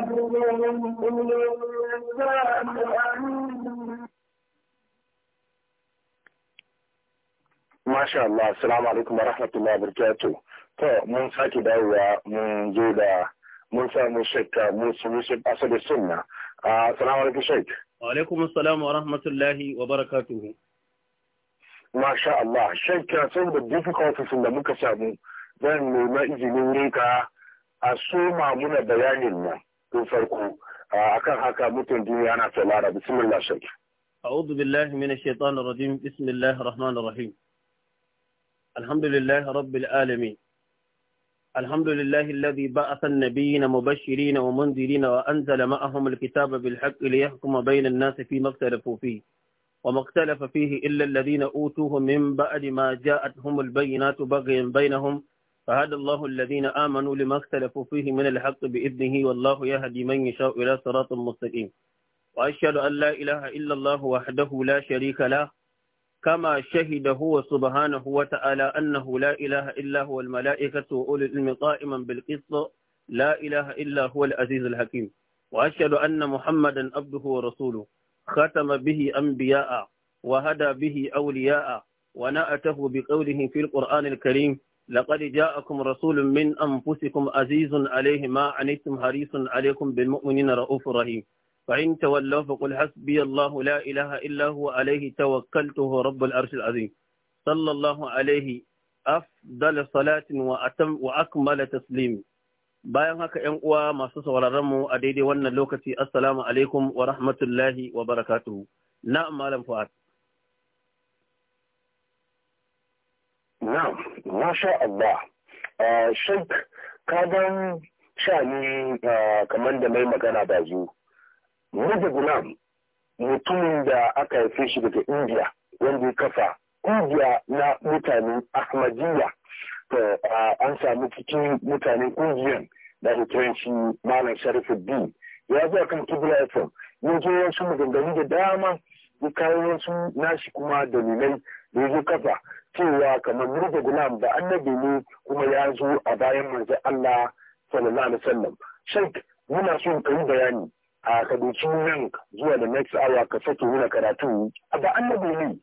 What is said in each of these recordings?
Masha Allah, salamu alaikum wa rahmatullahi wa barakatuh. To, mun sake dawowa mun zo da mun samu Sheikh Musa Yusuf Asadu Sunna. Ah, assalamu alaikum Sheikh. Wa alaikum assalam wa rahmatullahi wa barakatuh. Masha Allah, Sheikh saboda difficulties da muka samu zan nema izinin rinka a soma muna bayanin nan. tun farko akan haka mutum duniya ana saurara bismillah shaki أعوذ بالله من الشيطان الرجيم بسم الله الرحمن الرحيم الحمد لله رب العالمين الحمد لله الذي بعث النبيين مبشرين ومنذرين وأنزل معهم الكتاب بالحق ليحكم بين الناس فيما اختلفوا فيه وما اختلف فيه إلا الذين أوتوه من بعد ما جاءتهم البينات بغيا بينهم فهذا الله الذين آمنوا لما اختلفوا فيه من الحق بإذنه والله يهدي من يشاء إلى صراط مستقيم وأشهد أن لا إله إلا الله وحده لا شريك له كما شهد هو سبحانه وتعالى أنه لا إله إلا هو الملائكة وأولي العلم قائما بالقسط لا إله إلا هو العزيز الحكيم وأشهد أن محمدا عبده ورسوله ختم به أنبياء وهدى به أولياء ونأته بقوله في القرآن الكريم لقد جاءكم رسول من أنفسكم عزيز عليه ما عنتم حريص عليكم بالمؤمنين رؤوف رحيم فإن تولوا فقل حسبي الله لا إله إلا هو عليه توكلته رب العرش العظيم صلى الله عليه أفضل صلاة وأتم وأكمل تسليم bayan haka ‘yan uwa masu sauraron mu a daidai wannan lokaci assalamu alaikum wa rahmatullahi wa barakatuhu na malam fuad na masha Allah shek kagan shani kamar da mai magana da zu Muda Gulam mutumin da aka haife shi daga India wanda ya kafa ƙungiya na mutanen Ahmadiyya to an samu cikin mutane ƙungiyar da hukumanci Malam b ya zo kan Kibla FM ya zo wasu maganganu da dama ya kawo wasu nashi kuma dalilai da ya kafa cewa kamar mirza gulam da annabi ne kuma ya zo a bayan manzo Allah sallallahu alaihi wasallam shek muna son ka yi bayani a kadoci nan zuwa da next hour ka sake muna karatu da annabi ne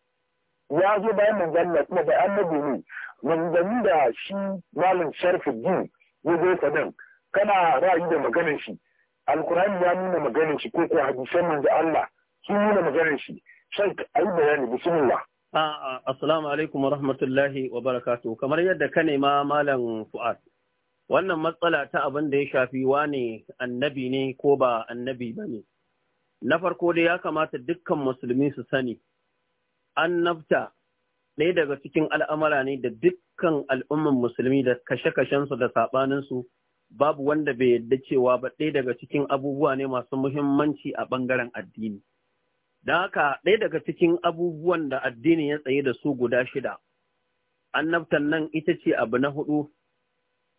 ya zo bayan manzo Allah kuma da annabi ne manzanni da shi malam sharfuddin ya zo sadan kana ra'ayi da maganar shi alkur'ani ya nuna maganar shi ko ko hadisan manzo Allah sun nuna maganar shi shek ayi bayani bismillah A'a, assalamu alaikum wa rahmatullahi wa barakatu. Kamar yadda ka nema Malam Fu'ad, wannan matsala ta abin da ya shafi wane annabi ne ko ba annabi ba ne. Na farko dai ya kamata dukkan musulmi su sani, annabta ɗaya daga cikin al'amara ne da dukkan al'umman musulmi da kashe-kashensu da saɓaninsu babu wanda bai yadda cewa ba ɗaya daga cikin abubuwa ne masu muhimmanci a ɓangaren addini. Don haka ɗaya daga cikin abubuwan da addini ya tsaye da su guda shida, annabtan nan ita ce abu na hudu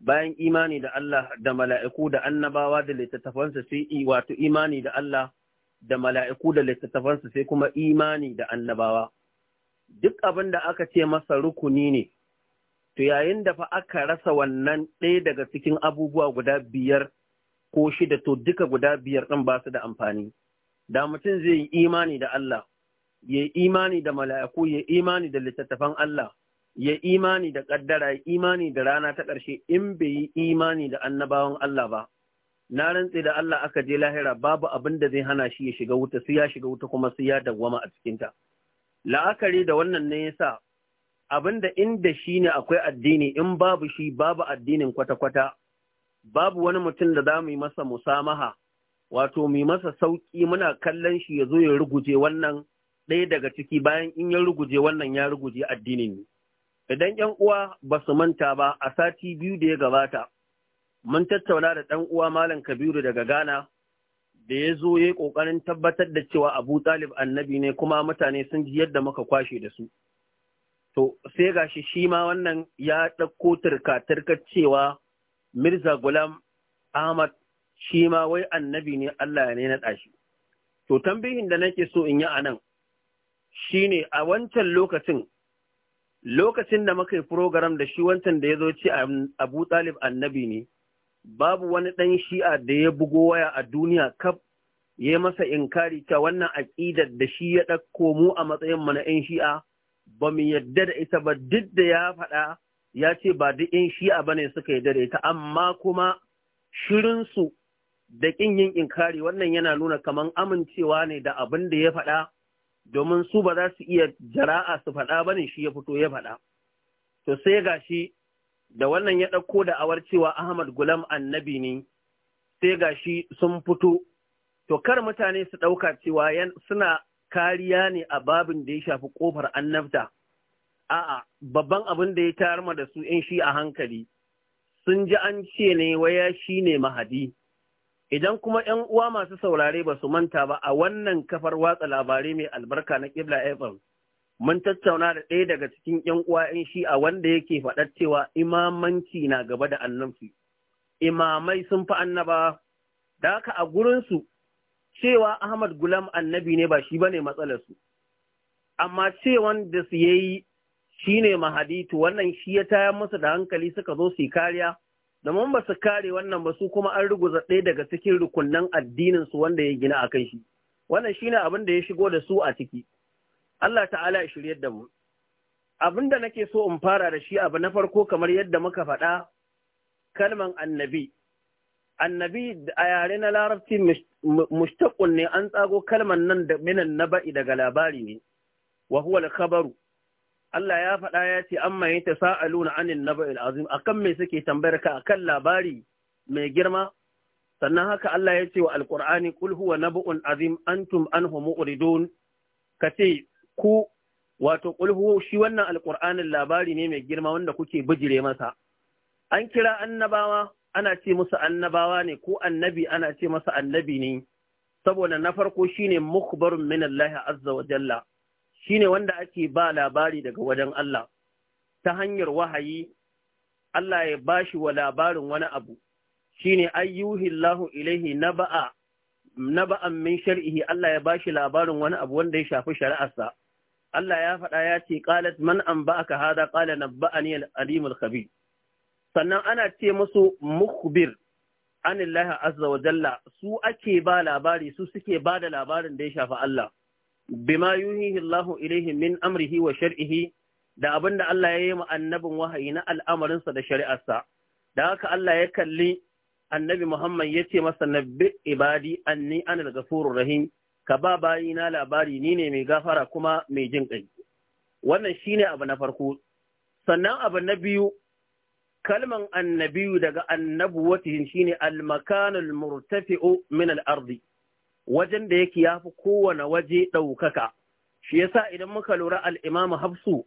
bayan imani da Allah da mala'iku da annabawa da littattafansa sai wato imani da Allah da mala'iku da littattafansa sai kuma imani da annabawa. Duk abin da aka ce masa rukuni ne, to yayin da fa aka rasa wannan ɗaya daga cikin abubuwa guda biyar ko shida to duka guda biyar ɗin ba su da amfani. da mutum zai yi imani da Allah ya imani da mala'iku ya imani da littattafan Allah ya imani da ƙaddara ya imani da rana ta ƙarshe in bai yi imani da annabawan Allah ba na rantse da Allah aka je lahira babu abin da zai hana shi ya shiga wuta su ya shiga wuta kuma su ya dawwama a cikinta la'akari da wannan ne ya sa, abin da inda shi ne akwai addini in babu shi babu addinin kwata-kwata babu wani mutum da za mu yi masa musamaha wato mai masa sauƙi muna kallon shi ya zo ya ruguje wannan ɗaya daga ciki bayan in ya ruguje wannan ya ruguje addinin idan 'yan uwa ba su manta ba a sati biyu da ya gabata mun tattauna da ɗan uwa malam kabiru daga ghana da ya zo ya yi ƙoƙarin tabbatar da cewa abu talib annabi ne kuma mutane sun ji yadda muka kwashe da su to sai gashi shi ma wannan ya ɗauko turka cewa mirza gulam ahmad shi ma wai annabi ne Allah ne na ɗashi. To tambihin da nake so in yi a nan shi a wancan lokacin, lokacin da muka yi program da shi wancan da ya zo ce Abu Talib annabi ne, babu wani ɗan shi'a da ya bugo waya a duniya kaf ya masa inkari ta wannan aƙidar da shi ya ɗauko mu a matsayin mu na 'yan shi'a ba mu yadda da ita ba duk da ya faɗa ya ce ba duk 'yan shi'a ba ne suka yadda da ita amma kuma shirinsu da ƙin yin inkari wannan yana nuna kamar amincewa ne da abin da ya faɗa domin su ba za su iya jara'a su faɗa ba ne shi ya fito ya faɗa. To sai ga shi da wannan ya ɗauko da awar cewa Ahmad Gulam annabi ne sai ga shi sun fito. To kar mutane su ɗauka cewa suna kariya ne a babin da ya shafi ƙofar annabta. A'a, babban abin da ya tayar ma da su ‘yan shi a hankali, sun ji an ce ne waya shi ne mahadi. Idan kuma ‘yan uwa masu saurare ba su manta ba a wannan kafar watsa labarai mai albarka na Kibla FM, mun tattauna da ɗaya daga cikin ‘yan uwa ‘yan a wanda yake faɗar cewa imamanci na gaba da annabi. Imamai sun fi annaba, da haka a gurinsu cewa Ahmad Gulam annabi ne ba shi ba ne matsalarsu. Amma ce wanda su yayi shi ne mahaditu wannan shi ya tayar masa da hankali suka zo su yi kariya mun ba su kare wannan ba su kuma an ruguza ɗaya daga cikin rukunnan addinin su wanda ya gina akan shi wannan shine abin da ya shigo da su a ciki Allah ta'ala ya shirye da mu abin da nake so in fara da shi abu na farko kamar yadda muka faɗa kalman annabi annabi a yare na larabci mushtaqun ne an tsago kalman nan da minan naba'i daga labari ne wa huwa al-khabaru Allah ya faɗa ya ce an maye ta sa'aluna anin naba'il azim akan mai suke tambayar ka akan labari mai girma sannan haka Allah ya ce wa Alƙur'ani, qul huwa naba'un azim homo anhu ka ce ku wato qul huwa shi wannan alqur'anin labari ne mai girma wanda kuke bijire masa an kira annabawa ana ce musu annabawa ne ko annabi ana ce masa annabi ne saboda na farko shine mukhbarun min Allah azza wa jalla shine wanda ake ba labari daga wajen Allah ta hanyar wahayi Allah ya bashi wa labarin wani abu shine ayyuhillahu ilaihi na naba'an min shar'ihi Allah ya ba shi labarin wani abu wanda ya shafi shari'arsa Allah ya faɗa ya ce qalat man anba'aka hada qala nabba'ani al-alimul khabir sannan ana ce musu mukhbir anillahi azza wa jalla su ake ba labari su suke ba da labarin da ya shafi Allah bima yuhihi Allahu ilaihi min amrihi wa shar'ihi da abin da Allah ya yi ma annabin wahayi na al'amarinsa da shari'arsa, da haka Allah ya kalli annabi Muhammad ya ce masa nabbi ibadi anni anil gafurur rahim ka ba bayina labari ni ne mai gafara kuma mai jin ƙai. Wannan shi ne abu na farko. Sannan abu na biyu, kalman annabiyu daga annabuwatihin shi shine almakanul murtafi'u min arzi wajen da yake ya fi kowane waje ɗaukaka. Shi yasa idan muka lura al'imamu Hafsu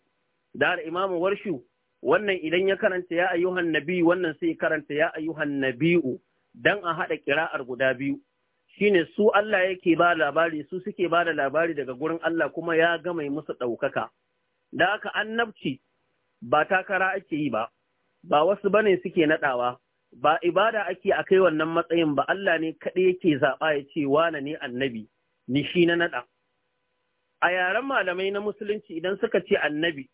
da al'imamu Warshu, wannan idan ya karanta ya ayyuhan nabi wannan sai karanta ya ayyuhan nabi'u don a haɗa kira'ar guda biyu. Shi ne su Allah yake ba labari su suke ba da labari daga gurin Allah kuma ya gama musu ɗaukaka. Da aka annabci ba takara ake yi ba, ba wasu bane suke naɗawa. ba ibada ake a kai wannan matsayin ba Allah ne kaɗai yake zaɓa ya ce wane ne annabi ni shi na naɗa. A yaren malamai na musulunci idan suka ce annabi,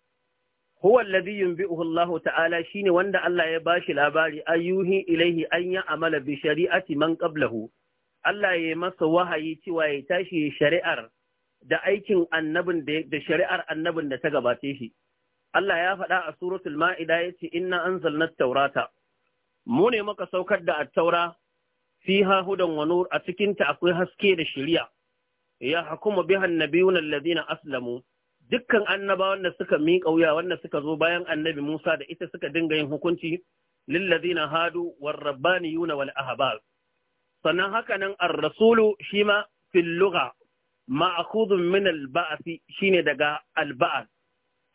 huwa alladhi yunbi'uhu Allahu ta'ala shine wanda Allah ya bashi labari ayyuhi ilaihi an ya amala bi shari'ati man qablahu. Allah ya masa wahayi cewa ya tashi shari'ar da aikin annabin da shari'ar annabin da ta gabace shi. Allah ya faɗa a suratul Ma'ida yace inna anzalna at-taurata mu ne maka saukar da attaura fiha hudan wa nur a cikinta akwai haske da shiriya ya hakuma bihan nabiyuna alladhina aslamu dukkan annabawan da suka miƙa wuya wanda suka zo bayan annabi Musa da ita suka dinga yin hukunci lillazina hadu war rabbaniyuna wal ahbar sannan haka nan ar-rasulu shima fil lugha ma'khudun min al shine daga al-ba'th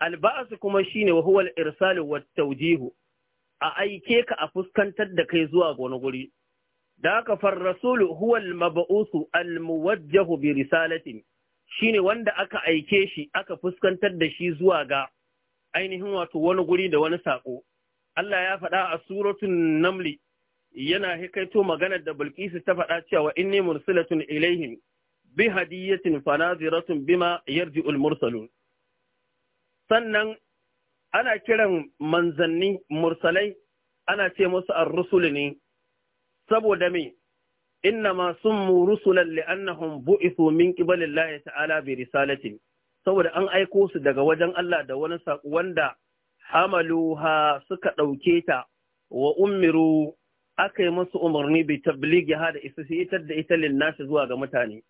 al kuma shine wa huwa al-irsalu wat tawjihu a aike ka a fuskantar da kai zuwa wani guri da haka far rasulu huwa al-mab'usu al-muwajjahu bi risalatin shine wanda aka aike shi aka fuskantar da shi zuwa ga ainihin wato wani guri da wani sako Allah ya faɗa a suratun namli yana hikaito maganar da Bilkisu ta faɗa cewa inni mursilatun ilaihim bi hadiyatin fanaziratun bima yarji'ul mursalun sannan ana kiran manzanni mursalai ana ce musu an rusul ne saboda me inna masu summu rusulan li'annahum bu'ithu min qibalillahi ta'ala bi risalati saboda an aiko su daga wajen Allah da wani saƙo wanda hamaluha suka ɗauke ta wa umiru aka yi musu umarni bi tabligi ha da ita da ita linnasi zuwa ga mutane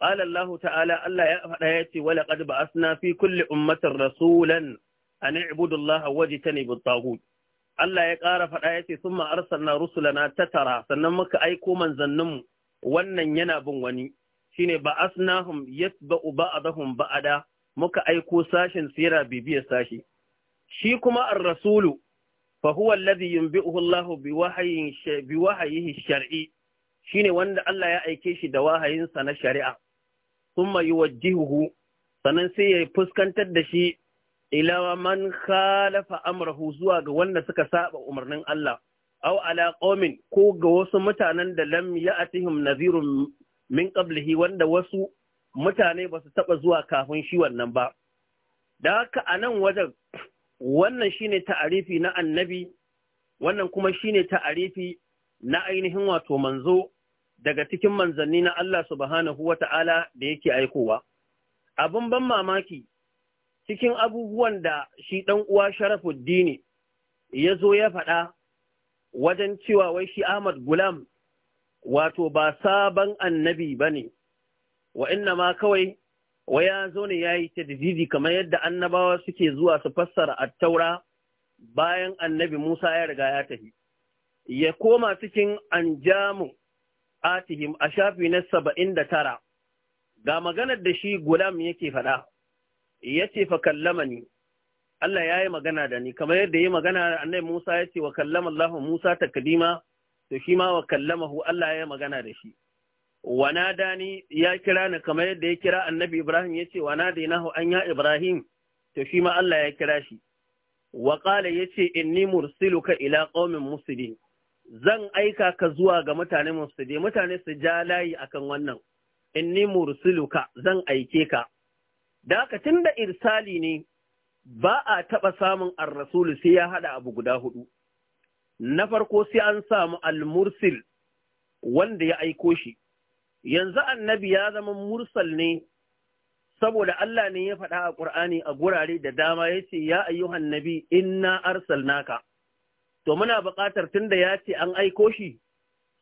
qala Allah ta'ala Allah ya faɗa ya ce wala qad ba'asna fi kulli ummatin rasulan an ibudullah waje ta nebi Allah ya ƙara faɗa ya ce sun arsalna rusulana ta tara sannan muka aiko manzanninmu wannan yana bin wani ne ba asnahum yatba'u ba'dahum ba'ada muka aiko sashin sira bibiyar sashi shi kuma ar-rasulu fa huwa alladhi yunbi'uhu bi bi wahyihi shar'i shine wanda Allah ya aike shi da wahayinsa na shari'a thumma yuwajjihuhu sannan sai ya fuskantar da shi ila man khalafa amrahu zuwa ga wanda suka saba umarnin Allah aw ala qaumin ko ga wasu mutanen da lam ya'tihim nadhirun min qablihi wanda wasu mutane ba su taba zuwa kafin shi wannan ba da haka anan wajen wannan shine ta'arifi na annabi wannan kuma shine ta'arifi na ainihin wato manzo daga cikin manzanni na Allah subhanahu wata'ala da yake aikowa abin ban mamaki cikin abubuwan da shi ɗan uwa Sharafuddini ya zo ya faɗa wajen cewa wai shi Ahmad Gulam wato ba sabon annabi ba ne, wa inna ma kawai wa ya zo ne ya yi tadidi kamar yadda annabawa suke zuwa su fassara a taura bayan annabi Musa ya riga ya tafi. Ya koma cikin anjamu atihim a shafi na saba'in da tara, ga maganar da shi Gulam yake faɗa. ya ce fa kallama Allah ya yi magana da ni kamar yadda ya magana annai Musa ya ce wa kallama Allah Musa ta Kadima to shi ma wa kallamahu Allah ya yi magana da shi da ni ya kira ni kamar yadda ya kira annabi Ibrahim ya ce wana nadinahu an ya Ibrahim to shi ma Allah ya kira shi wa qala yace inni mursiluka ila qaumin muslimin zan aika ka zuwa ga mutane musulmi mutane su ja layi akan wannan inni mursiluka zan aike ka Da aka tun da irsali ne ba a taɓa samun ar-rasulu sai ya haɗa abu guda hudu. Na farko sai an samu al-mursil wanda ya aiko shi. Yanzu annabi ya zama mursal ne saboda Allah ne ya faɗa a Ƙur'ani a gurare da dama ya ce, Ya ayyuhan nabi, inna arsalnaka. To muna buƙatar tun da ya ce an aiko shi,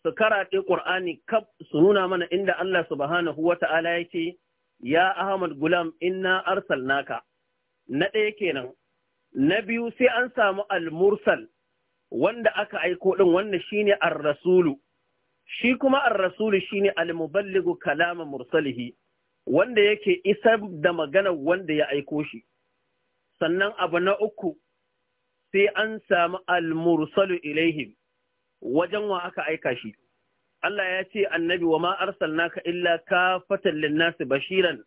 su karaɗe Ƙur'ani kaf su nuna mana inda Allah subhanahu wa ta'ala ya ce, ya Ahmad Gulam inna arsalnaka na ɗaya kenan na biyu sai an samu al-mursal wanda aka aiko din wanda shine ar-rasulu shi kuma ar-rasulu shine al muballigu kalama mursalihi wanda yake isar da maganar wanda ya aiko shi sannan abu na uku sai an samu al-mursalu ilaihim wajen wa aka aika shi Allah ya ce annabi wa ma arsalnaka illa fatan linnasi bashiran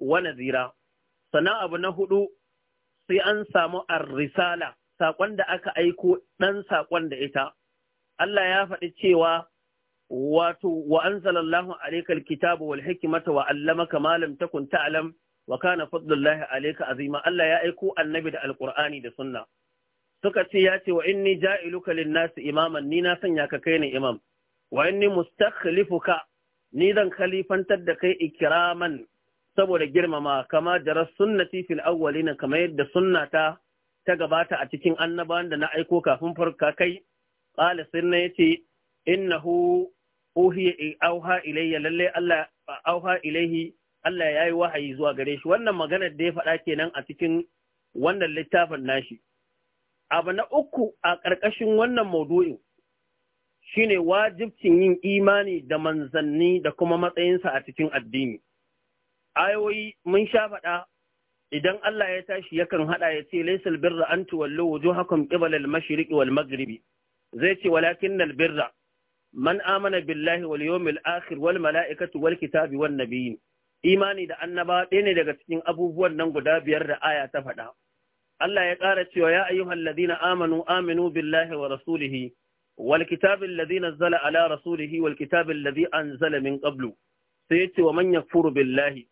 wa nadhira sannan abu na hudu sai an samu ar-risala sakon da aka aiko dan sakon da ita Allah ya faɗi cewa wato wa anzalallahu alaykal kitabu wal hikmata wa allamaka ma lam takun ta'lam wa kana fadlullahi alayka azima Allah ya aiko annabi da alqur'ani da sunna suka ce ya ce wa inni ja'iluka iluka linnasi imaman ni na sanya ka kai ne imam wa inni mustakhlifuka ni zan khalifantar da kai ikiraman saboda girmama kama jarar sunnati fil awwalin kamar yadda sunnata ta gabata a cikin annabawan da na aiko kafin farka kai qala sunna yace innahu uhi auha ilayya lalle Allah auha ilayhi Allah yayi wahayi zuwa gare shi wannan maganar da ya faɗa kenan a cikin wannan littafin nashi abu na uku a ƙarƙashin wannan maudu'in shine wajibcin yin imani da manzanni da kuma matsayinsa a cikin addini. Ayoyi mun sha faɗa idan Allah ya tashi yakan haɗa ya ce laisal birra an tuwallo wujuhakum qibala al-mashriq wal maghribi zai ce walakin al-birra man amana billahi wal yawmil akhir wal mala'ikatu wal kitabi wan nabiyyin imani da annaba ɗaya ne daga cikin abubuwan nan guda biyar da aya ta faɗa Allah ya ƙara cewa ya ayyuhal ladina amanu aminu billahi wa rasulihi wal kitabin ladhi nazzala ala rasulihi wal kitabin ladhi anzala min qablu sai yace wa man furubillahi.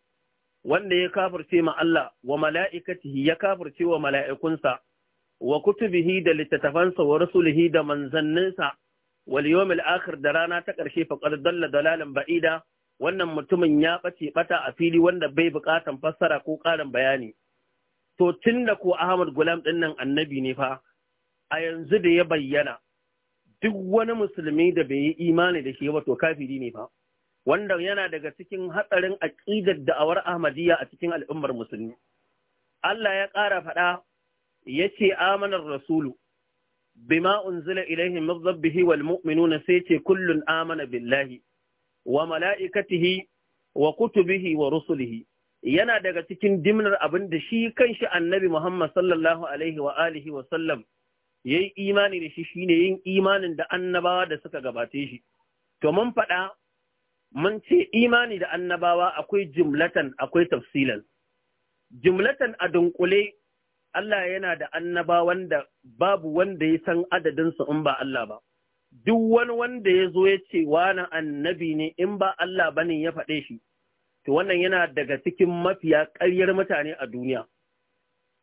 wanda ya kafirce ma Allah wa mala'ikatihi ya kafirce wa mala'ikunsa wa kutubihi da littattafansa wa rasulihi da manzanninsa wal yawmil akhir da rana ta ƙarshe faqad dalla dalalan ba'ida wannan mutumin ya ɓace ɓata a fili wanda bai buƙatan fassara ko ƙarin bayani. To tun da ko Ahmad Gulam ɗin nan annabi ne fa, a yanzu da ya bayyana, duk wani musulmi da bai yi imani da shi ba to kafiri ne fa wanda yana daga cikin hatsarin aqidar da'awar Ahmadiyya a cikin al'ummar musulmi Allah ya ƙara faɗa yace amanar rasulu bima unzila ilaihi min rabbihi wal mu'minuna sai ce kullun amana billahi wa mala'ikatihi wa kutubihi wa rusulihi yana daga cikin dimnar abin da shi kanshi annabi Muhammad sallallahu alaihi wa alihi wa sallam yayi imani da shi shine yin imanin da annabawa da suka gabace shi to mun faɗa mun ce imani da annabawa akwai jumlatan akwai tafsilan jumlatan a dunkule Allah yana da annabawan da babu wanda ya san adadinsu in ba Allah ba duk wani wanda ya zo ya ce wani annabi ne in ba Allah bane ya faɗe shi to wannan yana daga cikin mafiya ƙaryar mutane a duniya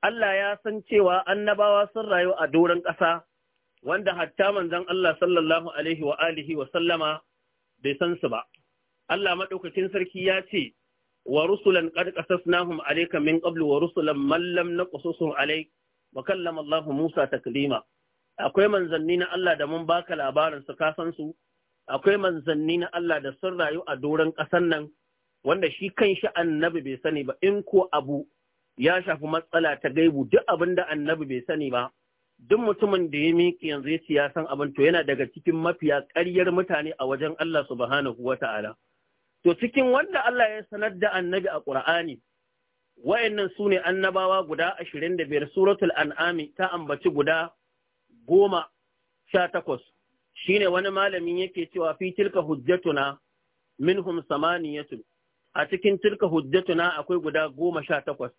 Allah ya san cewa annabawa sun rayu a doron ƙasa wanda hatta manzon Allah sallallahu alaihi wa alihi wa sallama bai san su ba. Allah maɗaukakin sarki ya ce wa rusulan qad qasasnahum alayka min qablu wa rusulan mallam na naqsusuhum alayk wa kallama Allah Musa taklima. Akwai manzanni na Allah da mun baka labarin su ka san su akwai manzanni na Allah da sun rayu a doron ƙasan nan wanda shi kan shi annabi bai sani ba in ko abu ya shafi matsala ta gaibu duk abin da annabi bai sani ba duk mutumin da ya miƙi yanzu ya ce ya san abin to yana daga cikin mafiya ƙaryar mutane a wajen Allah subhanahu wa ta'ala to cikin wanda Allah ya sanar da annabi a ƙur'ani. wayannan su ne annabawa guda ashirin da biyar suratul an'ami ta ambaci guda goma sha takwas shine wani malamin yake cewa fi tilka hujjatuna minhum samaniyatun a cikin tilka hujjatuna akwai guda goma sha takwas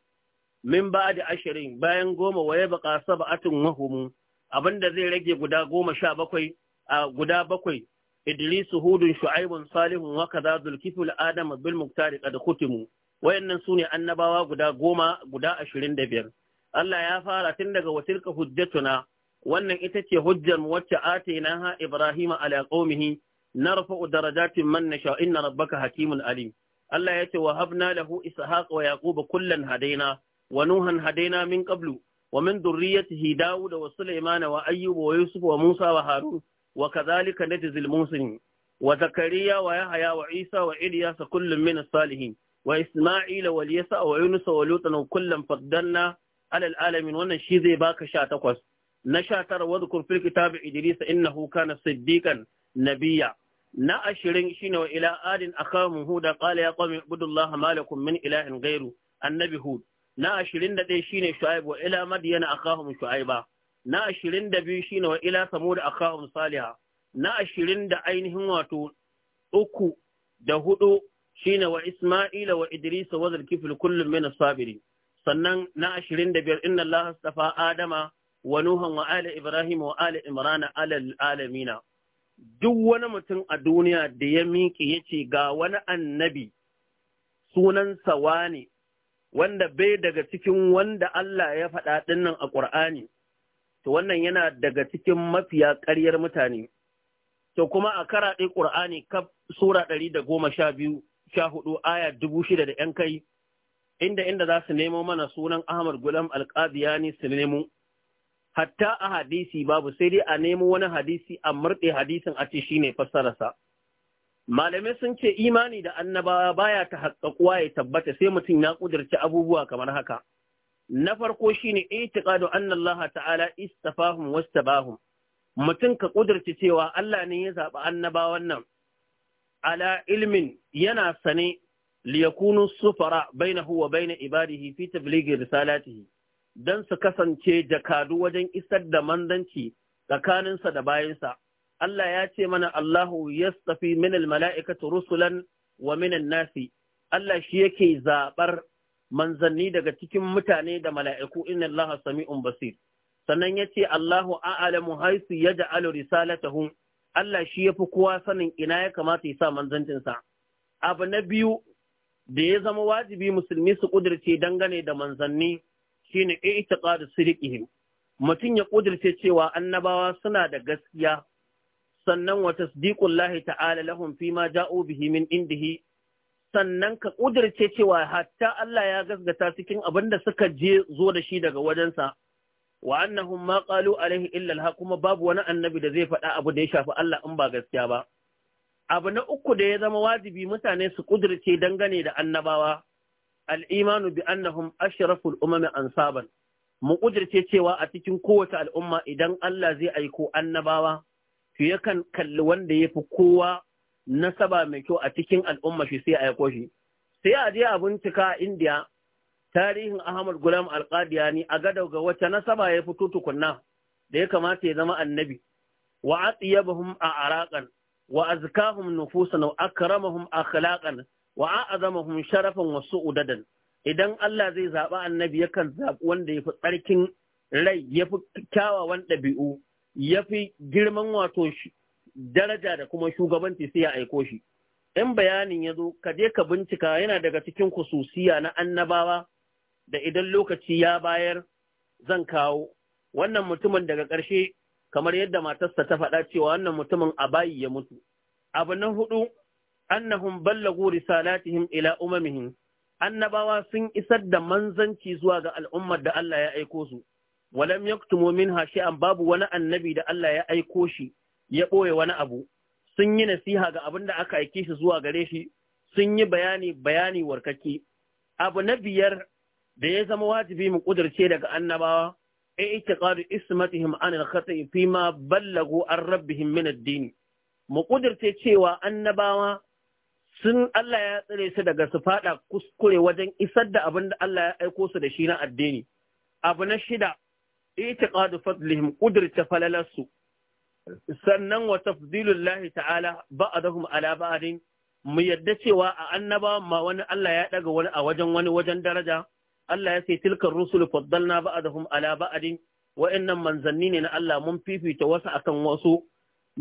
min ba da ashirin bayan goma waye baka saba'atin wahumu abinda zai rage guda goma sha bakwai a guda bakwai Idris Hudun Shu'aibun Salihun wa kaza Zulkifil Adam bil Muktari qad khutimu wayannan sune annabawa guda goma guda ashirin da biyar Allah ya fara tun daga wasirka hujjatuna wannan ita ce hujjar wacce atina ha Ibrahim ala qaumihi narfa'u darajatin man nasha inna rabbaka hakimun alim Allah ya ce wa habna lahu ishaq wa yaquba kullan hadaina wa nuhan hadaina min qablu wa min dhurriyyatihi da wa sulaiman wa ayyuba wa yusuf wa musa wa harun wa kadhalika najzil muslimin wa zakariya wa yahya wa isa wa ilyas kullun min as-salihin wa isma'ila wa yasa wa yunus wa lutan wa kullan faddanna ala al-alamin wannan shi zai baka sha 18 na 19 wa dhkur fil kitab idris innahu na siddiqan nabiyya na ashirin shine wa ila adin akamu huda qala ya qawmi ibudullaha ma lakum min ilahin ghairu annabi hud na ashirin da 21 shine shu'aib wa ila madyana akahum shu'aiba na ashirin da 22 shine wa ila samud akahum Saliha. na ashirin da ainihin wato uku da hudu shine wa isma'ila wa idris wa zulkifl kullun min as-sabirin sannan na ashirin da biyar, inna allaha astafa adama wa nuhan wa Ali ibrahim wa Ali imrana alal alamina duk wani mutum a duniya da ya miƙe ya ce ga wani annabi sunansa wane wanda bai daga cikin wanda Allah ya faɗa ɗinnan a ƙur'ani, to wannan yana daga cikin mafiya ƙaryar mutane. To kuma a karaɗe ƙur'ani kaf Sura ɗari da goma sha biyu, sha hudu, aya dubu shida da ‘yan kai, inda inda za su nemo mana sunan Ahmad Gulam Alƙabiyani su nemo. Hatta a hadisi babu sai dai a nemo wani hadisi a murɗe hadisin a ce shi ne fassararsa. malamai sun ce imani da annabawa baya ta haƙaƙuwa ya tabbata sai mutum ya ƙudurci abubuwa kamar haka na farko shine itiqadu anna Allah ta'ala istafahum wastabahum mutum ka ƙudurci cewa Allah ne ya zaɓi annabawan nan ala ilmin yana sane liyakunu sufara baina huwa baina ibadihi fi tablighi risalatihi dan su kasance jakadu wajen isar da manzanci tsakaninsa da bayansa Allah ya ce mana Allahu yastafi min mala'ikatu rusulan wa min nasi Allah shi yake zaɓar manzanni daga cikin mutane da mala'iku inna Allah sami'un basir sannan yace Allahu a'lamu haythu yaj'alu risalatahu Allah shi yafi kowa sanin ina ya kamata ya sa manzancinsa. abu na biyu da ya zama wajibi musulmi su ƙudirce dangane da manzanni shine i'tiqadu sidiqihim mutum ya ƙudirce cewa annabawa suna da gaskiya sannan wa tasdiqul lahi ta'ala lahum ma ja'u bihi min indihi sannan ka kudirce cewa hatta Allah ya gasgata cikin abinda suka je zo da shi daga wajensa wa annahum ma qalu alaihi illa alha kuma babu wani annabi da zai faɗa abu da ya shafi Allah in ba gaskiya ba abu na uku da ya zama wajibi mutane su kudirce dangane da annabawa al-imanu bi annahum ashraful umami ansaban mu kudirce cewa a cikin kowace al'umma idan Allah zai aiko annabawa yakan kalli wanda ya fi kowa nasaba mai kyau a cikin al'umma shi sai a aiko shi sai a je a bincika a indiya tarihin ahmad gulam ne a ga daga wacce nasaba ya fito tukunna da ya kamata ya zama annabi wa a araƙan wa azkahum nufusan wa akramahum akhlaqan wa a'zamahum sharafan wasu su'udadan idan Allah zai zaba annabi yakan zaɓi wanda ya fi tsarkin rai yafi kyawawan ɗabi'u ya fi girman wato daraja da kuma shugabanci sai ya aiko shi in bayanin ya zo ka je ka bincika yana daga cikin kususiya na annabawa da idan lokaci ya bayar zan kawo wannan mutumin daga ƙarshe kamar yadda matarsa ta faɗa cewa wannan mutumin a bayi ya mutu abu na hudu annahum ballagu risalatihim ila umamihim annabawa sun isar da manzanci zuwa ga al'ummar da Allah ya aiko su walam yaktumu minha shay'an babu wani annabi da Allah ya aiko shi ya ɓoye wani abu sun yi nasiha ga abin da aka aike shi zuwa gare shi sun yi bayani bayani warkake abu na biyar da ya zama wajibi mu kudirce daga annabawa i'tiqadu ismatihim an al-khata'i fi ma ballagu an rabbihim min ad-din mu kudirce cewa annabawa sun Allah ya tsare su daga su fada kuskure wajen isar da abin da Allah ya aiko su da shi na addini abu na shida itiqadu fadlihim qudrata falalarsu sannan wa tafdilullahi ta'ala ba'dahum ala ba'din mu yadda cewa a annaba ma wani Allah ya daga wani a wajen wani wajen daraja Allah ya ce tilkar rusul faddalna ba'dahum ala ba'din wa'annan manzanni ne na Allah mun fifita wasu akan wasu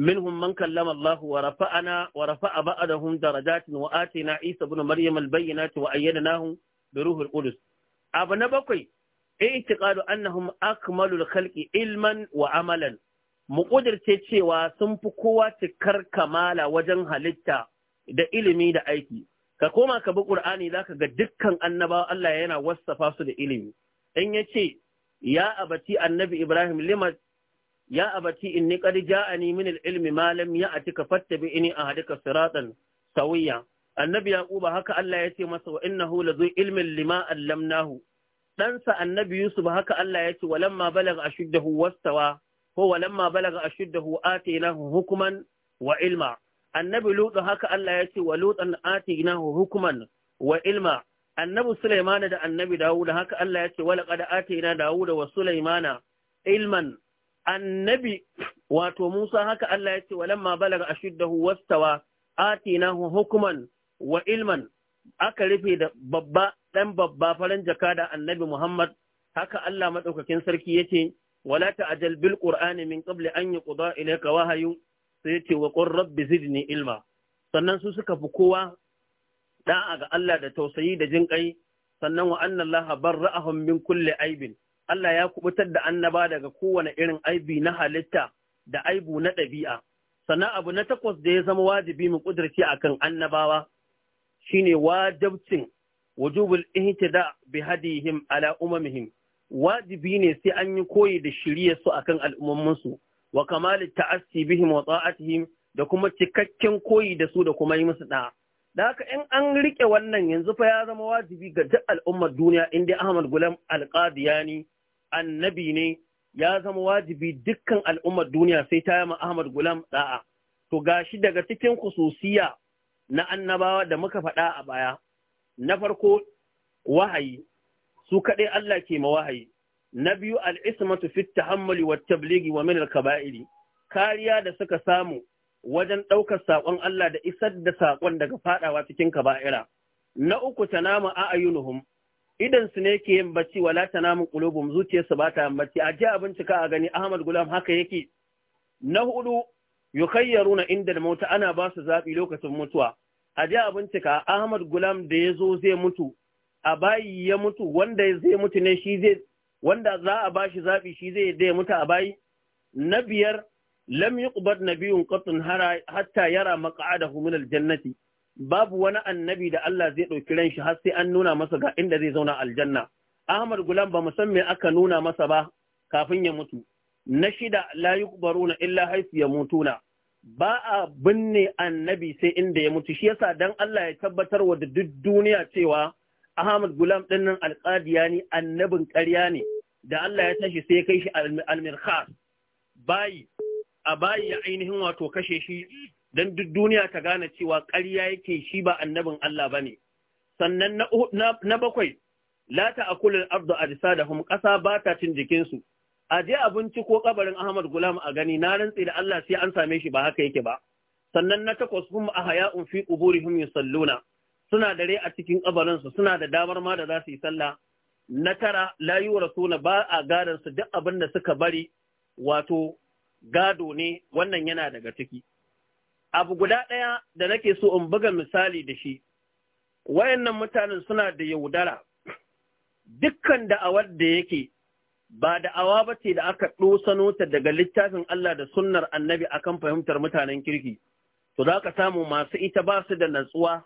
منهم من كلم الله ورفعنا isa بعضهم درجات وآتينا عيسى بن مريم البينات وأيدناه بروح القدس na bakwai. i'tiqadu annahum akmalul khalqi ilman wa amalan mu kudirce cewa sun fi kowa cikar kamala wajen halitta da ilimi da aiki ka koma ka bi qur'ani zaka ga dukkan annabawa Allah yana wassafa su da ilimi in yace ya abati annabi Ibrahim lima ya abati inni qad ja'ani min al-ilmi ma lam ya'tika fattabi'ni ahadika siratan sawiya annabi yaquba haka Allah ya ce masa wa innahu la ilmin lima allamnahu ɗansa annabi Yusuf haka Allah ya ce walamma balaga ashuddahu wastawa ko walamma balaga ashuddahu atainahu hukuman wa ilma annabi Lutu haka Allah ya ce wa Lutan atainahu hukuman wa ilma annabi Sulaimana da annabi Dawuda haka Allah ya ce wa laqad ataina Dawuda wa Sulaimana ilman annabi wato Musa haka Allah ya ce walamma balaga ashuddahu wastawa atainahu hukuman wa ilman aka rufe da babba ɗan babba farin jaka da annabi Muhammad, haka Allah maɗaukakin sarki yace wala ajal bil Qur'ani min qabli an yuqda ka wahayu sai yace wa qur rabbi zidni ilma. Sannan su suka fi kowa da'a ga Allah da tausayi da jin ƙai, sannan wa anna Allah barra'ahum min kulli aibin. Allah ya kubutar da annaba daga kowane irin aibi na halitta da aibu na ɗabi'a. Sannan abu na takwas da ya zama wajibi mu ƙudurci akan annabawa shine wajabcin wujubul ihtida bi hadihim ala umamihim wajibi ne sai an yi koyi da shirye su akan al'ummomin su wa kamal ta'assi bihim wa ta'atihim da kuma cikakken koyi da su da kuma yi musu da'a da haka in an rike wannan yanzu fa ya zama wajibi ga duk al'ummar duniya inda Ahmad Gulam Alqadiyani annabi ne ya zama wajibi dukkan al'ummar duniya sai ta yama Ahmad Gulam da'a to gashi daga cikin kususiya na annabawa da muka faɗa a baya na farko wahayi su kaɗai Allah ke ma wahayi na biyu al'ismatu fit tahammuli wa tabligi wa min kaba'iri kariya da suka samu wajen ɗaukar saƙon Allah da isar da saƙon daga faɗawa cikin kaba'ira na uku tanamu a'ayunuhum idan su ne ke yin bacci wala tanamu qulubum zuciyarsu ba bata yin bacci a ji a bincika a gani Ahmad Gulam haka yake na hudu yukhayyaruna inda da mota ana ba su zaɓi lokacin mutuwa a ji a bincika Ahmad Gulam da ya zo zai mutu a bayi ya mutu wanda zai mutu ne shi zai wanda za a bashi zaɓi shi zai da mutu a bayi na biyar lam na biyun qatun hatta yara da min aljannati babu wani annabi da Allah zai ɗauki ran shi har sai an nuna masa ga inda zai zauna aljanna Ahmad Gulam ba san me aka nuna masa ba kafin ya mutu na shida la yuqbaruna illa ya mutuna ba a binne annabi sai inda ya mutu shi yasa dan Allah ya tabbatar wa da duk duniya cewa Ahmad Gulam dinnan ne annabin ƙarya ne da Allah ya tashi sai ya kai shi almirkhas bayi a bayi ya ainihin wato kashe shi dan duk duniya ta gane cewa ƙarya yake shi ba annabin Allah bane sannan na bakwai la akulul ardu ajsadahum ƙasa ba ta cin jikinsu a je abinci ko kabarin Ahmad Gulam a gani na rantsi da Allah sai an same shi ba haka yake ba sannan na takwas hum ahya'un fi quburihim yusalluna suna dare a cikin kabarin su suna da damar ma da za su yi sallah na tara la yurasuna ba a gadon su duk abin da suka bari wato gado ne wannan yana daga ciki abu guda ɗaya da nake so in buga misali da shi wayannan mutanen suna da yaudara dukkan da'awar da yake ba da awa ba ce da aka ɗosano ta daga littafin Allah da sunnar annabi akan fahimtar mutanen kirki, to za ka samu masu ita ba su da natsuwa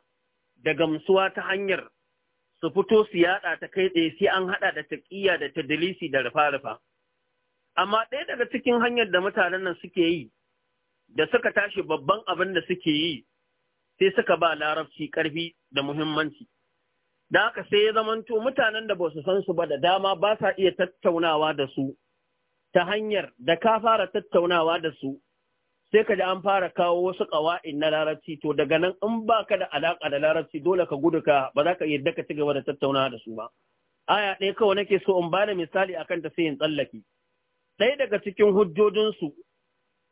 da gamsuwa ta hanyar su fito su yaɗa ta kai tsaye sai an haɗa da taƙiyya da tadilisi da rufa-rufa. Amma ɗaya daga cikin hanyar da mutanen nan suke yi, da suka tashi babban abin da suke yi, sai suka ba larabci ƙarfi da muhimmanci. Da haka sai ya zamanto mutanen da ba su san su ba da dama ba sa iya tattaunawa da su ta hanyar da ka fara tattaunawa da su sai ka ji an fara kawo wasu ƙawa'in na larabci to daga nan in ba ka da alaƙa da larabci dole ka gudu ka ba za ka iya daka ci gaba da tattaunawa da su ba. Aya ɗaya kawai nake so in bada misali akan ta sai in tsallake. Ɗaya daga cikin hujjojinsu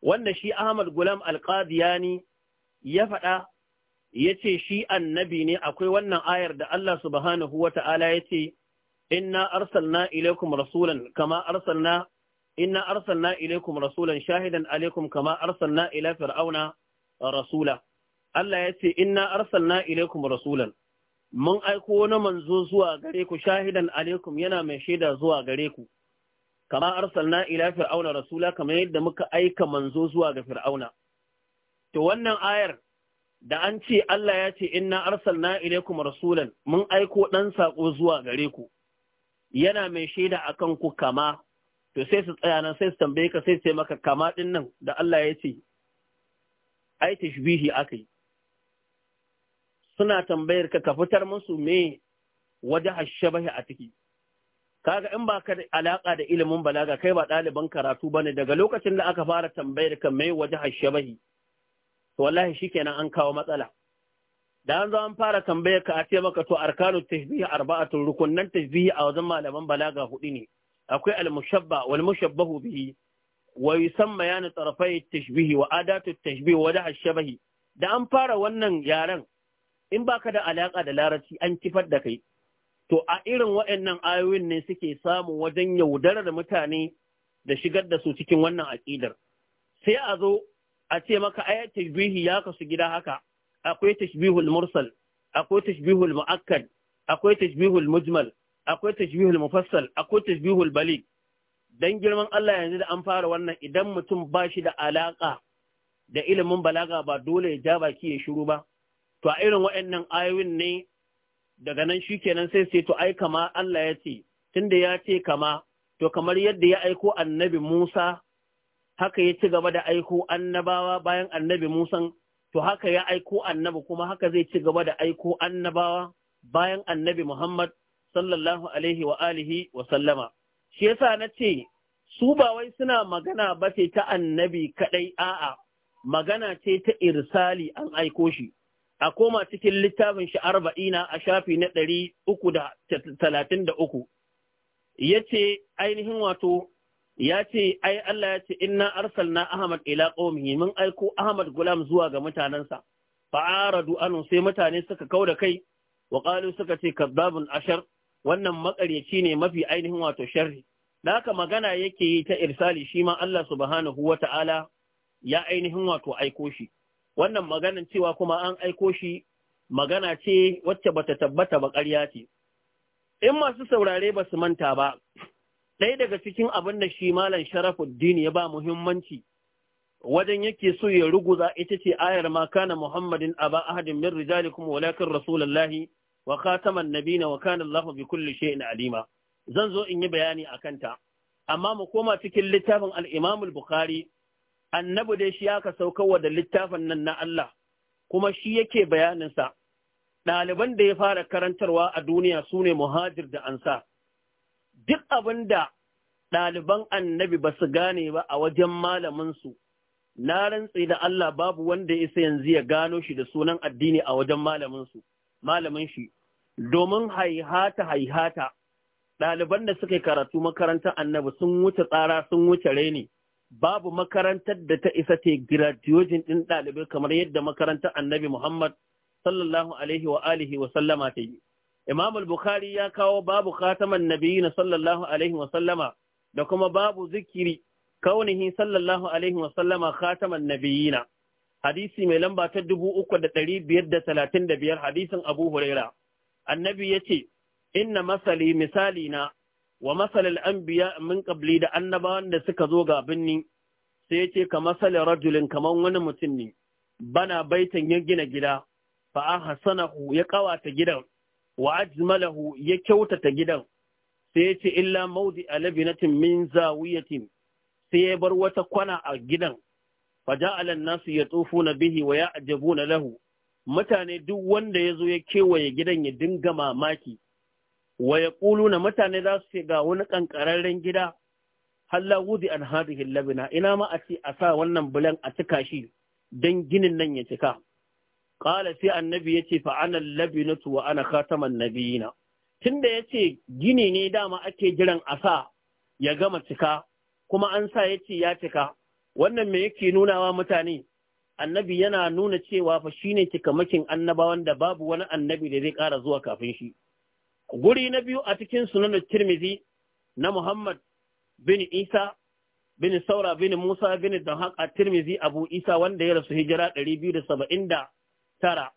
wanda shi Ahmad Gulam Alƙadiyani ya faɗa ya ce shi annabi ne akwai wannan ayar da Allah subhanahu wa ta'ala ya ce, Inna arsalna ilaikum rasulan kama arsalna inna arsalna ilaikum rasulan shahidan alaikum kama arsalna ila fir'auna rasula Allah ya ce inna arsalna ilaikum rasulan mun aiko wani manzo zuwa gare ku shahidan alaikum yana mai shaida zuwa gare ku kama arsalna ila fir'auna rasula kamar yadda muka aika manzo zuwa ga fir'auna to wannan ayar da an ce Allah ya ce inna arsalna ilaikum rasulan mun aiko dan sako zuwa gare ku yana mai shaida akan ku kama to sai su tsaya nan sai su tambaye ka sai su maka kama din nan da Allah ya ce ai tashbihi akai suna tambayar ka ka fitar musu me waje shabahi a ciki kaga in ba ka da alaka da ilimin balaga kai ba ɗaliban karatu bane daga lokacin da aka fara tambayar ka me waje shabahi to wallahi shikenan an kawo matsala da an zo an fara tambayar ka a ce maka to arkanu tajbihi arba'atun rukunnan tashbihi a wajen malaman balaga hudu ne akwai al-mushabba wal mushabbahu bihi wa yusamma yana tarafai tashbihi wa adatu tashbihi wa da shabahi da an fara wannan yaran in baka da alaka da larabci an kifar da kai to a irin waɗannan ayoyin ne suke samu wajen yaudarar mutane da shigar da su cikin wannan aƙidar sai a zo a ce maka ayat tashbihi ya kasu gida haka akwai tashbihul mursal akwai tashbihul muakkad akwai tashbihul mujmal akwai tashbihul mufassal akwai tashbihul balig dan girman Allah yanzu da an fara wannan idan mutum ba shi da alaka da ilimin balaga ba dole ya ja baki ya shiru ba to a irin waɗannan ayoyin ne daga nan shikenan sai sai to ai kama Allah ya ce tunda ya ce kama to kamar yadda ya aiko annabi Musa haka ya ci gaba da aiko annabawa bayan annabi Musa to haka ya aiko annabi kuma haka zai ci gaba da aiko annabawa bayan annabi Muhammad sallallahu alaihi wa alihi wa sallama. Shi yasa na ce, su ba wai suna magana ba ce ta annabi kaɗai a'a, magana ce ta irsali an aiko shi. A koma cikin littafin shi arba'ina a shafi na ɗari uku da talatin da uku. Ya ce ainihin wato ya ce ai Allah ya ce inna arsalna Ahmad ila qaumihi mun aiko Ahmad gulam zuwa ga mutanansa aradu an sai mutane suka kauda kai wa qalu suka ce kazzabun ashar wannan makaryaci ne mafi ainihin wato sharri da haka magana yake yi ta irsali shi ma Allah subhanahu wata'ala ya ainihin wato aiko shi wannan maganan cewa kuma an aiko shi magana ce wacce bata tabbata ba ƙarya ce in masu saurare ba su manta ba ɗaya daga cikin abin da shi malam sharafuddin ya ba muhimmanci wajen yake so ya ruguza ita ce ayar ma kana muhammadin aba ahadin min rijalikum walakin rasulullahi wa khataman nabina wa kana allah bi kulli shay'in alima zan zo in yi bayani akan ta amma mu koma cikin littafin al-imam al-bukhari annabi dai shi aka wa da littafin nan na Allah kuma shi yake bayaninsa ɗaliban da ya fara karantarwa a duniya sune muhajir da ansa duk abin da ɗaliban annabi ba su gane ba a wajen malaminsu, na rantse da Allah babu wanda ya isa yanzu ya gano shi da sunan addini a wajen malaminsu, malamin shi, domin haihata haihata, ɗaliban da suka karatu makarantar annabi sun wuce tsara sun wuce reni. Babu makarantar da ta isa ta graduation ɗin ɗalibai kamar yadda makarantar annabi Muhammad sallallahu alaihi wa alihi wa sallama ta yi. Imam al-Bukhari ya kawo babu khataman nabiyina sallallahu alaihi wa sallama da kuma babu zikiri kaunihi sallallahu alaihi wa sallama khataman nabiyina. Hadisi mai lamba ta dubu uku da ɗari biyar da talatin da biyar hadisin Abu Huraira. Annabi ya ce, Inna masali misali na wa masalil anbiya min qabli da annabawan da suka zo ga binni sai yace ka masalin rajulin kamar wani mutum ne bana baitan ya gina gida fa Hassanahu ya kawata gidan wa ajmalahu ya kyautata gidan sai ya ce illa maudi labinatin min zawiyatin sai ya bar wata kwana a gidan faja'alan nasu ya na bihi wa ya ajabu na lahu mutane duk wanda ya zo ya kewaye gidan ya dinga mamaki wa ya na mutane za su ce ga wani kankararren gida halla wudi an hadihin labina ina ma a ce a sa wannan bulan a cika shi don ginin nan ya cika Ƙala sai annabi ya ce fa'anar labinatu wa ana kataman nabiyina. Tun da ya ce gini ne dama ake jiran a sa ya gama cika, kuma an sa ya ce ya cika, wannan me yake nunawa mutane? Annabi yana nuna cewa fa shi ne cikamakin annabawan da babu wani annabi da zai ƙara zuwa kafin shi. Guri na biyu a cikin sunanar Tirmidhi na Muhammad bin Isa bin Saura bin Musa bin Danhaq a Tirmidhi Abu Isa wanda ya rasu hijira ɗari biyu da saba'in da tara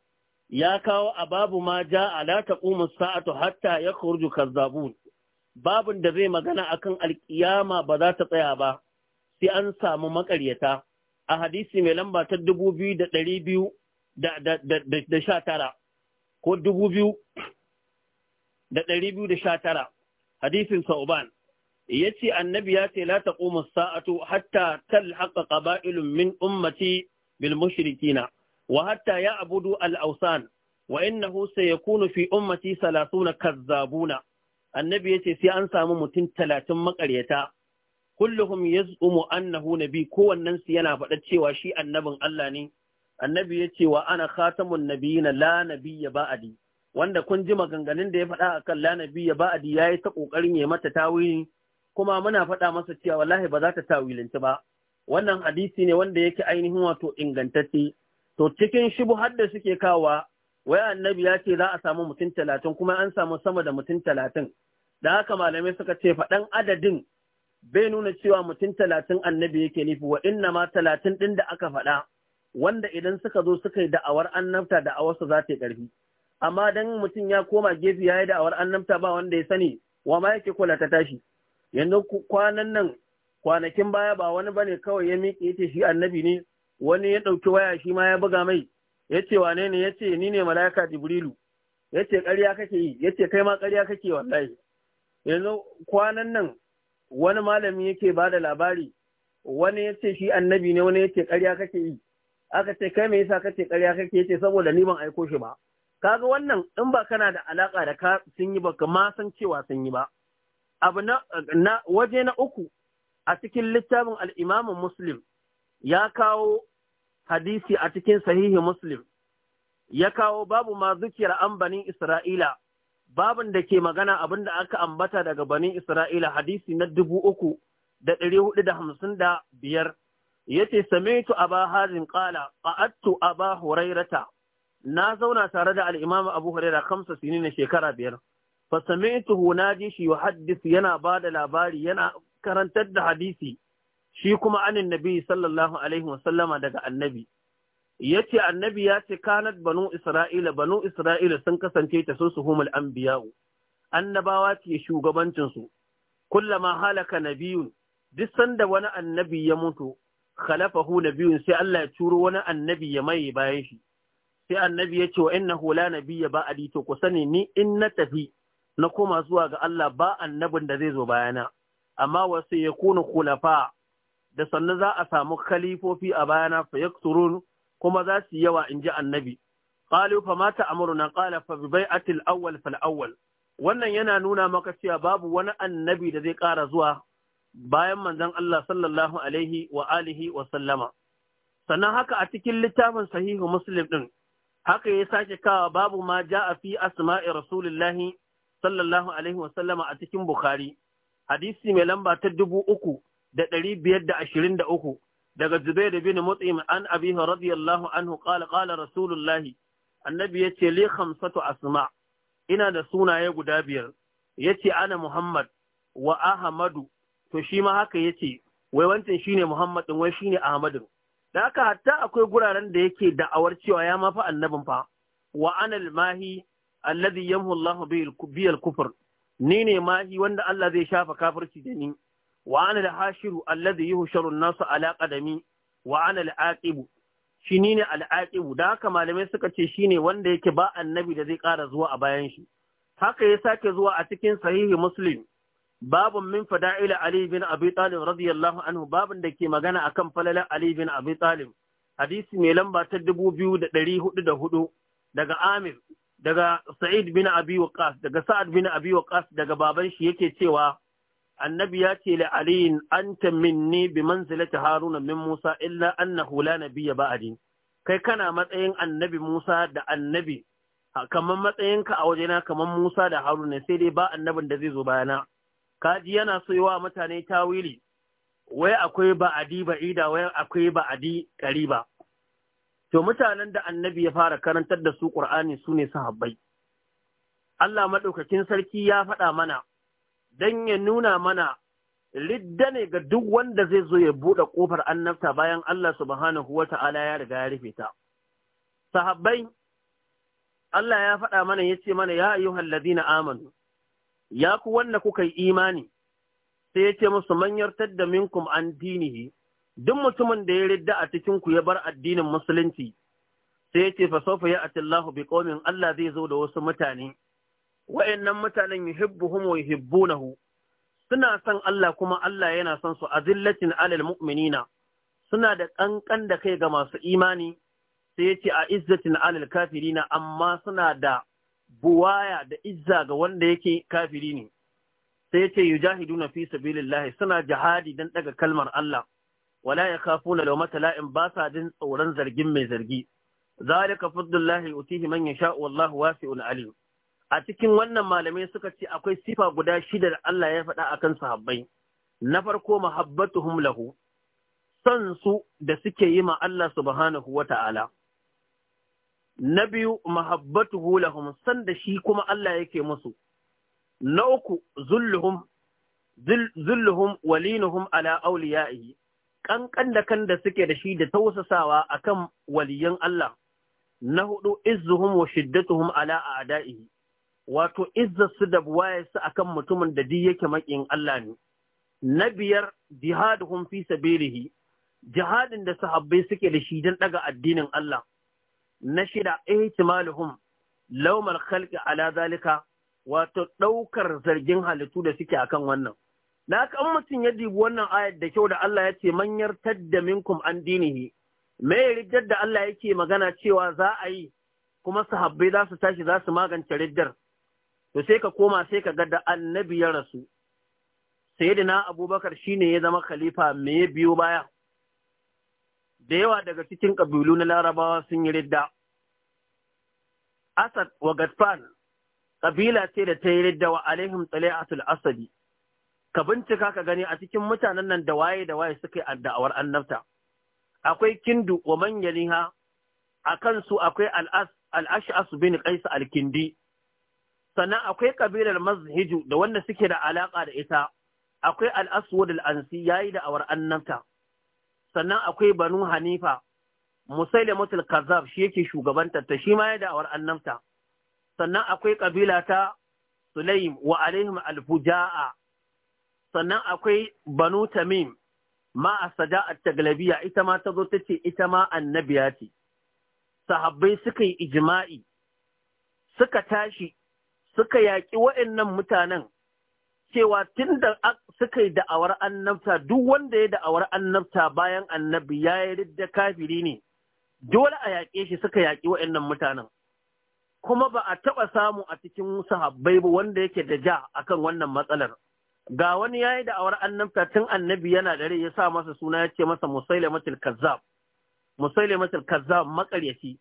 ya kawo a babu ma ja ala taqumu sa'atu hatta kurju kazzabun babun da zai magana akan alkiyama ba za ta tsaya ba sai an samu makaryata a hadisi mai lamba ta dubu da ɗari ko dubu da ɗari hadisin sauban ya ce annabi ya ce la taqumu sa'atu hatta talhaqa qaba'ilun min ummati bil mushrikina wa hatta ya abudu al'ausan wa innahu sayakunu fi ummati salasuna kazzabuna annabi yace sai an samu mutum talatin maƙaryata kulluhum yaz'umu annahu nabi bi kowannensu yana faɗa cewa shi annabin Allah ne annabi yace wa ana khatamun nabiyina la nabiyya ba'di wanda kun ji maganganun da ya faɗa akan la nabiyya ba'di yayi ta kokarin ya mata tawili kuma muna faɗa masa cewa wallahi ba za ta tawilinci ba wannan hadisi ne wanda yake ainihin wato ingantacce To cikin shubuhar da suke kawa, wai annabi ya ce za a samu mutum talatin kuma an samu sama da mutum talatin. Da haka malamai suka ce faɗan adadin bai nuna cewa mutum talatin annabi yake nufi wa inna ma talatin ɗin da aka faɗa wanda idan suka zo suka yi da'awar annabta awarsa za ta yi ƙarfi. Amma dan mutum ya koma gefe ya yi da'awar annabta ba wanda ya sani wa ma yake kula ta tashi. Yanzu kwanan nan kwanakin baya ba wani bane kawai ya miƙe ya ce shi annabi ne wani ya ɗauki waya shi ma ya buga mai ya ce wane ne ya ce ni ne malaka jibrilu ya ce ƙarya kake yi ya ce kai ma ƙarya kake wallahi yanzu kwanan nan wani malami yake ba da labari wani ya ce shi annabi ne wani ya ce ƙarya kake yi aka ce kai me yasa ce ƙarya kake ya ce saboda ni ban aiko shi ba kaga wannan in ba kana da alaka da ka sun yi ba ma san cewa sun yi ba abu na, waje na uku a cikin littafin al'imamin muslim ya kawo hadisi a cikin sahihi Muslim, ya kawo babu ma zukiyar an banin Isra'ila, babin da ke magana abin da aka ambata daga banin Isra'ila hadisi na dubu uku da ɗari hudu da hamsin da biyar. Ya ce, Samitu ba hajin ƙala, ƙa'attu ba Hurairata, na zauna tare da al'imamu Abu Huraira kamsa sini na shekara biyar. Fa Samitu shi wa yana ba da labari yana karantar da hadisi shi kuma anin nabi sallallahu alaihi wasallama daga annabi ya ce annabi ya ce kanat banu isra'ila banu isra'ila sun kasance ta sun su humul anbiya'u annabawa ce shugabancinsu kullama halaka nabiyun duk sanda wani annabi ya mutu khalafahu nabiyun sai Allah ya turo wani annabi ya mai bayan shi sai annabi ya ce wa innahu la nabiyya ba'adi to ku sani ni in na tafi na koma zuwa ga Allah ba annabin da zai zo bayana amma wasu ya kuna khulafa da sannu za a samu khalifofi a bayana fa yakturun kuma za su yawa in ji annabi qalu fa ma na qala fa bi awwal fal awwal wannan yana nuna maka cewa babu wani annabi da zai ƙara zuwa bayan manzon Allah sallallahu alaihi wa alihi wa sallama sannan haka a cikin littafin sahihu muslim ɗin. haka ya sake kawa babu ma a fi asma'i rasulillahi sallallahu alaihi wa sallama a cikin bukhari hadisi mai lamba ta dubu uku da ɗari biyar da ashirin da uku daga da bin mutsim an Abi radiyallahu anhu qala qala Rasulullahi annabi yace li khamsatu asma ina da sunaye guda biyar yace ana Muhammad wa Ahmadu to shi ma haka yace wai wancan shine Muhammad din wai shine Ahmadu da haka hatta akwai guraren da yake da'awar cewa ya mafi annabin fa wa ana mahi alladhi yamhu Allah bihi al ni ne mahi wanda Allah zai shafa kafirci da ni wa ana al-hashiru alladhi yuhsharu an-nasu ala qadami wa ana al shi ni ne al'aƙibu, da haka malamai suka ce shi ne wanda yake ba annabi da zai ƙara zuwa a bayan shi. Haka ya sake zuwa a cikin sahihi Muslim, babin min fada'ila Ali bin Abi Talib radiyallahu anhu babin da ke magana akan falalar Ali bin Abi Talib. Hadisi mai lamba ta dubu biyu da ɗari hudu da hudu daga Amir, daga Sa'id bin Abi Waqas, daga Sa'ad bin Abi Waqas daga baban shi yake cewa annabi ya ce li aliyin anta minni bi manzilati haruna min musa illa annahu la nabiyya ba'di kai kana matsayin annabi musa da annabi kamar matsayinka a wajena kamar musa da haruna sai dai ba annabin da zai zo bayana kaji yana so yawa mutane tawili wai akwai ba'adi ba'ida wai akwai ba'adi kariba to mutanen da annabi ya fara karantar da su qur'ani su ne sahabbai Allah madaukakin sarki ya faɗa mana don ya nuna mana ridda ne ga duk wanda zai zo ya buɗe ƙofar annabta bayan Allah subhanahu wa ta'ala ya riga ya rufe ta. Sahabbai, Allah ya faɗa mana ya ce mana ya ayyuhal ladina amanu, ya ku wanda kuka yi imani, sai ya ce musu manyar tadda minkum an dinihi, duk mutumin da ya ridda a cikin ku ya bar addinin musulunci, sai ya ce fa sofa ya atillahu bi Allah zai zo da wasu mutane. wa'annan mutanen yuhibbuhum wa nahu suna son Allah kuma Allah yana son su azillatin alal mu'minina suna da ƙanƙan da kai ga masu imani sai yace a izzatin alal kafirina amma suna da buwaya da izza ga wanda yake kafiri ne sai yace na fi sabilillahi suna jihadi dan daga kalmar Allah wala ya yakhafuna lawmata la'in ba sa jin tsoron zargin mai zargi zalika fadlullahi yutihi man yasha wallahu wasi'un alim a cikin wannan malamai suka ce akwai sifa guda shida da Allah ya faɗa akan sahabbai na farko mahabbatuhum lahu son su da suke yi ma Allah subhanahu wa ta'ala na biyu mahabbatuhu lahum san da shi kuma Allah yake musu na uku zulluhum zulluhum walinuhum ala auliya kankan da kan da suke da shi da tausasawa akan waliyan Allah na hudu izzuhum wa shiddatuhum ala a'da'ihi wato su da a akan mutumin da duk yake makin Allah ne. Na biyar jihaduhum fi sabilihi jihadin da sahabbai suke da shi don ɗaga addinin Allah. Na shida ihtimaluhum laumar khalqi ala zalika wato ɗaukar zargin halittu da suke akan wannan. Na kan mutum ya dubi wannan ayar da kyau da Allah ya ce manyar tadda minkum an dinihi. Me riddar da Allah yake magana cewa za a yi kuma sahabbai za su tashi za su magance riddar. to sai ka koma sai ka ga da annabi ya rasu sayyidina abubakar shine ya zama khalifa me biyo baya da yawa daga cikin kabilu na larabawa sun yi ridda asad wa gadfan ƙabila ce da ta yi ridda wa alaihim tsali'atul asadi ka bincika ka gani a cikin mutanen nan da waye da waye suka yi addawar annabta akwai kindu wa manyaliha a kansu akwai al'ash'as bin qais al-kindi sannan akwai kabilar mazhiju da wanda suke da alaƙa da ita akwai al-aswad al-ansi yayi da awar annabta sannan akwai banu hanifa musailamatul kazzab shi yake shugabantar ta shi ma yayi da awar annabta sannan akwai kabila ta sulaim wa alaihim al-fujaa sannan akwai banu tamim ma a at taglabiya ita ma ta zo ita ma annabiya ce sahabbai suka yi ijima'i suka tashi suka yaƙi wa'annan mutanen cewa tun da suka yi da'awar annabta duk wanda ya da'awar annabta bayan annabi ya yi da kafiri ne dole a yaƙe shi suka yaƙi wa'annan mutanen kuma ba a taɓa samu a cikin sahabbai ba wanda yake da ja akan wannan matsalar ga wani ya yi da'awar annabta tun annabi yana da rai ya sa masa suna ya ce masa musailamatul kazzab musailamatul kazzab makaryaci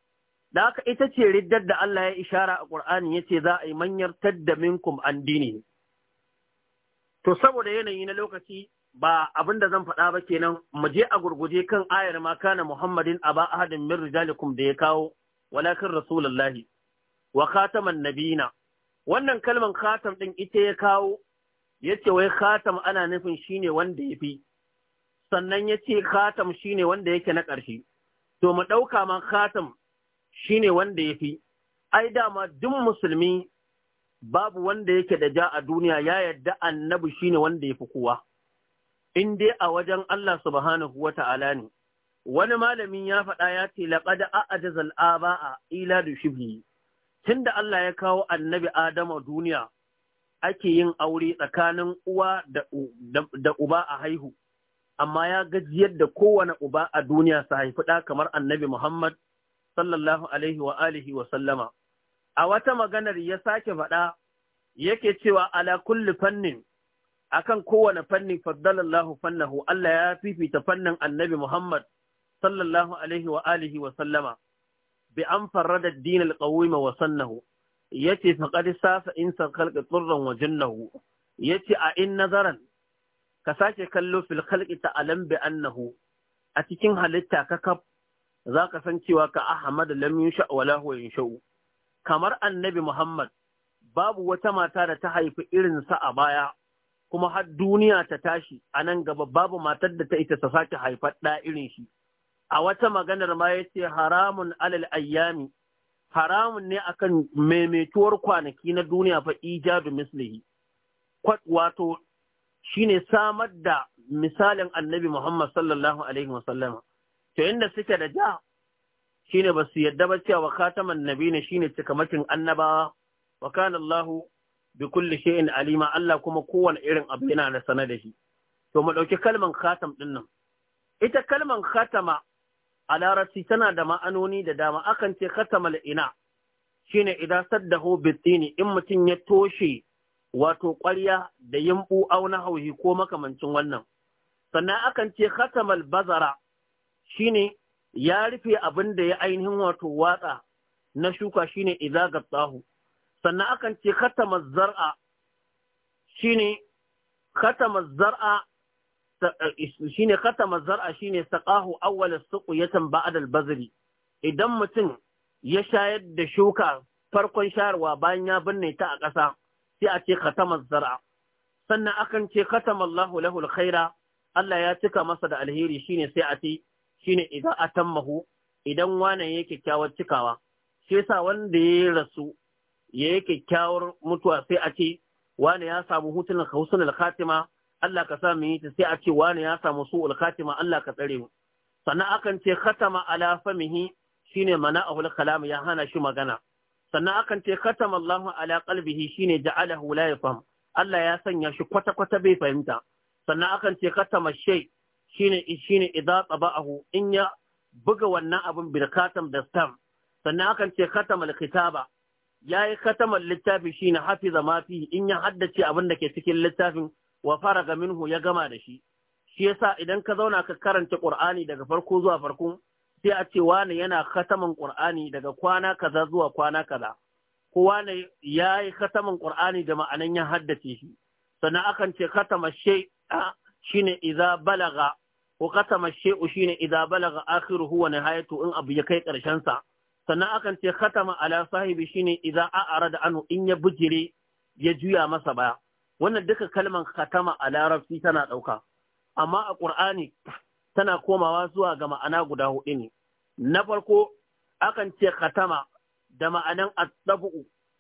da haka ita ce riddar da Allah ya ishara a Qur'ani ce za a yi manyar tadda minkum an to saboda yanayi na lokaci ba abin da zan faɗa ba kenan mu je a gurguje kan ayar ma kana Muhammadin aba ahadin min rijalikum da ya kawo walakin rasulullahi wa khataman nabiyina wannan kalman khatam din ita ya kawo yace wai khatam ana nufin shine wanda yafi sannan yace khatam shine wanda yake na ƙarshe to mu ɗauka man khatam Shi ne wanda ya fi ai dama duk musulmi babu wanda yake da ja a duniya ya yadda annabi shi ne wanda ya fi kowa in dai a wajen Allah subhanahu wa ta'ala ne wani malamin ya faɗa ya ce A ba a ila da shibhi tunda Allah ya kawo annabi Adamu duniya ake yin aure tsakanin uwa da uba a haihu amma ya gajiyar da kowane uba a duniya su haifi ɗa kamar annabi Muhammad sallallahu alaihi wa alihi wa sallama. A wata maganar ya sake faɗa yake cewa ala kulli fannin akan kowane fannin, faddalallahu fannahu Allah ya fifita fannin annabi Muhammad sallallahu alaihi wa alihi wa sallama bi an farrada ad-din al-qawima wa sannahu yace faqad safa insan khalqi turran wa jannahu yace a in nazaran ka sake kallo fil khalqi ta'alam bi annahu a cikin halitta ka kaf za ka san cewa ka Ahmad lam yusha wala huwa yunsha'u kamar annabi Muhammad babu wata mata da ta haifi irin sa a baya kuma har duniya ta tashi a nan gaba babu matar da ta ita ta sake haifar ɗa irin shi a wata maganar ma yace haramun alal ayyami haramun ne akan maimaituwar kwanaki na duniya fa ijadu mislihi wato shine samar da misalin annabi Muhammad sallallahu alaihi wasallama to inda suke da ja shine ba su yadda ba cewa khataman ne shine cikamakin annabawa wa kana Allahu bi kulli shay'in alima Allah kuma kowane irin abu yana na sana da shi to mu dauki kalman khatam din nan ita kalman khatama a larabci tana da ma'anoni da dama akan ce khatamal ina shine idan saddahu bitini in mutum ya toshe wato ƙwarya da yimbu auna hauhi ko makamancin wannan sannan akan ce khatamal bazara shine ya rufe abin da ya ainihin wato watsa na shuka shine idza gattahu sannan akan ce katama zar'a shine katama zar'a shine ya zar'a shine saqahu awwal as al-bazri idan mutum ya shayar da shuka farkon shayarwa bayan ya binne ta a ƙasa sai a ce katama zar'a sannan akan ce katama Allahu lahu al-khaira Allah ya cika masa da alheri shine sai a ce shine idan atammahu idan wannan yayi kyakkyawar cikawa shi yasa wanda ya rasu yi kyakkyawar mutuwa sai a ce wani ya samu hutun husnul khatima Allah ka sa mu yi ta sai a ce wani ya samu su khatima Allah ka tsare mu sannan akan ce khatama ala famihi shine mana'ahul kalam ya hana shi magana sannan akan ce khatama Allahu ala qalbihi shine ja'alahu la yafham Allah ya sanya shi kwata kwata bai fahimta sannan akan ce khatama shay shine shine idza tabahu in ya buga wannan abin bil khatam da stam sannan akan ce khatam al kitaba yayi khatam al littafi shine hafiza ma fi in ya haddace abin da ke cikin littafin wa faraga minhu ya gama da shi shi yasa idan ka zauna ka karanta qur'ani daga farko zuwa farko sai a ce wani yana kataman qur'ani daga kwana kaza zuwa kwana kaza ko wani yayi kataman qur'ani da ma'anan ya haddace shi sannan akan ce katama shay shine idza balaga wa katama shi'u shine idza balagha akhiruhu haya to in abu ya kai karshen sa sannan akan ce katama ala sahibi shine idza a'rada anhu in ya bujire ya juya masa baya wannan duka kalman katama a larabci tana ɗauka amma a ƙur'ani tana komawa zuwa ga ma'ana guda hudu ne na farko akan ce katama da ma'anan attabu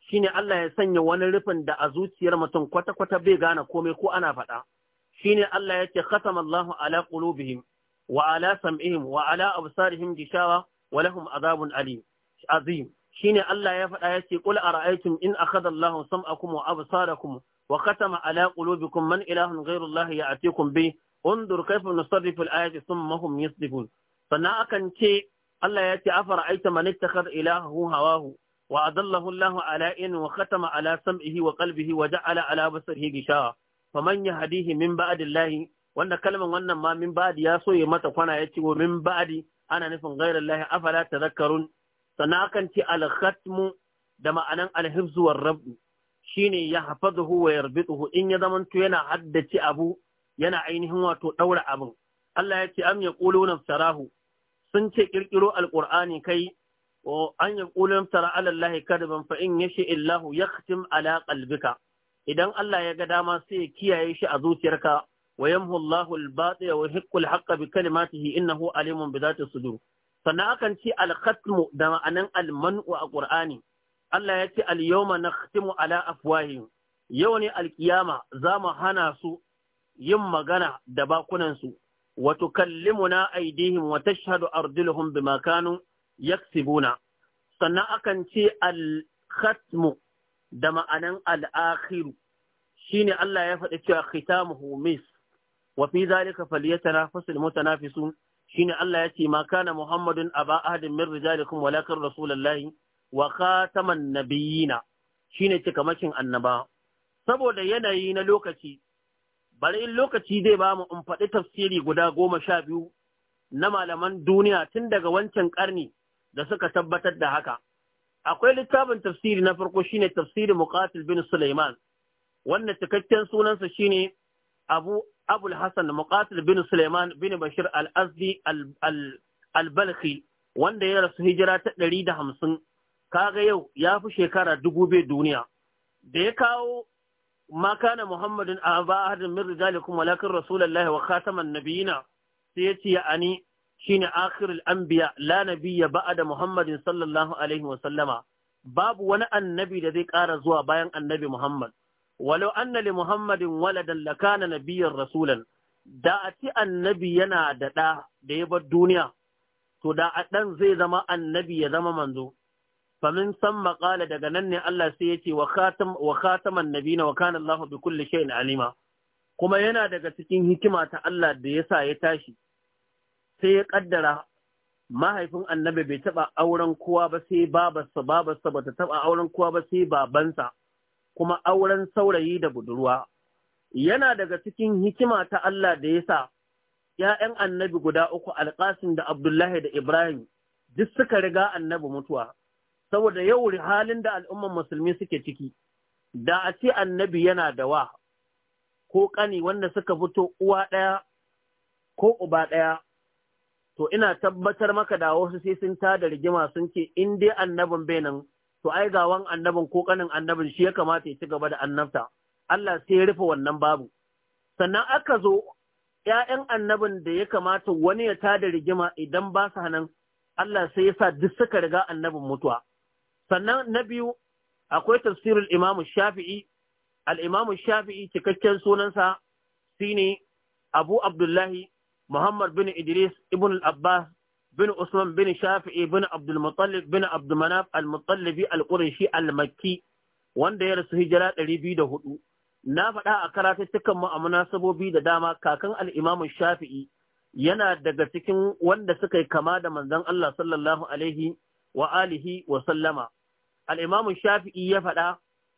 shine Allah ya sanya wani rufin da a zuciyar mutum kwata-kwata bai gane komai ko ana faɗa shine Allah ce khatama Allah ala qulubihim wa ala sam'ihim wa ala absarihim gishawa wa lahum azabun alim azim shine Allah ya faɗa yace a ara'aytum in akhadha Allah sam'akum wa kuma wa katama ala qulubikum man ilahun ghayru Allah ya'tikum bi undur kayfa nusarrifu al-ayati thumma hum yasdifun sannan akan ce Allah ya ce afara aita man ittakhadha ilahahu hawahu in الله على ala sam'ihi wa ƙalbihi wa ja'ala على بصره gishawa. faman ya hadihi min ba'adillahi. wanda kalman wannan ma min ba'adi ya so ya mata kwana ya ce wa min ba'adi, ana nufin ghairallahi afala tadhakkarun sannan kan ci al-khatmu da ma'anan al-hifzu war-rabdu shine ya hafazuhu wa yarbituhu in ya zamanto yana haddace abu yana ainihin wato daura abin Allah ya ce am yaquluna sarahu sun ce kirkiro alqur'ani kai an yaquluna sara alallahi allahi kadaban fa in yashi illahu yakhtim ala qalbika idan Allah ya ga dama sai ya kiyaye shi a zuciyarka wa yamhu Allahu al-batil wa yuhiqqu al-haqqa bi kalimatihi innahu alimun bi dhati sudur sannan akan ci al-khatmu da ma'anan al-man'u a Qur'ani Allah ya ce al-yawma nakhtimu ala afwahihim yau ne alkiyama za mu hana su yin magana da bakunan su wa tukallimuna aydihim wa tashhadu arjuluhum bima kanu yaksibuna sannan akan ce al-khatmu da ma'anan al'akhiru shine Allah ya faɗi cewa khitamuhu mis wa fi zalika falyatanafasul mutanafisun shine Allah ya ce ma kana Muhammadun aba ahadin min rijalikum walakin rasulullahi wa khataman nabiyina shine cikamakin annaba saboda yanayi na lokaci bari in lokaci zai ba mu in faɗi tafsiri guda goma sha biyu na malaman duniya tun daga wancan ƙarni da suka tabbatar da haka akwai littafin tafsiri na farko shine tafsirin muqatil bin Sulaiman wannan cikakken sunansa shine Abu Abul Hasan Muqatil bin Sulaiman bin Bashir Al-Azdi Al-Balkhi wanda ya rasu hijira ta ɗari da hamsin kaga yau ya fi shekara dubu bai duniya da ya kawo makana Muhammadin a ba min rijalikum walakin rasulullahi wa khataman nabiyina sai ya ce ani shine akhirul anbiya la nabiyya ba'da muhammadin sallallahu alaihi wa sallama babu wani annabi da zai ƙara zuwa bayan annabi muhammad walau anna li muhammadin waladan lakana nabiyyan rasulan da a ci annabi yana da ɗa da ya bar duniya to da a ɗan zai zama annabi ya zama manzo famin san maƙala daga nan ne Allah sai ya ce wa khataman nabi wa kana bi kulli shay'in alima kuma yana daga cikin hikima ta Allah da yasa ya tashi sai ya kaddara mahaifin annabi bai taba auren kowa ba sai babarsa babarsa bata taba auren kowa ba sai babansa kuma auren saurayi da budurwa yana daga cikin hikima ta Allah da yasa ‘ya'yan annabi guda uku alƙasim da Abdullahi da Ibrahim duk suka riga annabi mutuwa, saboda yau halin da al'umman musulmi suke ciki, da a ce annabi yana da wa ko ƙani wanda suka fito uwa ɗaya ko uba ɗaya to ina tabbatar maka da wasu sai sun tada rigima sun ce in dai annabin bai nan to ai ga gawan annabin ko kanin annabin shi ya kamata ya ci gaba da annabta Allah sai ya rufe wannan babu sannan aka zo ‘ya'yan annabin da ya kamata wani ya tada rigima idan ba su nan Allah sai ya sa duk suka riga annabin mutuwa sannan na biyu akwai tafsirul imam shafi'i al imam shafi'i cikakken sunansa shine abu abdullahi Muhammad bin Idris ibn al-Abbas bin Usman bin Shafi'i bin Abdul Muttalib al-Muttalibi al-Qurashi al wanda ya rasu hijira ɗari biyu da hudu. na faɗa a karatattukan mu a munasabobi da dama kakan al Shafi'i yana daga cikin wanda suka yi kama da manzon Allah sallallahu alaihi wa alihi wa sallama al Shafi'i ya faɗa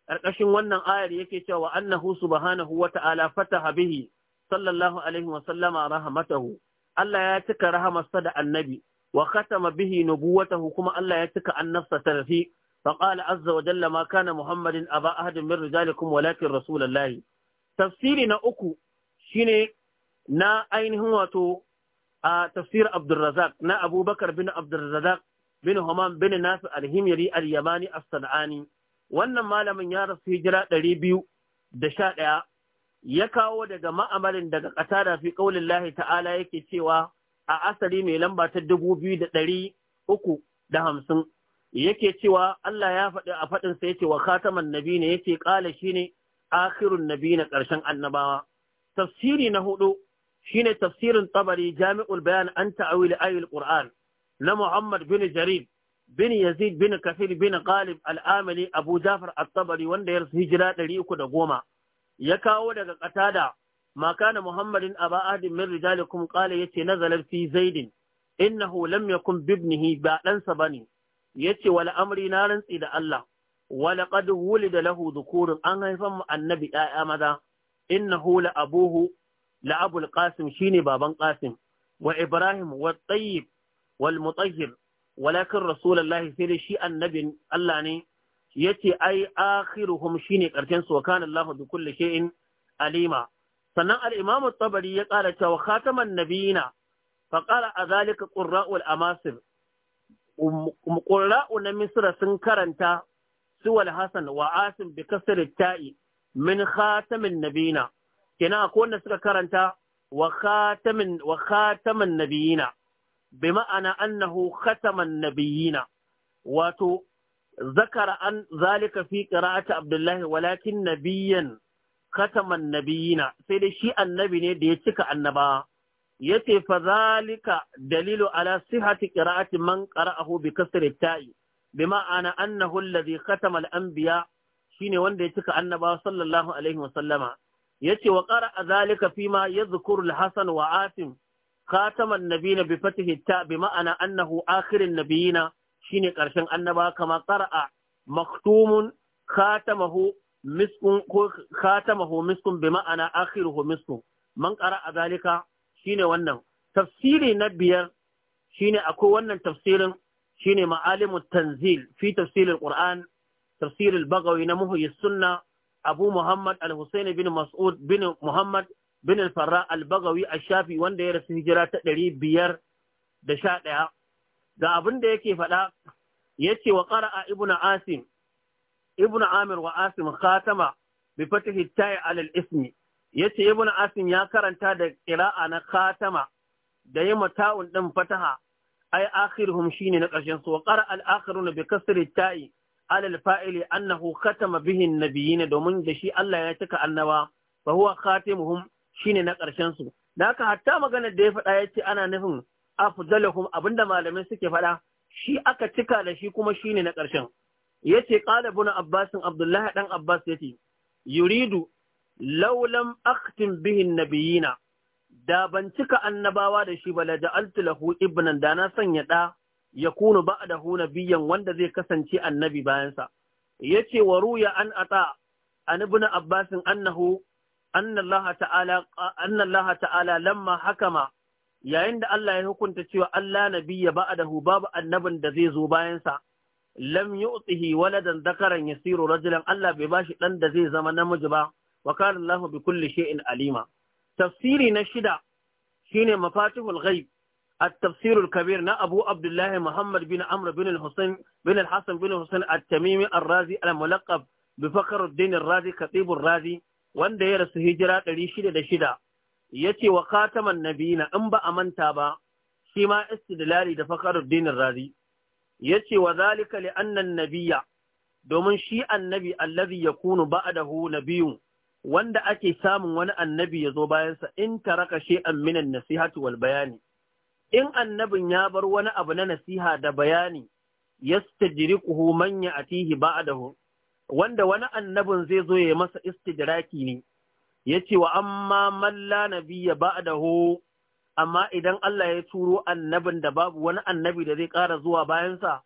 ƙarƙashin wannan ayar yake cewa annahu subhanahu wa ta'ala fataha bihi sallallahu alaihi wa sallama rahamatahu Allah ya cika rahamarsa da annabi wa khatama bihi nubuwatahu kuma Allah ya cika annabsa tarfi fa qala azza wa jalla ma kana muhammadin aba ahadin min rijalikum walakin rasulullah tafsiri na uku shine na ainihin wato a tafsir abdurrazzaq na abubakar bin Abdulrazak. bin humam bin nasir Alhimiri alyamani as-sanani wannan malamin ya rasu hijira ɗaya. ya kawo daga ma'amarin daga ƙasa da fi ƙaunin lahi ta'ala yake cewa a asali mai lamba ta dubu biyu da ɗari uku da hamsin yake cewa Allah ya faɗi a faɗin, ya ce wa khataman nabi ne yake ƙala shi ne akhirun nabi na ƙarshen annabawa tafsiri na hudu shine tafsirin tabari jami'ul bayan an ta'awil ayil qur'an na muhammad bin jarir bin yazid bin kafir bin qalib al-amali abu jafar at-tabari wanda ya rasu hijira ɗari uku da goma ya kawo daga katada. makana muhammadin aba ahadin min rijalikum qala yace nazalar fi zaidin innahu lam yakun bibnihi ba ɗansa bane yace wal amri na rantsi da Allah ولقد ولد له ذكور an haifan annabi 'ya'ya maza innahu la abuhu la abul qasim shine baban qasim wa ibrahim wa tayyib wal mutahhir walakin rasulullahi sai dai shi annabin Allah ne yace ai akhiruhum shine karshen su wa kana Allah bi kulli shay'in alima sannan al-Imam tabari ya ƙara cewa khataman nabiyina fa qala azalika qurra'ul amasir um, um, qurra'u na Misra sun karanta suwal Hasan wa Asim bi kasri ta'i min khatamin nabiyina kina ko wanda suka karanta wa khatamin wa khataman nabiyina bi annahu khataman nabiyina wato zakara an zalika fi qira'ati abdullahi walakin Nabiyan kataman nabiyina sai dai shi annabi ne da ya cika annaba yace fa zalika dalilu ala sihhati qira'ati man qara'ahu bi kasri ta'i bima ana annahu alladhi khatama al-anbiya shine wanda ya cika annabawa, sallallahu alaihi wa sallama yace wa qara'a zalika ma yadhkuru al-hasan wa asim khataman nabiyina bi fathihi ta bima ana annahu akhirin nabiyina ne ƙarshen annaba kama qara'a maktumun khatamahu miskun ko khatamahu miskun bi ma'ana ho miskun man a zalika ne wannan tafsiri na biyar ne akwai wannan tafsirin shine ma'alimu tanzil fi tafsirin qur'an tafsiril bagawi na muhyi sunna abu muhammad al bin mas'ud bin muhammad bin al-farra al-bagawi ash-shafi wanda ya rasu hijira ta ɗari biyar da sha ɗaya ga abin da yake faɗa yace wa qara'a ibnu asim amir wa asim khatama bi fatihi ta'i alal ismi yace ibnu asim ya karanta da qira'a na khatama da yi mata'un ɗin fataha ai akhiruhum shine na ƙarshen su wa qara'a al-akhiruna bi kasri ta'i alal fa'ili annahu khatama bihin an-nabiyyin domin da shi Allah ya cika annaba fa huwa khatimuhum shine na ƙarshen su da haka hatta maganar da ya faɗa yace ana nufin afdaluhum abinda malamai suke faɗa shi aka cika da shi kuma shine na ƙarshen yace qala ibn abbas abdullahi dan abbas yace yuridu law lam akhtim bihi nabiyina da ban cika annabawa da shi ba la ja'altu lahu ibnan da na sanya da yakunu ba'dahu nabiyyan wanda zai kasance annabi bayan sa yace wa ruya an ata an ibn abbas annahu anna Allah ta'ala anna Allah ta'ala lamma hakama yayin da Allah ya hukunta cewa Allah a ba'dahu babu annabin da zai zo bayan sa lam yu'tihi waladan ya yasiru rajulan Allah bai bashi ɗan da zai zama namiji ba wa kana Allahu bi kulli shay'in alima tafsiri na shida shine mafatihul ghaib التفسير الكبير نا أبو عبد muhammad محمد بن عمرو bin الحسين بن الحسن بن razi التميمي الرازي الملقب بفخر الدين الرازي خطيب الرازي wanda ya rasu hijira ɗari shida da shida yace wa khataman Nabina in ba a manta ba shi ma istidlali da Fakhruddin Razi ce, wa zalika li anna nabiyya domin shi annabi allazi yakunu ba'dahu nabiyyun wanda ake samun wani annabi ya zo bayansa in raka shay'an minan nasihati wal bayani in annabin ya bar wani abu na nasiha da bayani yastajriquhu man ya'tihi ba'dahu wanda wani annabin zai zo ya masa istidiraki ne yace wa amma ya ba da ba'dahu amma idan Allah ya turo annabin da babu wani annabi da zai ƙara zuwa bayansa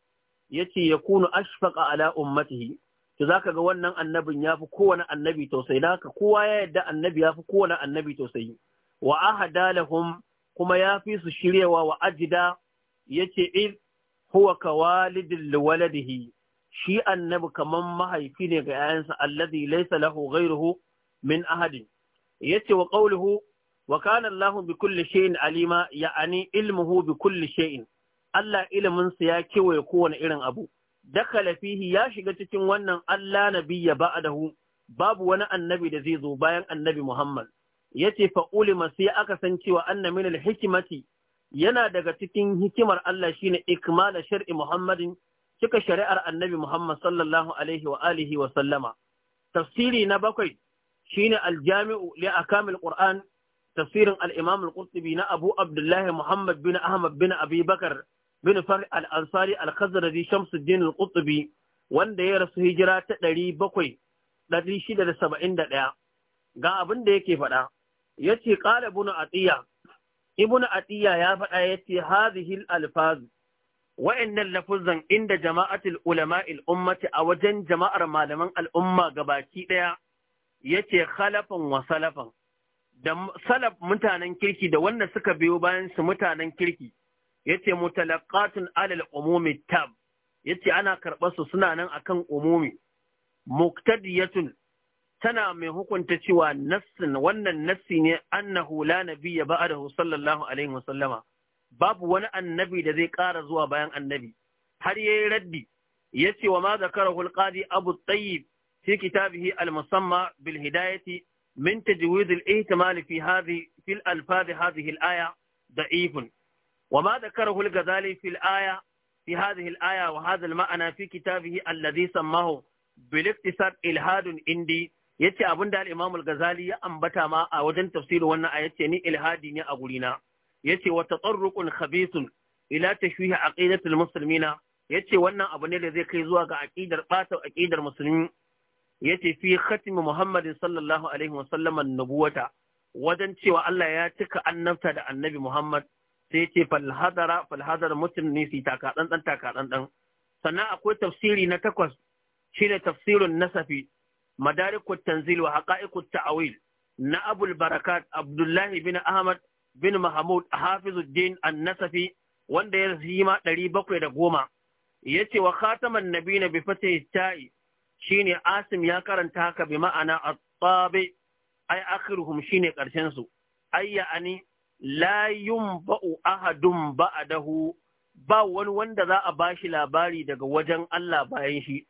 ya yakunu ashfaqa ala ummatihi to zaka ga wannan annabin fi kowane annabi tausayi haka kowa ya yadda annabi yafi kowane annabi tausayi wa ahada lahum kuma yafi su shiryawa wa ajida yace id huwa walidin liwaladihi shi annabi kaman mahaifi ne ga 'ya'yansa alladhi laysa lahu ghayruhu min ahadin yace wa qawluhu wa kana Allahu bi kulli shay'in alima ya'ani ilmuhu bi kulli shay'in Allah ilimin sa ya kewaye kowane irin abu dakala fihi ya shiga cikin wannan Allah nabiyya ba'dahu babu wani annabi da zai zo bayan annabi Muhammad yace fa ulima sai aka san cewa anna min al-hikmati yana daga cikin hikimar Allah shine ikmala shar'i Muhammadin cika shari'ar annabi Muhammad sallallahu alaihi wa alihi wa sallama tafsiri na bakwai shine aljami'u li akamil qur'an tafsirin al-imam al-qurtubi na abu abdullahi muhammad bin ahmad bin abi bakar bin far al-ansari al-khazraji shamsuddin al-qurtubi wanda ya rasu hijira ta ɗari bakwai ɗari shida da saba'in da ɗaya ga abin da yake faɗa ya ce ƙala ibnu atiya ibnu atiya ya faɗa ya ce hadhihi al-alfaz wa'annan lafuzan inda jama'atul ulama'il ummati a wajen jama'ar malaman al'umma gabaki ɗaya yace khalafan wa salafan da salaf mutanen kirki da wanda suka biyo bayan su mutanen kirki yace mutalaqatun alal umumi tab yace ana karɓar su suna nan akan umumi muqtadiyatun tana mai hukunta cewa nassin wannan nassi ne annahu la nabiyya ba'dahu sallallahu alaihi babu wani annabi da zai ƙara zuwa bayan annabi har yayi raddi yace wa ma zakarahu alqadi abu tayyib في كتابه المسمى بالهداية من تجويد الاحتمال في هذه في الألفاظ هذه الآية ضعيف وما ذكره الغزالي في الآية في هذه الآية وهذا المعنى في كتابه الذي سماه بالاقتصاد إلهاد عندي yace abin da al-Imam ya ambata ma a wajen tafsirin wannan aya yace ni ilhadi ne a gurina yace wa tatarruqun Khabisun, ila tashwih aqidatul muslimina yace wannan abu ne da zai kai zuwa ga aqidar bata aƙidar musulmi yace fi khatmi Muhammadin sallallahu alaihi wa sallam wajen cewa Allah ya cika annabta da annabi Muhammad sai yace fal hadara mutum ne su taka ɗan taka sannan akwai tafsiri na takwas shine tafsirin nasafi madarikut tanzil wa haqa'iqut ta'wil na abul barakat abdullahi bin ahmad bin mahmud hafizuddin an-nasafi wanda ya zima ɗari bakwai da goma ya ce wa khataman nabi na bi fata ta'i shine asim ya karanta haka bi ma'ana at-tabi ai akhiruhum shine karshen su ayya ani la yumba'u ahadun ba'dahu ba wani wanda za a bashi labari daga wajen Allah bayan shi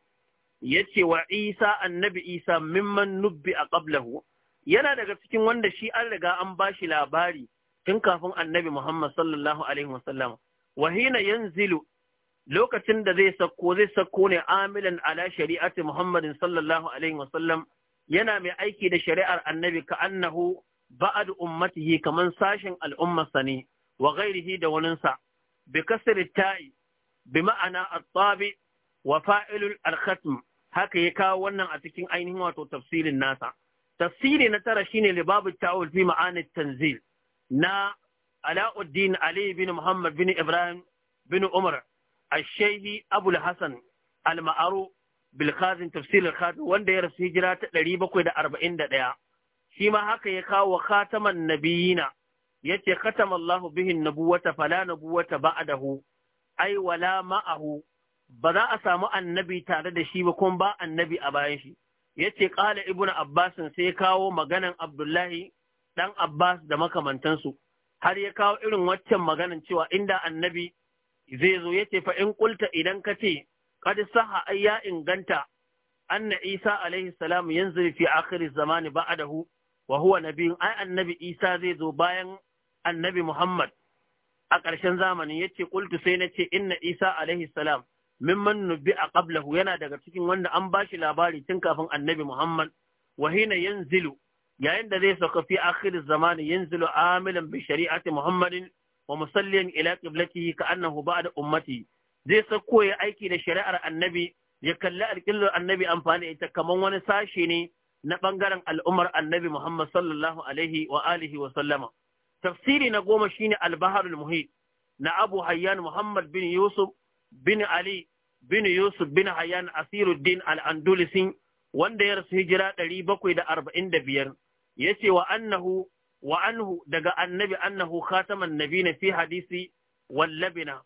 yace wa Isa annabi Isa mimman nubbi a qablahu yana daga cikin wanda shi an riga an bashi labari tun kafin annabi Muhammad sallallahu alaihi wasallam wa hina yanzilu lokacin da zai sakko zai sakko ne amilan ala shari'ati Muhammadin sallallahu alaihi wasallam yana mai aiki da shari'ar annabi ka annahu ba'ad ummatihi kaman sashin al'ummarsa ne wa ghairihi da waninsa bi kasri ta'i bi ma'ana at-tabi wa fa'ilul al-khatm haka ya kawo wannan a cikin ainihin wato tafsirin nasa tafsiri na tara shine libabu ta'awul fi ma'ani tanzil na Alauddin Ali bin Muhammad bin Ibrahim bin Umar الشيبي أبو الحسن المعروف bilkazin tafsirin khatib wanda ya rasu hijira ta ɗari bakwai da arba'in da ɗaya shi ma haka ya kawo khataman nabiyina ya ce khatama Allahu bihin nabuwata fala nabuwata ba'adahu ai wala ma'ahu ba za a samu annabi tare da shi ba kuma ba annabi a bayan shi ya ce ƙala ibnu abbas sai ya kawo maganan abdullahi ɗan abbas da makamantansu har ya kawo irin waccan maganan cewa inda annabi zai zo yace fa in kulta idan ka ce qad saha ay ya inganta anna Isa alaihi salam yanzu fi akhir zamani ba'dahu wa huwa nabiyyun ai annabi Isa zai zo bayan annabi Muhammad a ƙarshen zamani yace qultu sai nace inna Isa alaihi salam mimman nubi'a qablahu yana daga cikin wanda an bashi labari tun kafin annabi Muhammad wa hina yanzilu yayin da zai sauka fi akhir zamani yanzilu amilan bi shari'ati Muhammadin wa musalliyan ila qiblatihi ka annahu ba'da ummati zai sako ya aiki da shari'ar annabi ya kalli alƙillar annabi amfani ita kamar wani sashe ne na ɓangaren al'ummar annabi Muhammad sallallahu alaihi wa alihi wa sallama. Tafsiri na goma shine albaharul muhit na Abu Hayyan Muhammad bin Yusuf bin Ali bin Yusuf bin Hayyan Asiruddin al-Andalusi wanda ya rasu hijira ɗari bakwai da arba'in da biyar. Ya ce wa annahu wa anhu daga annabi annahu khataman nabina fi hadisi wallabina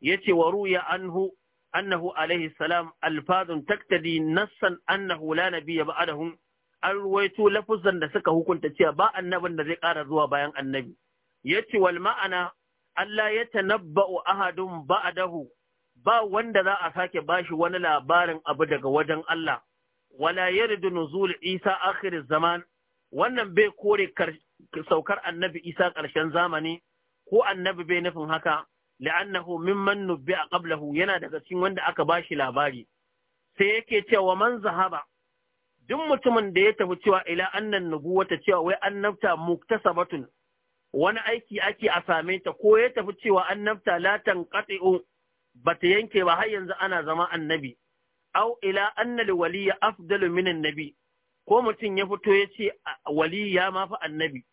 yace wa ruya anhu annahu alaihi salam alfazun taktadi nassan annahu la nabiyya ba'dahum an ruwaito lafuzan da suka hukunta cewa ba annabin da zai ƙara zuwa bayan annabi yace wal ma'ana Allah ya tanabba'u ahadun ba'dahu ba wanda za a sake bashi wani labarin abu daga wajen Allah wala yaridu nuzul Isa akhir zaman wannan bai kore kar saukar annabi isa ƙarshen zamani ko annabi bai nufin haka la'annahu mimman nubbi a qablahu yana daga cikin wanda aka ba shi labari sai yake cewa man zahaba duk mutumin da ya tafi cewa ila annan nubuwata cewa wai annabta muktasabatun wani aiki ake a same ta ko ya tafi cewa annabta la tanqati'u bata yanke ba har yanzu ana zama annabi au ila annal waliya afdalu min annabi ko mutum ya fito ya ce waliya ma fi annabi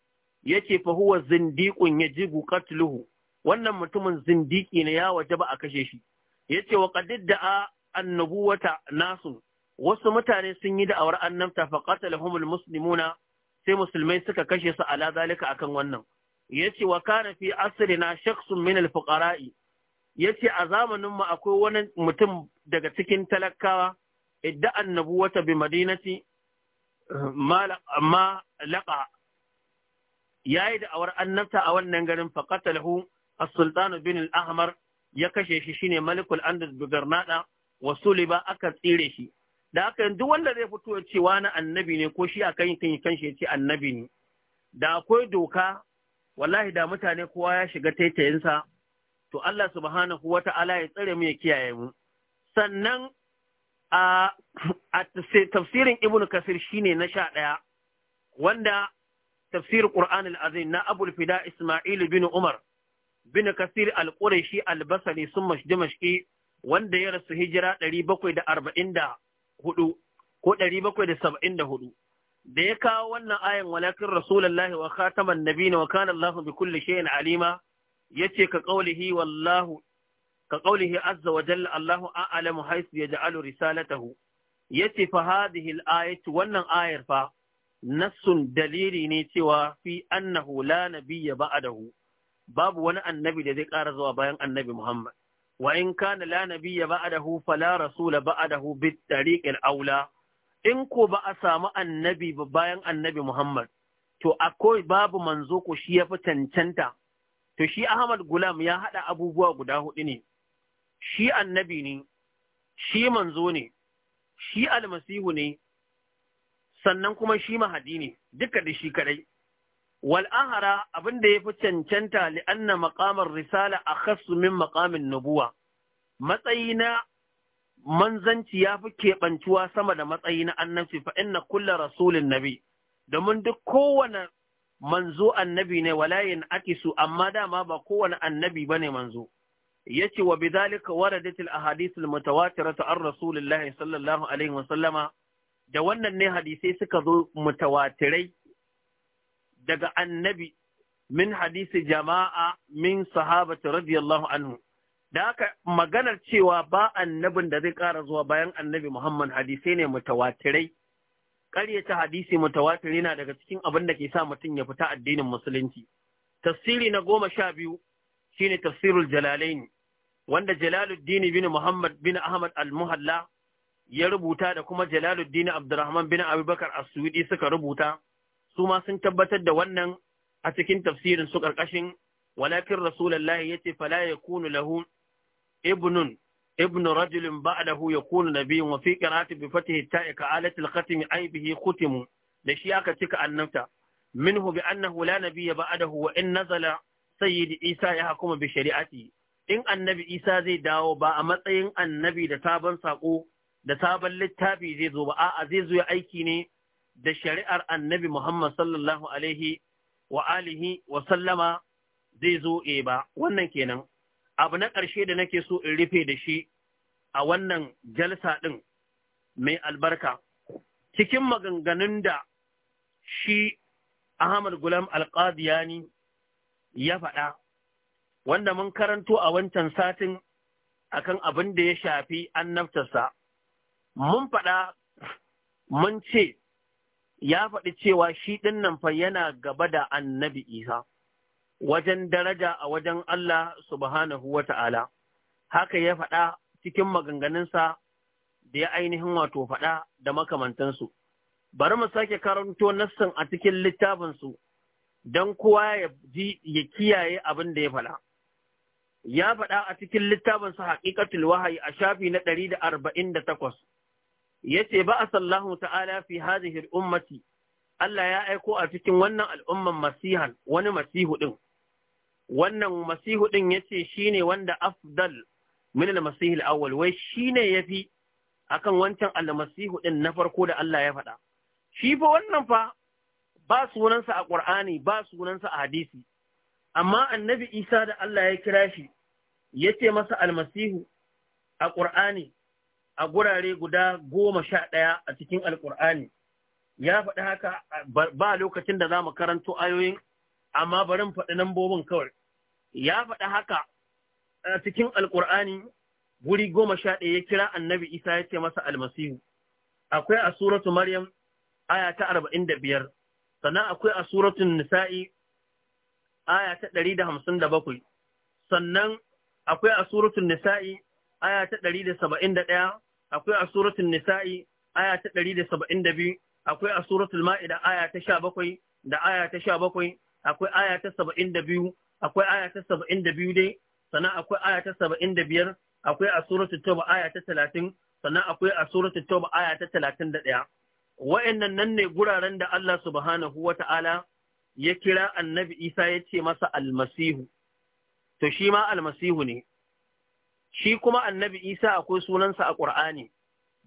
yace fa huwa zindiqun yajibu qatluhu wannan mutumin zindiki ne ya wajaba a kashe shi yace wa qad annubuwata nasu wasu mutane sun yi da'awar annabta fa qatalahumul muslimuna sai musulmai suka kashe su ala zalika akan wannan yace wa kana fi asrina shakhsun min al-fuqara'i yace a zamanin mu akwai wani mutum daga cikin talakawa idda annabuwata bi madinati ma laqa ya yi da'awar annabta a wannan garin faƙatalahu a sultanu bin al'ahmar ya kashe shi shine malikul andus Bugarnada wa ba aka tsire shi da haka yanzu wanda zai fito ya ce wani annabi ne ko shi kan yi kan shi ya ce annabi ne da akwai doka wallahi da mutane kowa ya shiga taitayinsa to Allah subhanahu ta'ala ya tsare mu ya kiyaye mu sannan a tafsirin ibnu kasir shine na sha ɗaya wanda tafsir Qur'an al-Azim na Abu Fida Ismail bin Umar bin Kasir al-Qurashi al-Basri sun wanda ya rasu hijira 744 ko 774 da ya kawo wannan ayan walakin rasulullahi wa khataman nabiyina wa kana Allah bi kulli shay'in alima yace ka qaulihi wallahu ka qaulihi azza wa jalla Allahu a'lamu haythu yaj'alu risalatahu yace fa hadhihi al-ayatu wannan ayar fa nassun dalili ne cewa fi annahu la nabiyya ba'dahu babu wani annabi da zai ƙara zuwa bayan annabi Muhammad wa in kana la nabiyya ba'dahu fala rasula ba'dahu bit tariqil aula in ko ba a samu annabi ba bayan annabi Muhammad to akwai babu manzo ko shi ya fi cancanta to shi Ahmad Gulam ya hada abubuwa guda hudu ne shi annabi ne shi manzo ne shi almasihu ne sannan kuma shi mahadi ne duka da shi kadai wal ahara abin da yafi cancanta li anna maqamar risala akhassu min maqamin nubuwa matsayi na manzanci yafi keɓantuwa sama da matsayi na annabci fa inna kulla rasulin nabi domin duk kowane manzo annabi ne walayin akisu amma dama ba kowane annabi bane manzo yace wa bidhalika waradatil ahadithul mutawatiratu an rasulillahi sallallahu alaihi wa sallama da wannan ne hadisai suka zo mutawatirai daga annabi min hadisi jama'a min sahabatu radiyallahu anhu da haka maganar cewa ba annabin da zai ƙara zuwa bayan annabi Muhammad hadisai ne mutawatirai ƙaryata hadisi mutawatiri na daga cikin abin da ke sa mutum ya fita addinin musulunci tafsiri na goma sha biyu shine tafsirul jalalaini wanda jalaluddin bin Muhammad bin Ahmad al-Muhalla ya rubuta da kuma Jalaluddin Abdulrahman bin Abubakar As-Suwidi suka rubuta su ma sun tabbatar da wannan a cikin tafsirin su karkashin walakin rasulullahi yace fala yakunu lahu ibnun ابن رجل بعده يكون نبي وفي قراءة بفتح التاء كآلة الختم أي به ختم لشياك تك النمتة منه بأنه لا نبي بعده وإن نزل سيد إيسى يحكم بشريعته إن النبي إيسى زي داو با أمتين النبي دتابا ساقو da sabon littafi zai zo ba a'a zai zo ya aiki ne da shari'ar annabi Muhammad sallallahu alaihi wa alihi wa sallama zai zo e ba wannan kenan abu na ƙarshe da nake so in rufe da shi a wannan jalsa ɗin mai albarka cikin maganganun da shi Ahmad Gulam Alƙadiyani ya faɗa wanda mun karanto a wancan satin akan abin da ya shafi annabtarsa mun faɗa mun ce ya faɗi cewa shi ɗin nan fa yana gaba da annabi Isa wajen daraja a wajen Allah subhanahu wa ta'ala, haka ya faɗa cikin maganganunsa da ya ainihin wato faɗa da makamantansu. Bari mu sake karanto nassin a cikin littafinsu don kowa ya ji ya kiyaye abin da ya faɗa. Ya faɗa a cikin littafinsa haƙiƙatul wahayi a shafi na ɗari da arba'in da takwas. yace ba asallahu ta'ala fi hadhihi ummati Allah ya aiko a cikin wannan al'umman masihan wani masihu ɗin. wannan masihu ɗin yace shine wanda afdal min al-masih al-awwal wai shine yafi akan wancan al-masihu na farko da Allah ya faɗa shi fa wannan fa ba sunansa a ƙur'ani ba sunansa a hadisi amma annabi Isa da Allah ya kira shi yace masa al-masihu a ƙur'ani a gurare guda goma sha ɗaya a cikin alƙur'ani ya faɗi haka ba lokacin da za mu karanto ayoyin amma bari mu faɗi lambobin kawai ya faɗi haka a cikin alƙur'ani guri goma sha ɗaya ya kira annabi isa ya ce masa almasihu akwai a suratu maryam aya ta arba'in da biyar sannan akwai a suratu nisa'i aya ta ɗari da hamsin da bakwai sannan akwai a suratu nisa'i aya ta ɗari da saba'in da ɗaya akwai a suratul nisa'i aya ta 172 akwai a suratul ma'ida aya ta 17 da aya ta 17 akwai aya ta 72 akwai aya ta 72 dai sannan akwai aya ta 75 akwai a suratul tauba aya ta 30 sannan akwai a suratul tauba aya ta 31 wa'annan nan ne guraren da Allah subhanahu wata'ala ya kira annabi Isa ya ce masa almasihu to shi ma almasihu ne shi kuma annabi isa akwai sunansa a ƙur'ani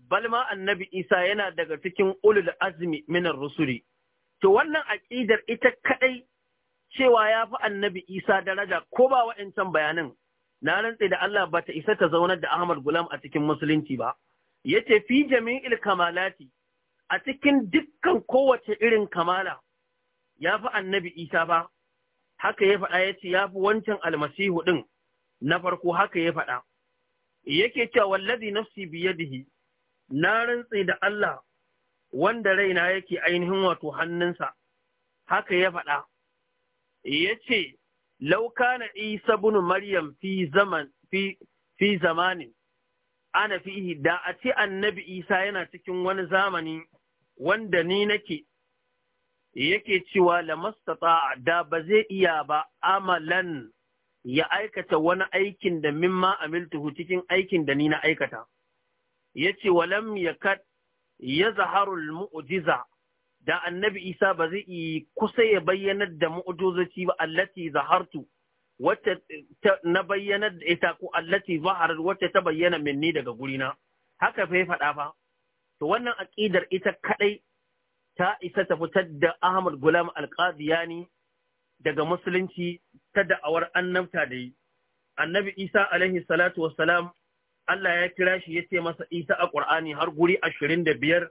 balma annabi isa yana daga cikin ulul azmi minar rusuli to wannan aƙidar ita kadai cewa ya fi annabi isa daraja ko ba wa'ancan bayanin? na rantse da Allah ba ta isa ta zaunar da Ahmad Gulam a cikin musulunci ba yace fi jami'il kamalati a cikin dukkan kowace irin kamala ya fi annabi isa ba haka ya faɗa ya ce ya fi wancan almasihu ɗin na farko haka ya faɗa yake cewa wallazi nafsi biyadihi na rantse da Allah wanda raina yake ainihin wato hannunsa haka ya faɗa yace lauka na Isa ibn Maryam fi zaman fi fi zamanin ana fihi da a ce annabi Isa yana cikin wani zamani wanda ni nake yake cewa lamastata da ba zai iya ba amalan ya aikata wani aikin da min mimma amiltuhu cikin aikin da ni na aikata yace walam Ya Zaharul almu'jiza da annabi Isa ba zai yi kusa ya bayyanar da mu'jizoci ba allati zahartu wacce na bayyanar da ita ko allati zaharar wacce ta bayyana minni daga gurina haka fa ya faɗa fa to wannan aqidar ita kadai ta isa ta fitar da Ahmad Gulam Alqadiyani daga musulunci ta da'awar annabta da yi. Annabi Isa alaihi salatu salam Allah ya kira shi ya ce masa Isa a Ƙur'ani har guri ashirin da biyar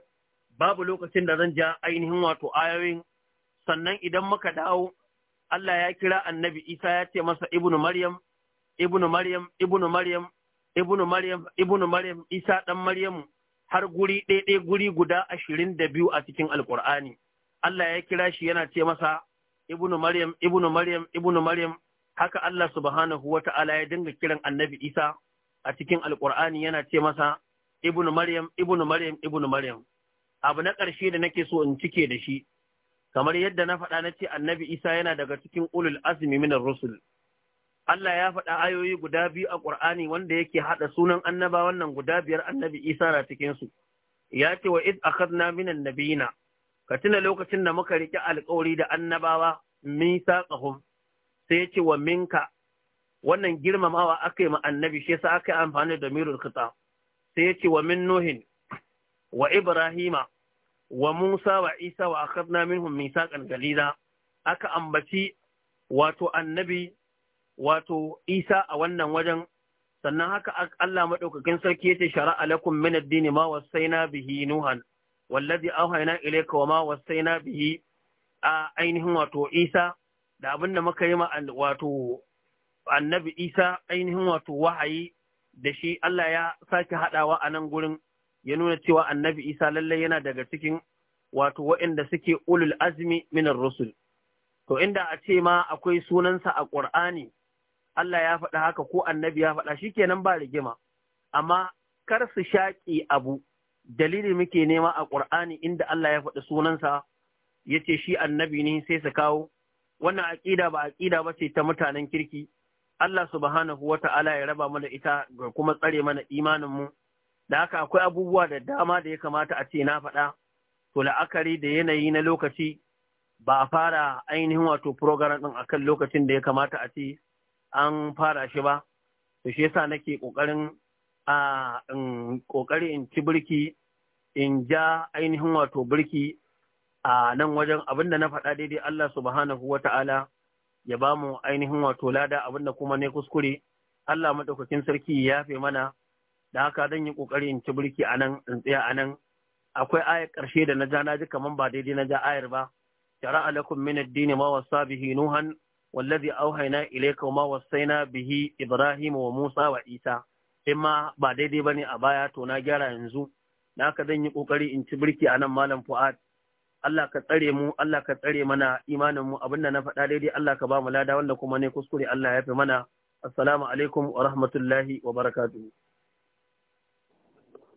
babu lokacin da zan ja ainihin wato ayoyin sannan idan muka dawo Allah ya kira annabi Isa ya ce masa Ibnu Maryam Ibnu Maryam Ibnu Maryam Ibnu Maryam Ibnu Maryam Isa ɗan Maryam har guri ɗaiɗai guri guda ashirin da biyu a cikin Alƙur'ani Allah ya kira shi yana ce masa ibnu maryam ibnu maryam ibnu maryam haka Allah subhanahu wata'ala ya dinga kiran annabi Isa a cikin Alƙur'ani, yana ce masa ibnu maryam ibnu maryam ibnu maryam abu na ƙarshe da nake so in cike da shi kamar yadda na faɗa na ce annabi Isa yana daga cikin ulul azmi minar rusul Allah ya faɗa ayoyi guda biyu a Ƙur'ani wanda yake haɗa sunan annaba wannan guda biyar annabi Isa na cikinsu. Ya ce wa iz akhadna minan nabiyina ka tuna lokacin da muka riƙe alƙawari da annabawa misa tsahum sai ya ce wa minka wannan girmamawa aka yi ma annabi shi yasa aka yi amfani da mirul kita sai ya ce wa min nuhin wa ibrahima wa musa wa isa wa akhadna minhum misaqan galila aka ambaci wato annabi wato isa a wannan wajen sannan haka Allah madaukakin sarki yace shara'a lakum min ad-dini ma wasaina bihi nuhan wallazi auhayna ilayka wama wasaina bihi a ainihin wato Isa da abinda muka yi ma wato annabi Isa ainihin wato wahayi da shi Allah ya sake hadawa a nan gurin ya nuna cewa annabi Isa lallai yana daga cikin wato waɗanda suke ulul azmi minar rusul. To inda a ce ma akwai sunansa a Ƙur'ani, Allah ya faɗa haka ko annabi ya faɗa shi kenan ba rigima, amma kar su shaƙi abu dalili muke nema a ƙur'ani inda Allah ya faɗi sunansa ya ce shi annabi ne sai su kawo wannan aƙida ba aƙida ba ce ta mutanen kirki Allah subhanahu ta'ala ya raba mana ita ga kuma tsare mana imaninmu. da haka akwai abubuwa da dama da ya kamata a ce na faɗa to la'akari da yanayi na lokaci ba a fara ainihin wato program din akan lokacin da ya kamata a ce an fara shi ba to shi yasa nake ƙoƙarin? a in kokari in ci birki in ja ainihin wato birki a nan wajen abinda na faɗa daidai Allah subhanahu wa ta'ala ya ba mu ainihin wato lada abinda kuma ne kuskure Allah maɗaukakin sarki ya yafe mana da haka zan yi kokari in ci birki a nan in tsaya a nan akwai ayar ƙarshe da na ja na ji kamar ba daidai na ja ayar ba shara alakun min ad-din ma wasa bihi nuhan wallazi ilai ilayka ma wasaina bihi ibrahim wa musa wa isa in ma ba daidai ba ne a baya to na gyara yanzu na ka zan yi ƙoƙari in ci birki a nan malam fu'ad Allah ka tsare mu Allah ka tsare mana imanin mu abinda na faɗa daidai Allah ka ba mu lada wanda kuma ne kuskure Allah ya fi mana assalamu alaikum wa rahmatullahi wa barakatuhu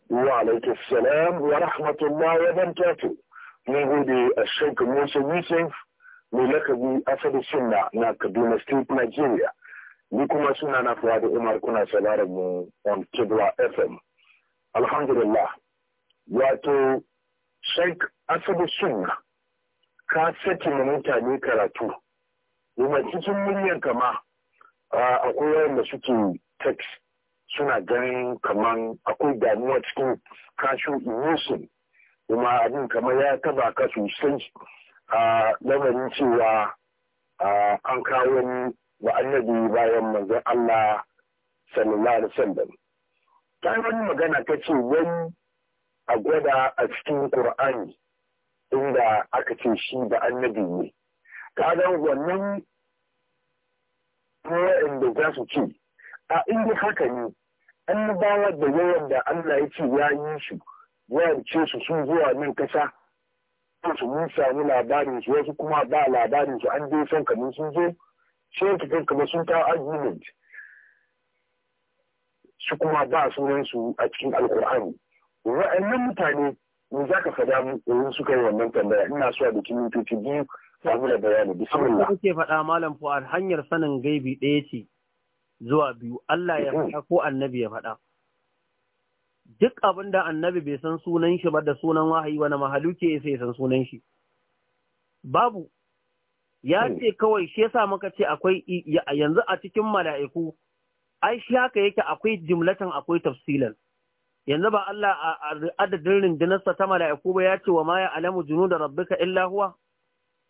wa alaikum wa rahmatullahi wa barakatuhu Musa Yusuf mai lakabi Asadu Sunna na Kaduna State Nigeria ni kuma suna na da Umar kuna sauraron mu on Kibla FM. Alhamdulillah. Wato shaik Asabu Sunna ka saki mu mutane karatu. Domin cikin miliyan kama akwai wanda suke text suna ganin kaman akwai damuwa cikin kashu emotion kuma abin kama ya taba ka sosai a lamarin cewa an kawo wa annabi bayan manzon Allah sallallahu alaihi wasallam ta wani magana ta ce wani a gwada a cikin Qur'ani inda aka ce shi da annabi ne kaga wannan da za su ce a inda haka ne annabawa da yawan da Allah ya ce ya yi shi ce su sun zuwa nan kasa su mun samu labarin su wasu kuma ba labarin su an dai san kamin sun zo shi yanki kan kamar sun kawo argument su kuma ba sunan su a cikin alkur'ani wa'annan mutane ne za ka faɗa mu idan suka yi wannan tambaya ina so a biki mintoci biyu samu da bayani bismillah kuke faɗa malam fuad hanyar sanin gaibi ɗaya ce zuwa biyu Allah ya faɗa ko annabi ya faɗa duk abin da annabi bai san sunan shi ba da sunan wahayi wani mahaluke sai ya san sunan shi babu ya ce kawai shi yasa muka ce akwai yanzu a cikin mala'iku ai shi haka yake akwai jimlatan akwai tafsilan yanzu ba Allah a adadin rindinarsa ta mala'iku ba ya ce wa ma ya alamu junu da rabbika illa huwa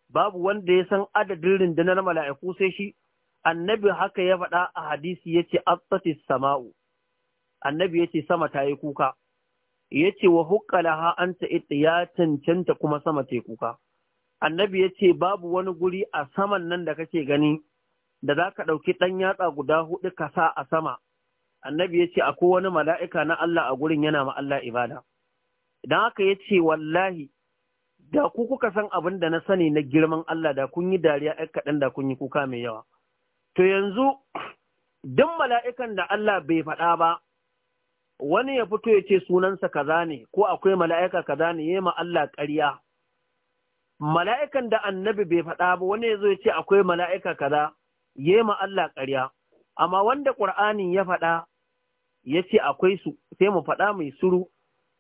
babu wanda ya san adadin rundunar mala'iku sai shi annabi haka ya faɗa a hadisi ya ce attati sama'u annabi ya ce sama ta yi kuka ya ce wa hukkalaha ta ita ya cancanta kuma sama ta yi kuka annabi ya ce babu wani guri a saman nan da kake gani da za ka ɗauki ɗan yatsa guda huɗu ka sa a sama annabi ya ce akwai wani mala'ika na Allah a gurin yana ma Allah ibada idan aka ya ce wallahi da ku kuka san abin da na sani na girman Allah da kun yi dariya ɗan kaɗan da kun yi kuka mai yawa to yanzu duk mala'ikan da Allah bai faɗa ba wani ya fito ya ce sunansa kaza ne ko akwai mala'ika kaza ne ya ma Allah ƙarya mala'ikan da annabi bai faɗa ba wani ya zo ya ce akwai mala'ika kaza ya ma Allah ƙarya amma wanda ƙur'anin ya faɗa ya ce akwai su sai mu faɗa mai suru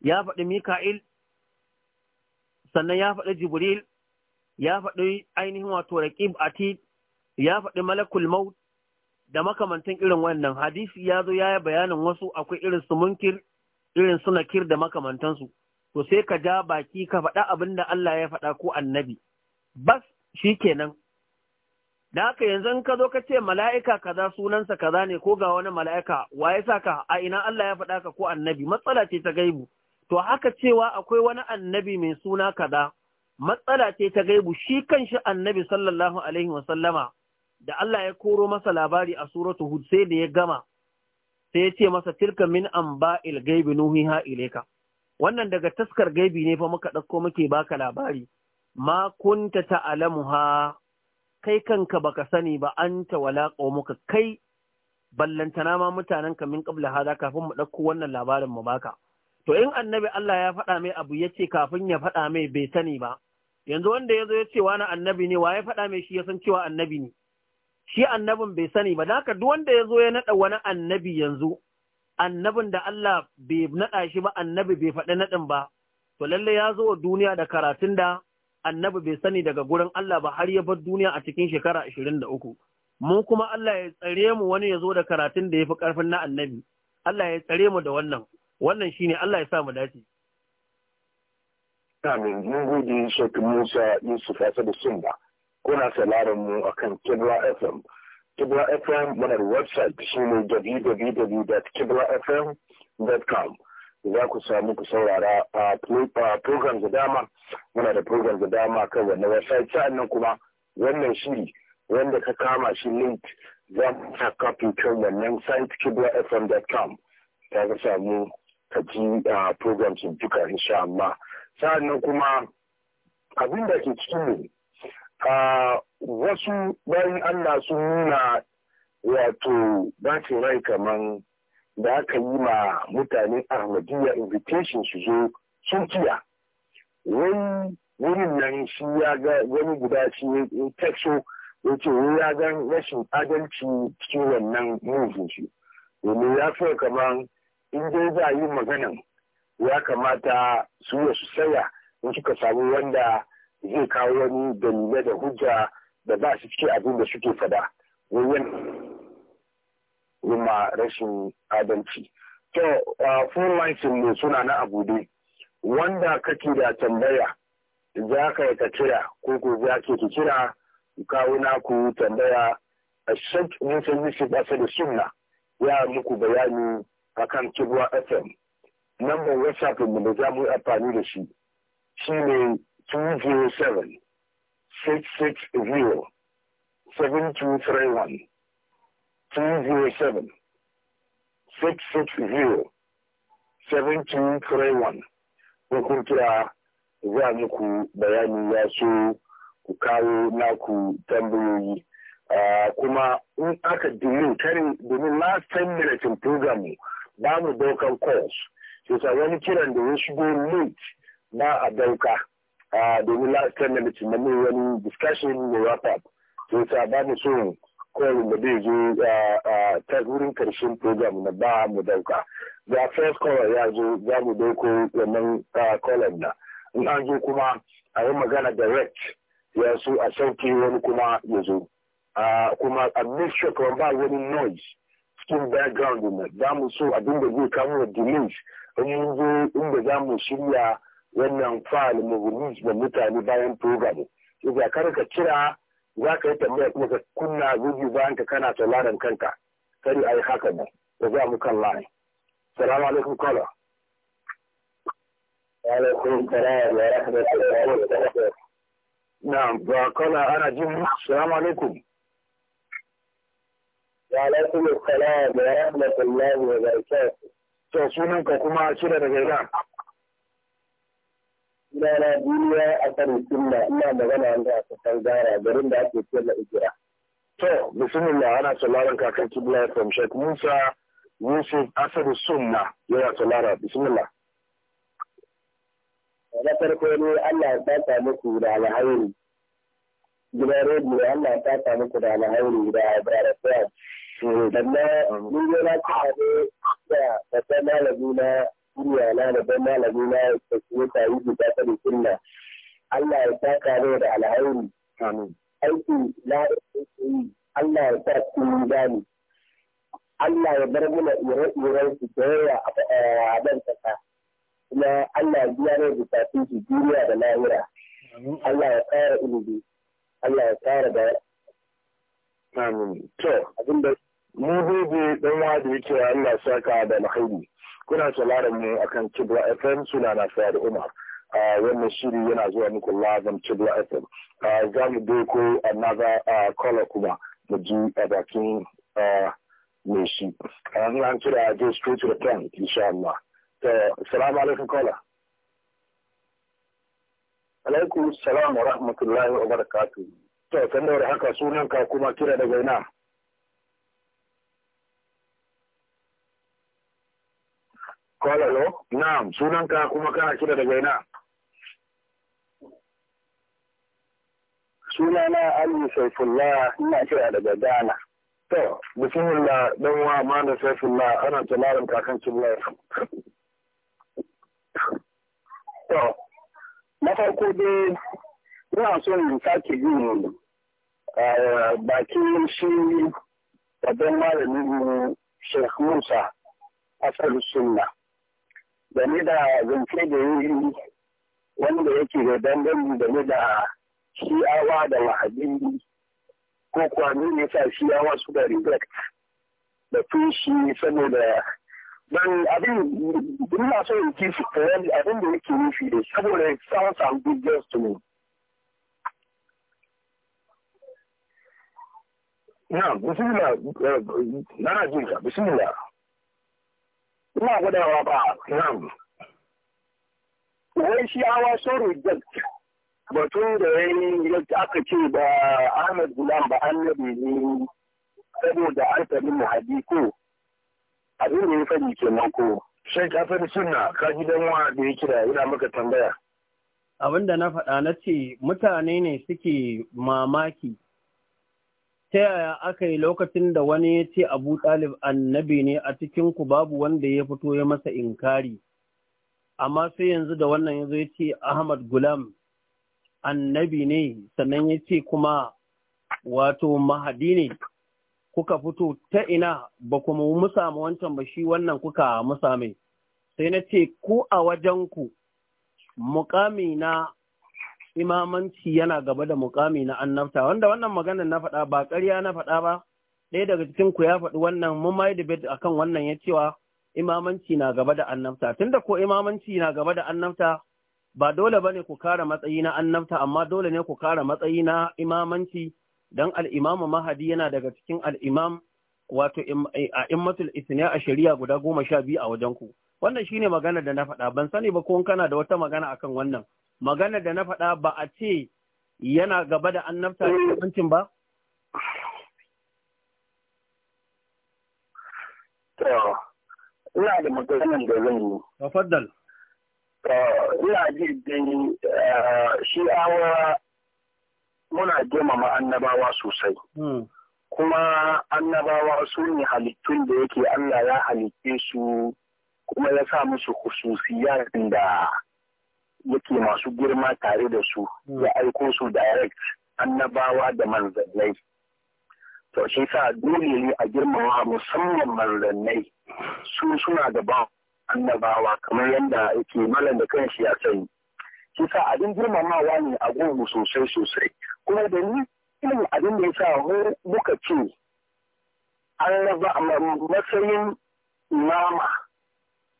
ya faɗi mika'il sannan ya faɗi jibril ya faɗi ainihin wato rakib atid ya faɗi malakul maut da makamantan irin wannan hadisi ya zo ya yi bayanin wasu akwai irin su munkir irin su nakir da makamantansu to sai ka ja baki ka faɗa abin da Allah ya faɗa ko annabi bas shi kenan da haka yanzu in ka zo ka ce mala'ika kaza sunansa kaza ne ko ga wani mala'ika wa ya sa ka a ina Allah ya faɗa ka ko annabi matsala ce ta gaibu to haka cewa akwai wani annabi mai suna kaza matsala ce ta gaibu shi kan shi annabi sallallahu alaihi wa da Allah ya koro masa labari a suratu hud sai da ya gama sai ya ce masa tilka min anba'il gaibi nuhiha ilayka wannan daga taskar gaibi ne fa muka ɗauko muke baka labari ma kunta ta'lamuha kai kanka baka sani ba anta wala qaumuka kai ballantana ma mutanen ka min qabla hada kafin mu ɗauko wannan labarin mu baka to in annabi Allah ya faɗa mai abu yace kafin ya faɗa mai bai sani ba yanzu wanda ya zo ya ce wani annabi ne wa ya faɗa mai shi ya san cewa annabi ne shi annabin bai sani ba da haka duk wanda ya zo ya naɗa wani annabi yanzu annabin da Allah bai naɗa shi ba annabi bai faɗi naɗin ba, to lalle ya zo wa duniya da karatun da annabi bai sani daga gurin Allah ba har ya bar duniya a cikin shekara ashirin da uku. Mu kuma Allah ya tsare mu wani ya zo da karatun da ya fi ƙarfin na annabi. Allah ya tsare mu da wannan. Wannan shi ne Allah ya sa mu dace. Amin. Mun gode Sheikh Musa Yusuf Asadu Sumba. Kuna salarin mu akan Kibra FM Kibla FM. Muna da website shi ne www.kiblafm.com. Za ku samu ku saurara a program da dama. Muna da program da dama kan wannan website. Sa'annan kuma wannan shiri wanda ka kama shi link za mu sa kafin kan wannan site kiblafm.com. Ta ka samu ka ji program sun duka insha Allah. Sa'annan kuma abin da ke cikin mu wasu bayan Allah sun nuna wato bacin rai kaman da aka yi ma mutane ahmadiyya invitation su zo sun tiya wani wurin nan shi ya ga wani guda shi ya tekso ya ce ya ga rashin adalci cikin wannan movin shi domin ya fi kaman in dai za a yi maganan ya kamata su yi su saya in suka samu wanda zai kawo wani dalilai da hujja da ba su ce abin da suke fada wayan kuma rashin adalci to phone lines ne suna na abude wanda kake da tambaya za ka yi ka kira ko ko za ke ki kira kawo naku tambaya a shek shi basu da sunna ya muku bayani akan kibwa fm lambar whatsapp da za mu yi amfani da shi shine 207 six six zero seven two ko kun kira za muku bayani ya so ku kawo naku tambayoyi ah, kuma in aka dumin karin domin last ten minutes in program ba mu daukan calls sai wani kiran da ya shigo late na a dauka domin last time na cin wani discussion da wrap up to ta ba mu so kawai da zai zo ta wurin karshen program na ba mu dauka da first caller ya zo za mu dauko wannan column na in an zo kuma a yi magana direct ya so a sauke wani kuma ya zo kuma a mixture kuma ba wani noise cikin background na za mu so abin da zai kamo da delays in mun zo inda za mu shirya wannan fa'al mughlis da mutane bayan toga ne sai kar ka kira za ka yi tambaya kuma ka kunna zubi bayan ka kana sauraron kanka kari ai haka ne da za mu kan line salamu alaikum kala alaikum salam wa rahmatullahi wa barakatuh na'am ba kala ana jin salamu alaikum wa alaikum salam wa rahmatullahi wa barakatuh to sunan ka kuma kira daga ina sunana duniya a kan sunna ina magana ne a kasar gara garin da ake ce na ijira. To, bismillah ana sauraron kakan kibla from Sheikh Musa Yusuf Asadu Sunna yana saurara bismillah. Na farko ne Allah ya saka muku da alhairi. Gidan rediyo Allah ya saka muku da alhairi da Ibrahim Fiyar. Sannan, ni yana kuma ne da babban malami na shirya na da ban malami na da kuma tari guda ta da sunna Allah ya saka mai da alhairi amin aiki na Allah ya sa kun gani Allah ya bar mana ire-iren su da yawa a ɗan kasa kuma Allah ya biya mai bukatun su duniya da lahira Allah ya kara ilimi Allah ya kara da amin to abinda mu zai dan wa da yake Allah saka da alhairi kuna sauraron a akan Kibra FM suna na Sa'ad Umar wannan shiri yana zuwa muku live Kibra FM za mu doko another caller kuma mu ji a bakin mai shi an an kira go straight to the point insha Allah to Salamu alaikum caller alaikum salam wa rahmatullahi wa barakatu. to kan da haka sunan ka kuma kira daga ina Kwalalo, na'am, sunanka kuma kana kira daga ina. Sunana Ali Saifullah, ina kira daga Ghana. To, bismillah dan wa mana Saifullah ana talarin kakan kibla. To, na farko dai ina so in sake yin eh, baki shi babban malamin Sheikh Musa Asalu Sunna. game da zance da yi wanda yake da dangane game da shi'awa da wahabi ko kuwa ne sa shi'awa su da reflect da tushi saboda ban abin ina so in kishi kayan abin da yake nufi da saboda it sounds ambiguous to me eh, na bismillah na jin ka bismillah ina gudawa ba nan wai shi hawa sun reject batun da ya yi aka ce da ahmed gulam ba annabi ne saboda an tabi ko abin da ya fadi nan ko shai ka fari suna ka ji dan wa da ya kira yana maka tambaya abin da na faɗa na ce mutane ne suke mamaki ta yaya aka yi lokacin da wani ya ce abu ɗalib annabi ne a cikinku babu wanda ya fito ya masa inkari amma sai yanzu da wannan ya zo ya ce ahmad gulam annabi ne sannan ya ce kuma wato mahadi ne kuka fito ta ina ba kuma musa wancan ba shi wannan kuka musa mai sai na ce ku a wajen ku. mukami na imamanci yana gaba da mukami na annabta wanda wannan maganar na faɗa ba ƙarya na faɗa ba ɗaya daga cikin ku ya faɗi wannan mun mai debate akan wannan ya cewa imamanci na gaba da annabta tunda ko imamanci na gaba da annabta ba dole bane ku kara matsayi na annabta amma dole ne ku kara matsayi na imamanci dan al imamu mahadi yana daga cikin al-imam wato a'immatul isniya a shari'a guda goma sha biyu a wajen ku wannan shine magana da na faɗa ban sani ba ko kana da wata magana akan wannan magana da na faɗa ba a ce yana gaba da annabta da ba? ina da magana da zan yi. Ina ji dai eh, shi muna girmama annabawa sosai. Hmm. Kuma annabawa su ne halittun da yake Allah ya halitte su kuma ya sa musu hususiya da yake masu girma tare da su hmm. ya aiko su direct annabawa da manzannai to shi sa dole ne a girmama musamman manzannai su suna da ba annabawa kamar yadda yake malam da kanshi ya sani shi sa abin girmamawa ne a gungu sosai sosai kuma da ni ilimin abin da ya sa mu muka ce annaba matsayin nama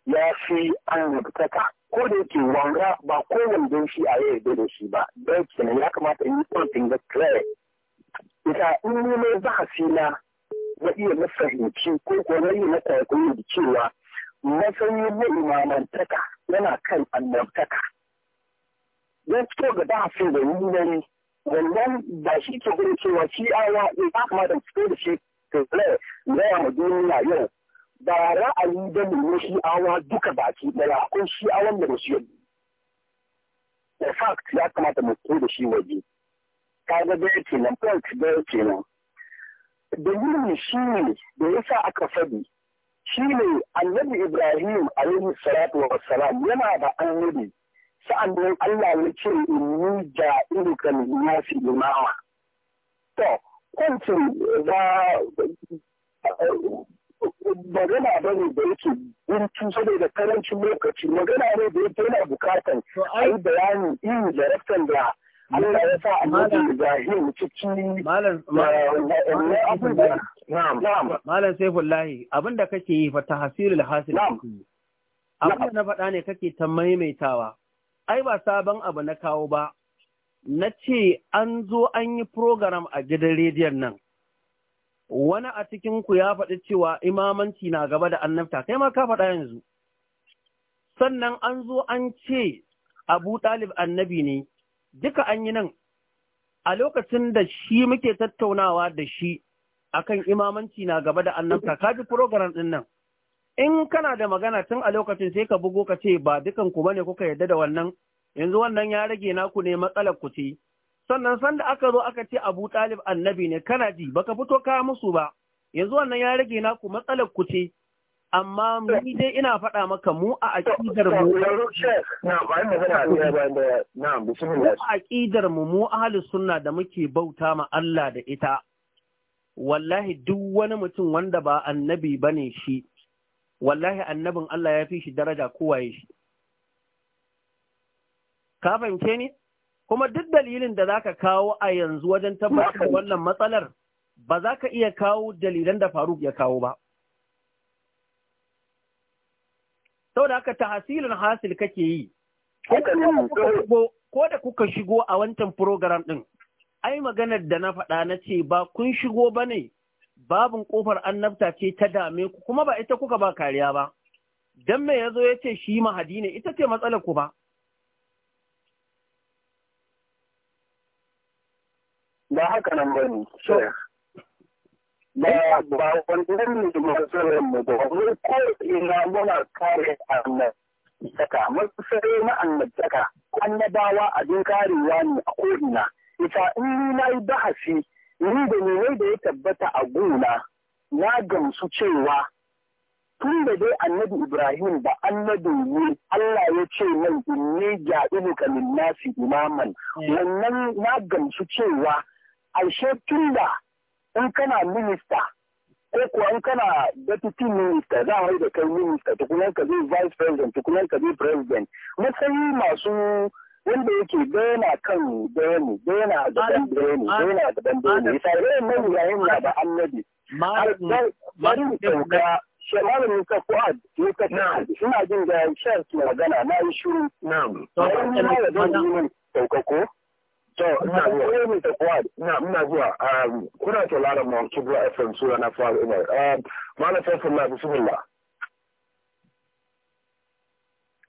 ya fi annabtaka ko da yake wanga ba kowan don shi a yau da shi ba don kenan ya kamata in yi something da clear ita in nuna a na na iya na fahimci ko ko na iya na kwaikwayo da cewa matsayi na imamantaka yana kan annabtaka don fito ga bahasin da yi na wannan ba shi ke gudun cewa shi awa ya kamata fito da shi ka na duniya yau ba ra'ayi da nuna shi'awa duka baki ɗaya akwai shi'awan da musu yadda. Da fact ya kamata mu ko da shi waje. Ka ga daya kenan, point daya kenan. Dalilin shi ne da ya sa aka faɗi shi ne annabi Ibrahim alaihi salatu wa salam yana da annabi sa'an nan Allah ya ce inni ja'iluka lin-nasi imama. To, kwanci da magana ba ne da yake guntu saboda karancin lokaci magana ne da yake yana bukatan a yi bayani irin jarabtan da Allah ya sa a mutu zahiri ciki Malam Saifullahi abin da kake yi fa ta hasirul hasil abin da na faɗa ne kake ta maimaitawa ai ba sabon abu na kawo ba na ce an zo an yi program a gidan rediyon nan wani a cikin ku ya faɗi cewa imamanci na gaba da annabta kai ma ka faɗa yanzu sannan an zo an ce abu ɗalib annabi ne duka an yi nan a lokacin da shi muke tattaunawa da shi akan imamanci na gaba da annabta ka ji program ɗin nan in kana da magana tun a lokacin sai ka bugo ka ce ba dukan ku bane kuka yarda da wannan yanzu wannan ya rage naku ne matsalar ku ce sannan sanda aka zo aka ce Abu Talib annabi ne kana ji baka fito ka musu ba yanzu wannan ya rage naku matsalar ku ce amma ni dai ina faɗa maka mu a aƙidar mu mu a aƙidar mu mu ahli sunna da muke bauta ma Allah da ita wallahi duk wani mutum wanda ba annabi bane shi wallahi annabin Allah ya fi shi daraja kowa shi ka fahimce ni kuma duk dalilin da za ka kawo a yanzu wajen tabbatar wannan matsalar ba za ka iya kawo dalilan da Faruk ya kawo ba Sau aka ta hasilin hasil kake yi ko da kuka shigo a wancan program ɗin, ai maganar da na faɗa na ce ba kun shigo ba ne babin ƙofar annabta ce ta dame ku kuma ba ita kuka ba kariya ba don me ya zo ya ce shi mahadi ne ita ce matsalar ku ba ba haka nan ba ne ba eh, ba wani ne matsalar mu ba wani ko ina muna kare annabtaka matsayi na annabtaka annabawa abin karewa ne a ko'ina ita in na yi bahasi ni da ne da ya tabbata a gona na gamsu cewa tun da dai annabi Ibrahim ba annabi ne Allah ya ce mai inni ja'iluka kamin nasi imaman hmm. wannan na gamsu cewa ashe tunda in kana minista ko kuwa in kana deputy minister za a da kai minista tukunan ka zai vice president tukunan ka zai president matsayi masu wanda yake bayana kan bayani bayana da dan bayani bayana da dan bayani sai ne mai yayin na da annabi bari dauka shemarin ka ko a duka ta ina jin da shar ki magana na yi shiru na'am to wannan ne da dauka ko To, ina zuwa. Ko kuna sura na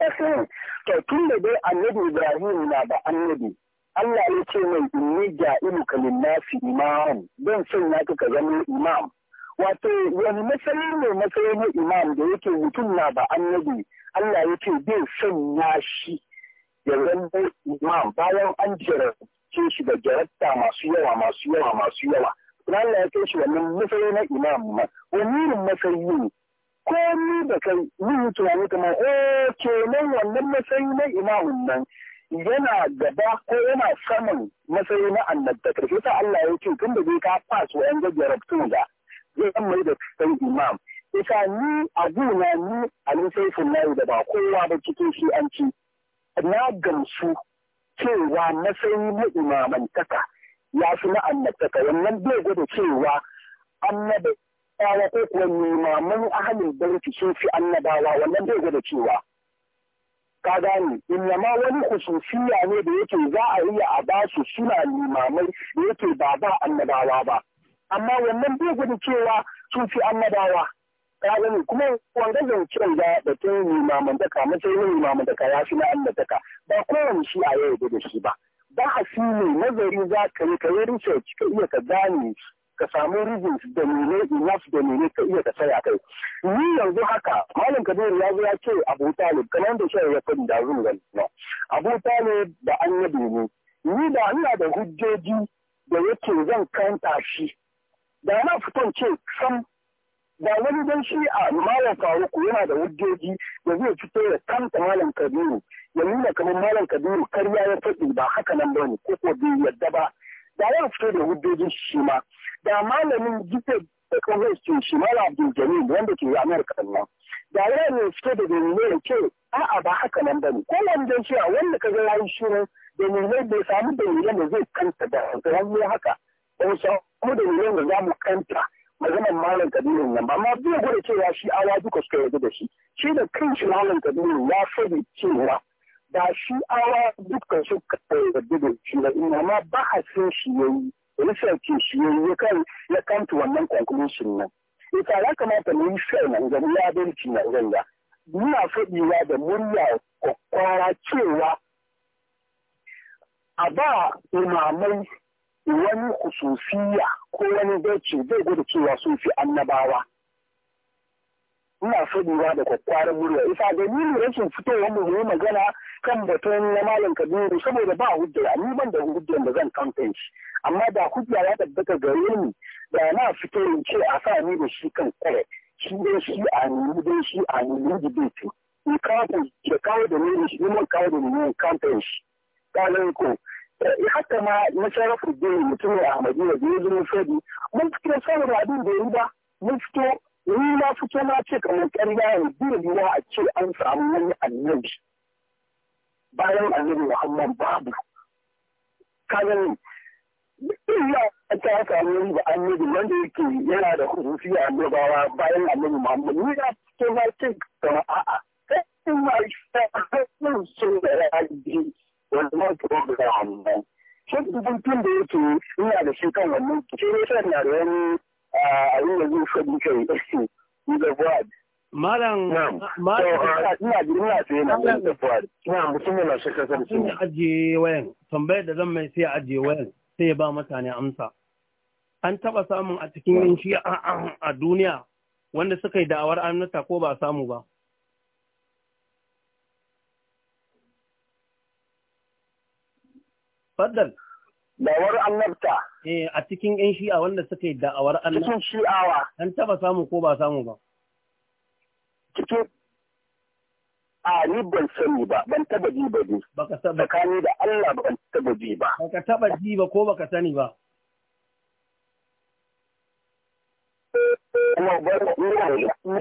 um, tun da dai Annabi Ibrahim na da Annabi, Allah ya ce mai inni ja'ilu kalinnasi imam, don sanya ka ka zama imam. Wato, wani matsayi ne matsayi na imam da yake mutum na ba Annabi, Allah ya ce zai sanya shi ya zama imam sun da jarabta masu yawa masu yawa masu yawa kuma Allah ya kai shi wannan matsayi na imam ma wani irin matsayi ne ko ni da kai yin tunani kamar eh kenan wannan matsayi na imam nan yana gaba ko yana saman matsayi na annabtakar shi ta Allah ya ce tun da zai ka fas wa'yan jarabtu da zai mai da kai imam isa ni a na ni a nisaifin layi da ba kowa ba cikin shi an ci na gamsu cewa matsayi na imamantaka ya fi na annabtaka wannan bai gwada cewa annabi annabawa ko kuwa limaman ahalin barci sun fi annabawa wannan bai gwada cewa ka gane ma wani kususiya ne da yake za a iya a ba su suna limamai da yake ba ba annabawa ba amma wannan bai gwada cewa sun fi annabawa ya gani kuma wanda zancen da batun limaman daka matsayin limaman ya fi na Allah ba kowane shi a yau da shi ba ba a fi nazari za ka yi ka yi research ka iya ka gane ka samu reasons da nune enough da nune ka iya ka tsaya kai ni yanzu haka malam kabiru ya zo ya ce abu talib kamar da shi ya fadi da zun gani abu talib da an yi domin ni da ina da hujjoji da yake zan kanta shi da na fitan ce sam da wani dan shi a malam faruku yana da hujjoji da zai fito ya kanta malam kabiru ya nuna kamar malam kabiru karya ya faɗi ba haka nan ba ne ko ko bai yadda ba da ya fito da hujjojin shi ma da malamin gita da kawai su shi malam abdul jamil wanda ke amurka nan da ya ne fito da dalilai ya ce a'a ba haka nan ba ne ko wani dan shi a wanda ka ga ya yi shirin dalilai bai samu dalilan da zai kanta da hankalin haka ba mu samu dalilan da za mu kanta maganar malam kabirin nan ba ma bai gwada cewa shi awa duka suka yarda da shi shi da kanshi malam kabirin ya sani cewa Da shi awa duka suka yarda da shi ba ina ma bahasin shi yayi sarki shi yayi ya kan ya kanta wannan conclusion nan ita ya kamata mu yi sai nan ga ya binci nan ganga muna fadiwa da murya kwakwara cewa a ba imamai wani kusufiya ko wani zai zai gudu cewa sun fi annabawa ina faɗiwa da kwakwaran murya isa ne rashin fitowar mu yi magana kan batun na malam kabiru saboda ba hujja ni ban da hujjar da zan kamfen shi amma da hujja ya tabbata gare ni da na fito in ce a sa ni da shi kan kare shi dai shi a nuna, dai shi a ni da debate in kawo da kawo da ni shi mun kawo da ni kamfen shi ko haka ma na sharafu dai mutumin ahmadiyya da ya zo shadi mun fito saboda abin da ya ba mun fito ni na fito na ce kamar ƙarya ne biyu biyu a ce an samu wani annabi bayan annabi muhammad babu kagan illa ta samu wani da annabi wanda yake yana da hurufi a annabawa bayan annabi muhammad ni na fito na ce kamar a'a sai in ma shi ta hannun sun da ya wanda ma da hannu shi da yake ina da shi kan wannan shi na da wani shi su da Malam mutum wayan, tambayar da zan mai sai ya wayan sai ba mutane amsa. An taba samun a cikin shi a duniya wanda suka yi da'awar annata ko ba samu ba. Faddal. Dawar annabta. Eh, a cikin 'yan shi'a wanda suka yi da'awar annabta. Cikin shi'awa. An taba samu ko ba samu ba? Cikin a ni ban sani ba, ban taba ji ba ji. Baka saba. Tsakani da Allah ban taba ji ba. Baka taba ji ba ko baka sani ba. Kuma ban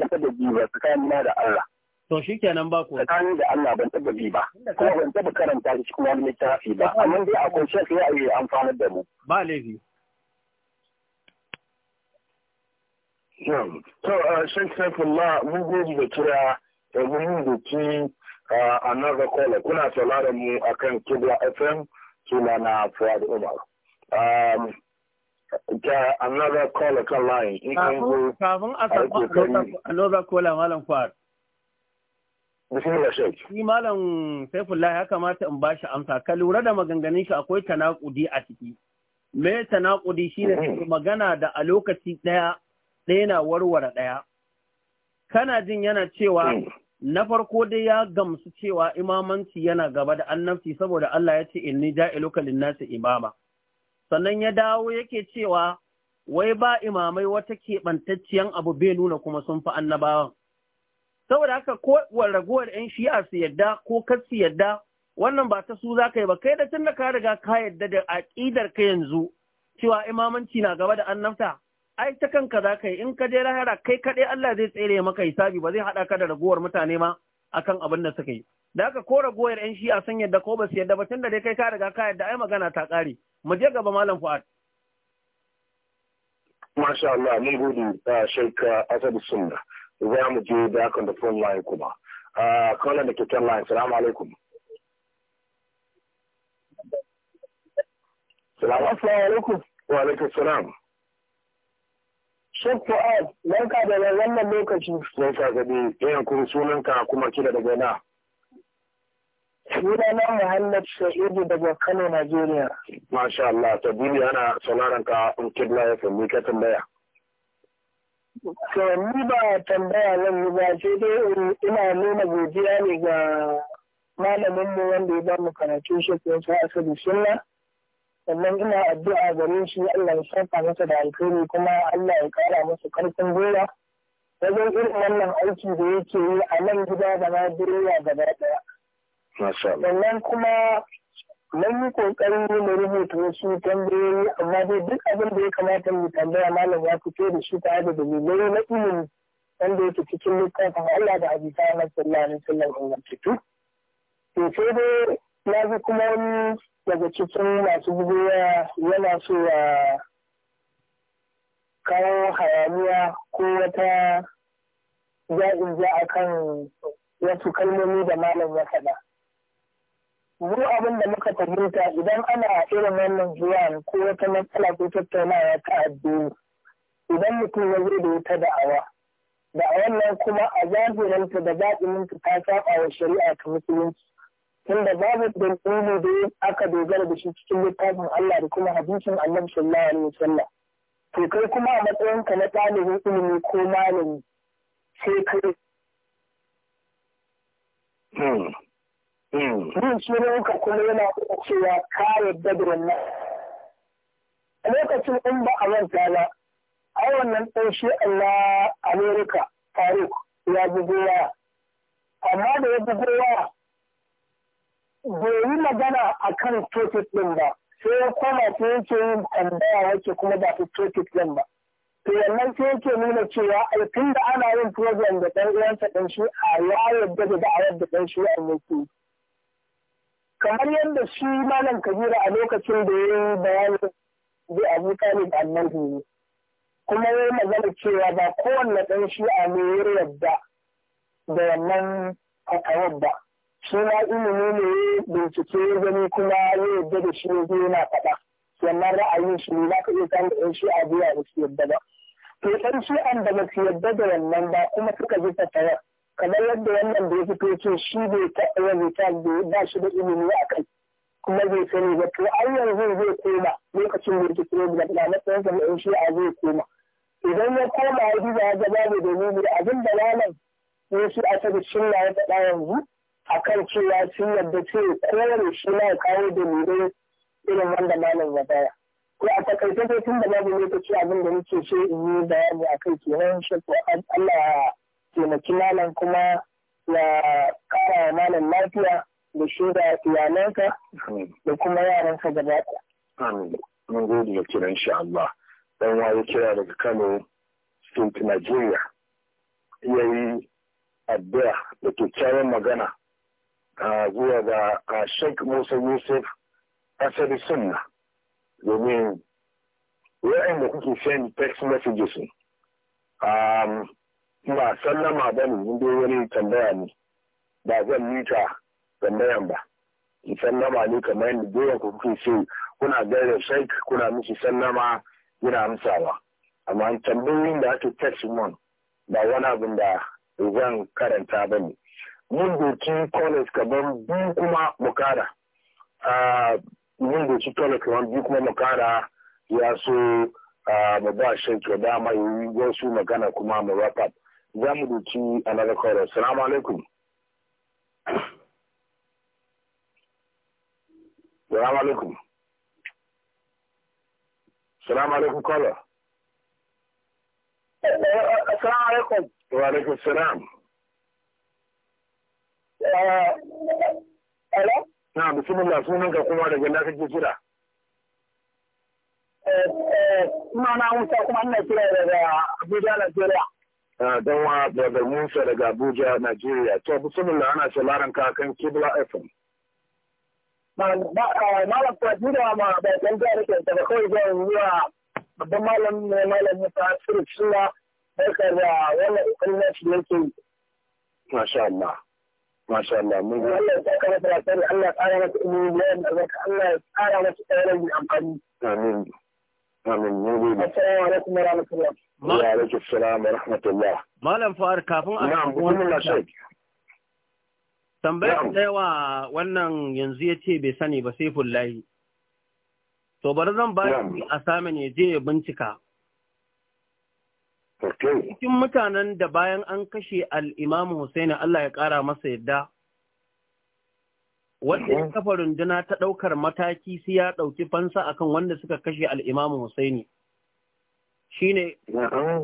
taba ji ba tsakani da Allah. To shi kenan ba ku. Tsakanin da Allah ban taɓa bi ba, kuma ban taɓa karanta shi cikin wani littafi ba, amma dai akwai sai a yi amfani da mu. Ba laifi. To, shan uh, Sheikh Saifullah, mun gode da kira da eh, mun a nan ga kola Kuna sauraron mu akan Kibla FM suna na Fuad Umar. Um, ga another caller kan line. Kafin a samu another kola Malam Fuad. Shi Malam Saifullah ya kamata in bashi amsa ka lura da maganganun shi akwai tanakudi a ciki. Me tanakudi ne mhm. magana da a lokaci ɗaya ɗaya na warware ɗaya. Kana jin yana cewa mhm. na farko dai ya gamsu cewa imamanci yana gaba da annabci saboda Allah ya ce in ni ja'i lokalin nasi imama. Sannan ya dawo yake cewa wai ba imamai wata keɓantacciyar abu bai nuna kuma sun fi annabawan. saboda haka ko ragowar 'yan shi'a su yadda ko kar su yadda wannan ba ta su za ka yi ba kai da tun da ka riga ka yadda da aƙidar ka yanzu cewa imamanci na gaba da annabta ai ta kanka za ka yi in ka je lahira kai kaɗai Allah zai tsere maka hisabi ba zai haɗa ka da ragowar mutane ma akan abin da suka yi da haka ko ragowar 'yan shi'a sun yadda ko ba su yadda ba tun da dai kai ka riga ka yadda ai magana ta ƙare mu je gaba malam fu'ad Masha Allah, mun gode a shirka Asadu Sunna. za mu je back on the phone line kuma uh, da ke kan line salamu alaikum salamu alaikum wa alaikum salam Shek Fuad, barka da wannan lokaci. Barka ga dai, ɗayan eh, kuma sunanka kuma kira daga na. na Muhammad Sa'idu daga Kano, Najeriya. Masha Allah, ta duniya ana sanaranka in kibla ya fi ka tambaya. To ni ba tambaya zan yi ba sai dai ina nuna godiya ne ga malamin mu wanda ya ba mu karatu shi ko sa asali sunna. Sannan ina addu'a gare shi Allah ya saka masa da alkhairi kuma Allah ya kara masa karfin gwiwa. Wajen irin wannan aiki da yake yi a nan gida da na duniya gaba daya. Sannan kuma mun yi kokarin na rubuta wasu tambayoyi amma dai duk abin da ya kamata mu tambaya malam ya fito da shi tare da dalilai na ilimi wanda yake cikin littafin Allah da abisa na sallallahu alaihi wasallam ingantattu to sai dai na ga kuma wani daga cikin masu bugowa yana so a kawo hayaniya ko wata ja'in ja akan wasu kalmomi da malam ya faɗa mu abin da muka fahimta idan ana irin wannan zuwa ko wata matsala ko tattaunawa ta addini idan mutum ya zo da wata da'awa da'awan nan kuma a zahirinta da zaɓininta ta saba wa shari'a ta musulunci tunda babu dalili da aka dogara da shi cikin littafin Allah da kuma hadisin Annabi sallallahu alaihi wasallam to kai kuma a matsayin matsayinka na ɗalibin ilimi ko malami sai kai hmm. Yin hmm. sunanka kuma yana cewa ka yadda da wannan. A lokacin in ba a manta ba, ai wannan ɗan shi na Amerika Faruk ya bugu waya. Amma da ya bugu waya, bai yi magana a kan topic ɗin ba, sai ya koma sai yake yin tambaya wacce kuma ba ta topic ɗin ba. to wannan sai yake nuna cewa tun da ana yin program da ɗan uwansa ɗan shi a ya yarda da da'awar da ɗan shi a yake kamar yadda shi malam kabira a lokacin da ya yi bayani da abu da annabi ne kuma ya yi magana cewa ba kowanne ɗan shi'a ne ya yarda da wannan fatawar ba shi ma ilimi ne ya bincike ya gani kuma ya yarda da shi ya yana faɗa wannan ra'ayin shi ne za ka iya samun ɗan a biya da su yarda ba to ɗan an da ba su yarda da wannan ba kuma suka ji fatawar kamar yadda wannan da ya fito ce shi bai taɓa yin research da ba shi da ilimi a kai kuma zai sani ba to an yanzu zai koma lokacin da rikici ne da na tsayansa na yan shi'a zai koma idan ya koma ya duba ya ga babu dalili abin da malam ne shi a ta sunna ya faɗa yanzu akan cewa sun yadda ce kowane shi na kawo dalilai irin wanda malam ya baya ko a takaice dai tun da babu lokaci abin da nake so in yi bayani akai kenan shi Allah taimaki malam kuma ya kara malam lafiya da shiga iyalanka da kuma yaransa gaba Amin, Mun gode da kiran shi Allah. Dan waye kira daga Kano State Nigeria. Ya yi addu'a da kyakkyawan magana zuwa ga Sheikh Musa Yusuf Asali Sunna domin waɗanda kuke send text messages um, ba sallama ba ne in dai wani tambaya ne ba zan mita tambayan ba ki sallama ne kamar yadda dole ku kuke so kuna gaira sheik kuna miki sallama kuna amsawa amma tambayoyin da ake text mon ba wani abin da zan karanta ba ne mun doki college kaban biyu kuma bukara mun doki college kaban biyu kuma bukara ya so mu ba sheik da dama yi wasu magana kuma mu wrap za mu doki another caller salamu alaikum salamu alaikum salamu alaikum caller salamu alaikum wa alaikum salam eh, Hello? Na bismillah sunan ka kuma daga na kake kira. kuma eh, eh, na wuta kuma ina kira daga Abuja Najeriya. Ah, don wa daga Musa daga Abuja, Nigeria. To, bismillah ana sauraron ka kan Kibla FM. Malam Fati ah, da ma da kan jihar ke ta kawai zan zuwa babban malam ne malam Musa Sirif Sula barka da wannan ƙoƙarin da shi yake. Masha Allah. Masha Allah. Mun ga Allah ya kara da Allah ya tsara masa ilimi Allah ya tsara masa tsarin amfani. Amin. Malam Fahar kafin a Tambayar da yawa wannan yanzu ya ce bai sani ba sai fullahi. To bari zan ba shi assignment ya je ya bincika. Cikin mutanen da bayan an kashe Al'imamu hussaini Hussein Allah ya ƙara masa yadda wanda ya kafa runduna ta ɗaukar mataki sai ya ɗauki fansa akan wanda suka kashe al'imamu Husaini. Shine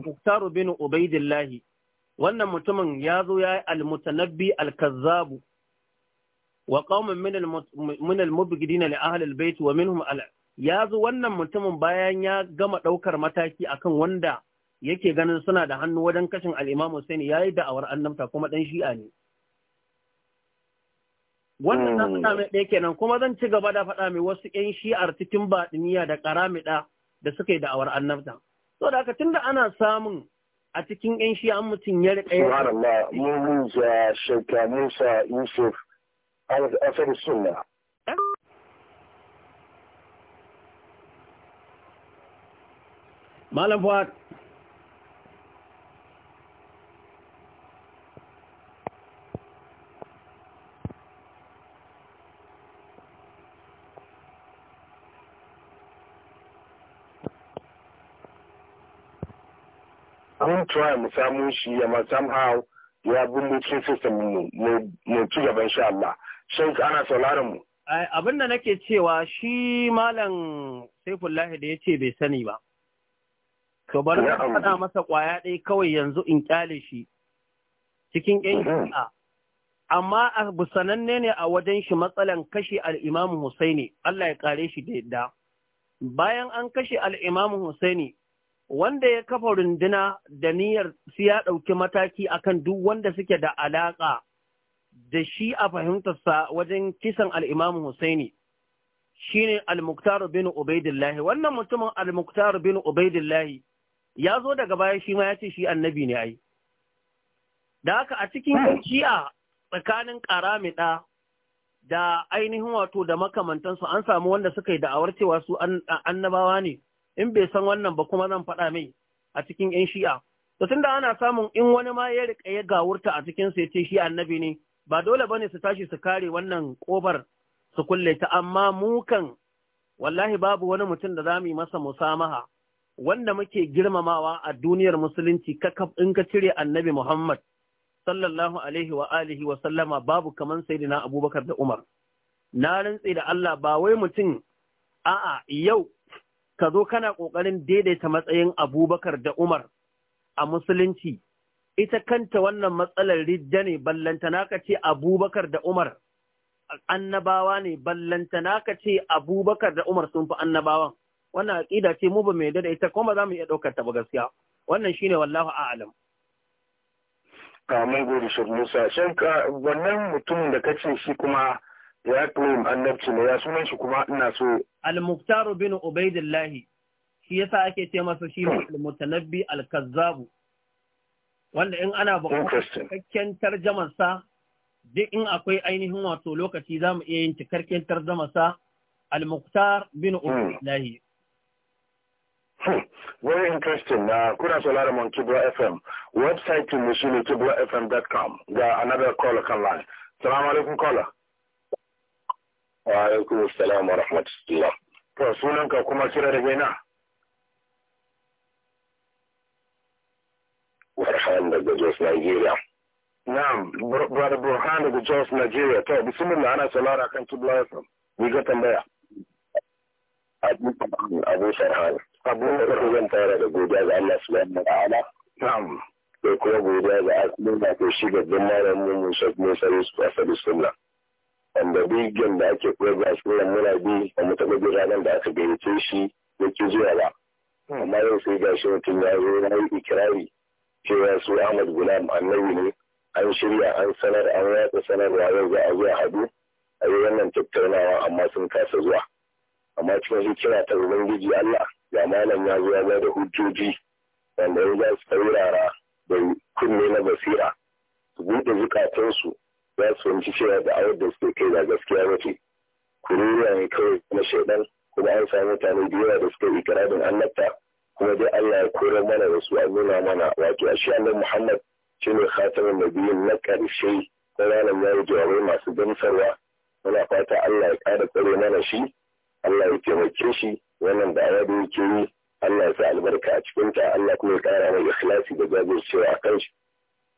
Muktaru bin Ubaidillahi, wannan mutumin ya zo ya yi almutanabbi alkazzabu wa qauman min li ahli baiti wa minhum al ya zo wannan mutumin bayan ya gama ɗaukar mataki akan wanda yake ganin suna da hannu wajen kashin al-Imam Ya yayi da'awar annabta kuma ɗan Shi'a ne wannan na hmm. faɗa mai ɗaya kenan kuma zan ci gaba da faɗa mai wasu ƴan shi'ar cikin baɗiniya da ƙaramida da suka yi da'awar annabta to da haka tunda ana samun a cikin ƴan shi'a mutum ya riƙa yi malam fuad try mu samu shi amma somehow ya bin mutum system mu mu ci gaban sha Allah shin ana sauraron mu abin da nake cewa shi malam Saifullahi da yace bai sani ba to bari ka faɗa masa kwaya ɗaya kawai yanzu in kyale shi cikin ƴan mm-hmm. shi'a amma abu sananne ne a wajen shi matsalan kashe al'imamu Husaini Allah ya kare shi da yadda bayan an kashe al'imamu Husaini wanda ya kafa runduna da niyyar su ya ɗauki mataki akan duk wanda suke da alaƙa da shi a fahimtarsa wajen kisan al'imamu Husaini shine al muktaru bin Ubaidillahi. wannan mutumin al muktaru bin Ubaidillahi ya zo daga baya shi ma ya ce shi annabi ne ai da haka a cikin hmm. shi'a tsakanin ƙaramiɗa da ainihin wato da makamantansu an samu wanda suka yi da'awar cewa su annabawa ne in bai san wannan ba kuma zan faɗa mai a cikin ‘yan shi'a. To tunda ana samun in wani ma ya riƙa ya gawurta a cikin sai ce shi annabi ne, ba dole bane su tashi su kare wannan ƙofar su kulle ta, amma mu kan wallahi babu wani mutum da za mu yi masa musamaha wanda muke girmamawa a duniyar musulunci kakaf in ka cire annabi Muhammad sallallahu alaihi wa alihi wa sallama babu kaman sayyidina Abubakar da Umar. Na rantse da Allah ba wai mutum a'a yau ka zo kana ƙoƙarin daidaita matsayin abubakar da umar a musulunci ita kanta wannan matsalar rijja ne ballantana ka ce abubakar da umar annabawa ne ballantana ka ce abubakar da umar sun fi annabawan wannan aƙida ce mu ba mai da ita kuma za mu iya ɗaukar ta ba gaskiya wannan shine wallahu a'alam Kamar mun gode Musa shan ka wannan mutumin da kace shi kuma ya claim annabci ne ya sunan shi kuma ina so al-muftar bin ubaidillah shi yasa ake ce masa shi al-mutanabbi al-kazzab wanda in ana buƙatar cikakken tarjamar sa duk in akwai ainihin wato lokaci za mu iya yin cikakken tarjamar sa al-muftar bin hmm. ubaidillah hmm. Very interesting. Uh, kuna sauraron mu Kibra FM. Website mu shine kibrafm.com. Ga another caller kan line. Assalamu alaikum caller. وعليكم السلام ورحمة الله فسولنك كما كرا رجينا ورحان دا جوز نيجيريا نعم برا برهان دا جوز نيجيريا تو بسم الله أنا سلارا كنت بلاي فم ميجا تنبيا أبو سرحان أبو سرحان تارا دا جوزا دا الله سبحانه وتعالى نعم ko ko goda da asmin da ko shi ga dan mara mun mun sai mun sai su fa sabis kullum wanda bidiyon da ake program ne muna bi a mutane da ranar da aka gayyace shi yake zuwa ba amma yau sai ga shi mutum ya zo ya yi ikirari cewa su Ahmad Gulam annabi ne an shirya an sanar an watsa sanarwa yau za a zuwa hadu a yi wannan tattaunawa amma sun kasa zuwa amma cikin kira ta ubangiji Allah ga malam ya zo ya da hujjoji wanda ya za su taurara da kunne na basira su buɗe zukatansu za su fahimci cewa da awar da suke kai ba gaskiya ba ce kururiya ne kawai na shaidan kuma an sami mutane da yawa da suka yi ikirarin annabta kuma dai Allah ya korar mana da su an nuna mana wato a shi Allah Muhammad shine khatamin nabiyin na ƙarshe ko ranar ya yi jawabai masu gamsarwa muna fata Allah ya ƙara tsare mana shi Allah ya taimake shi wannan da ya yake yi Allah ya sa albarka a cikinta Allah kuma ya ƙara mai ikhlasi da jajircewa a kan shi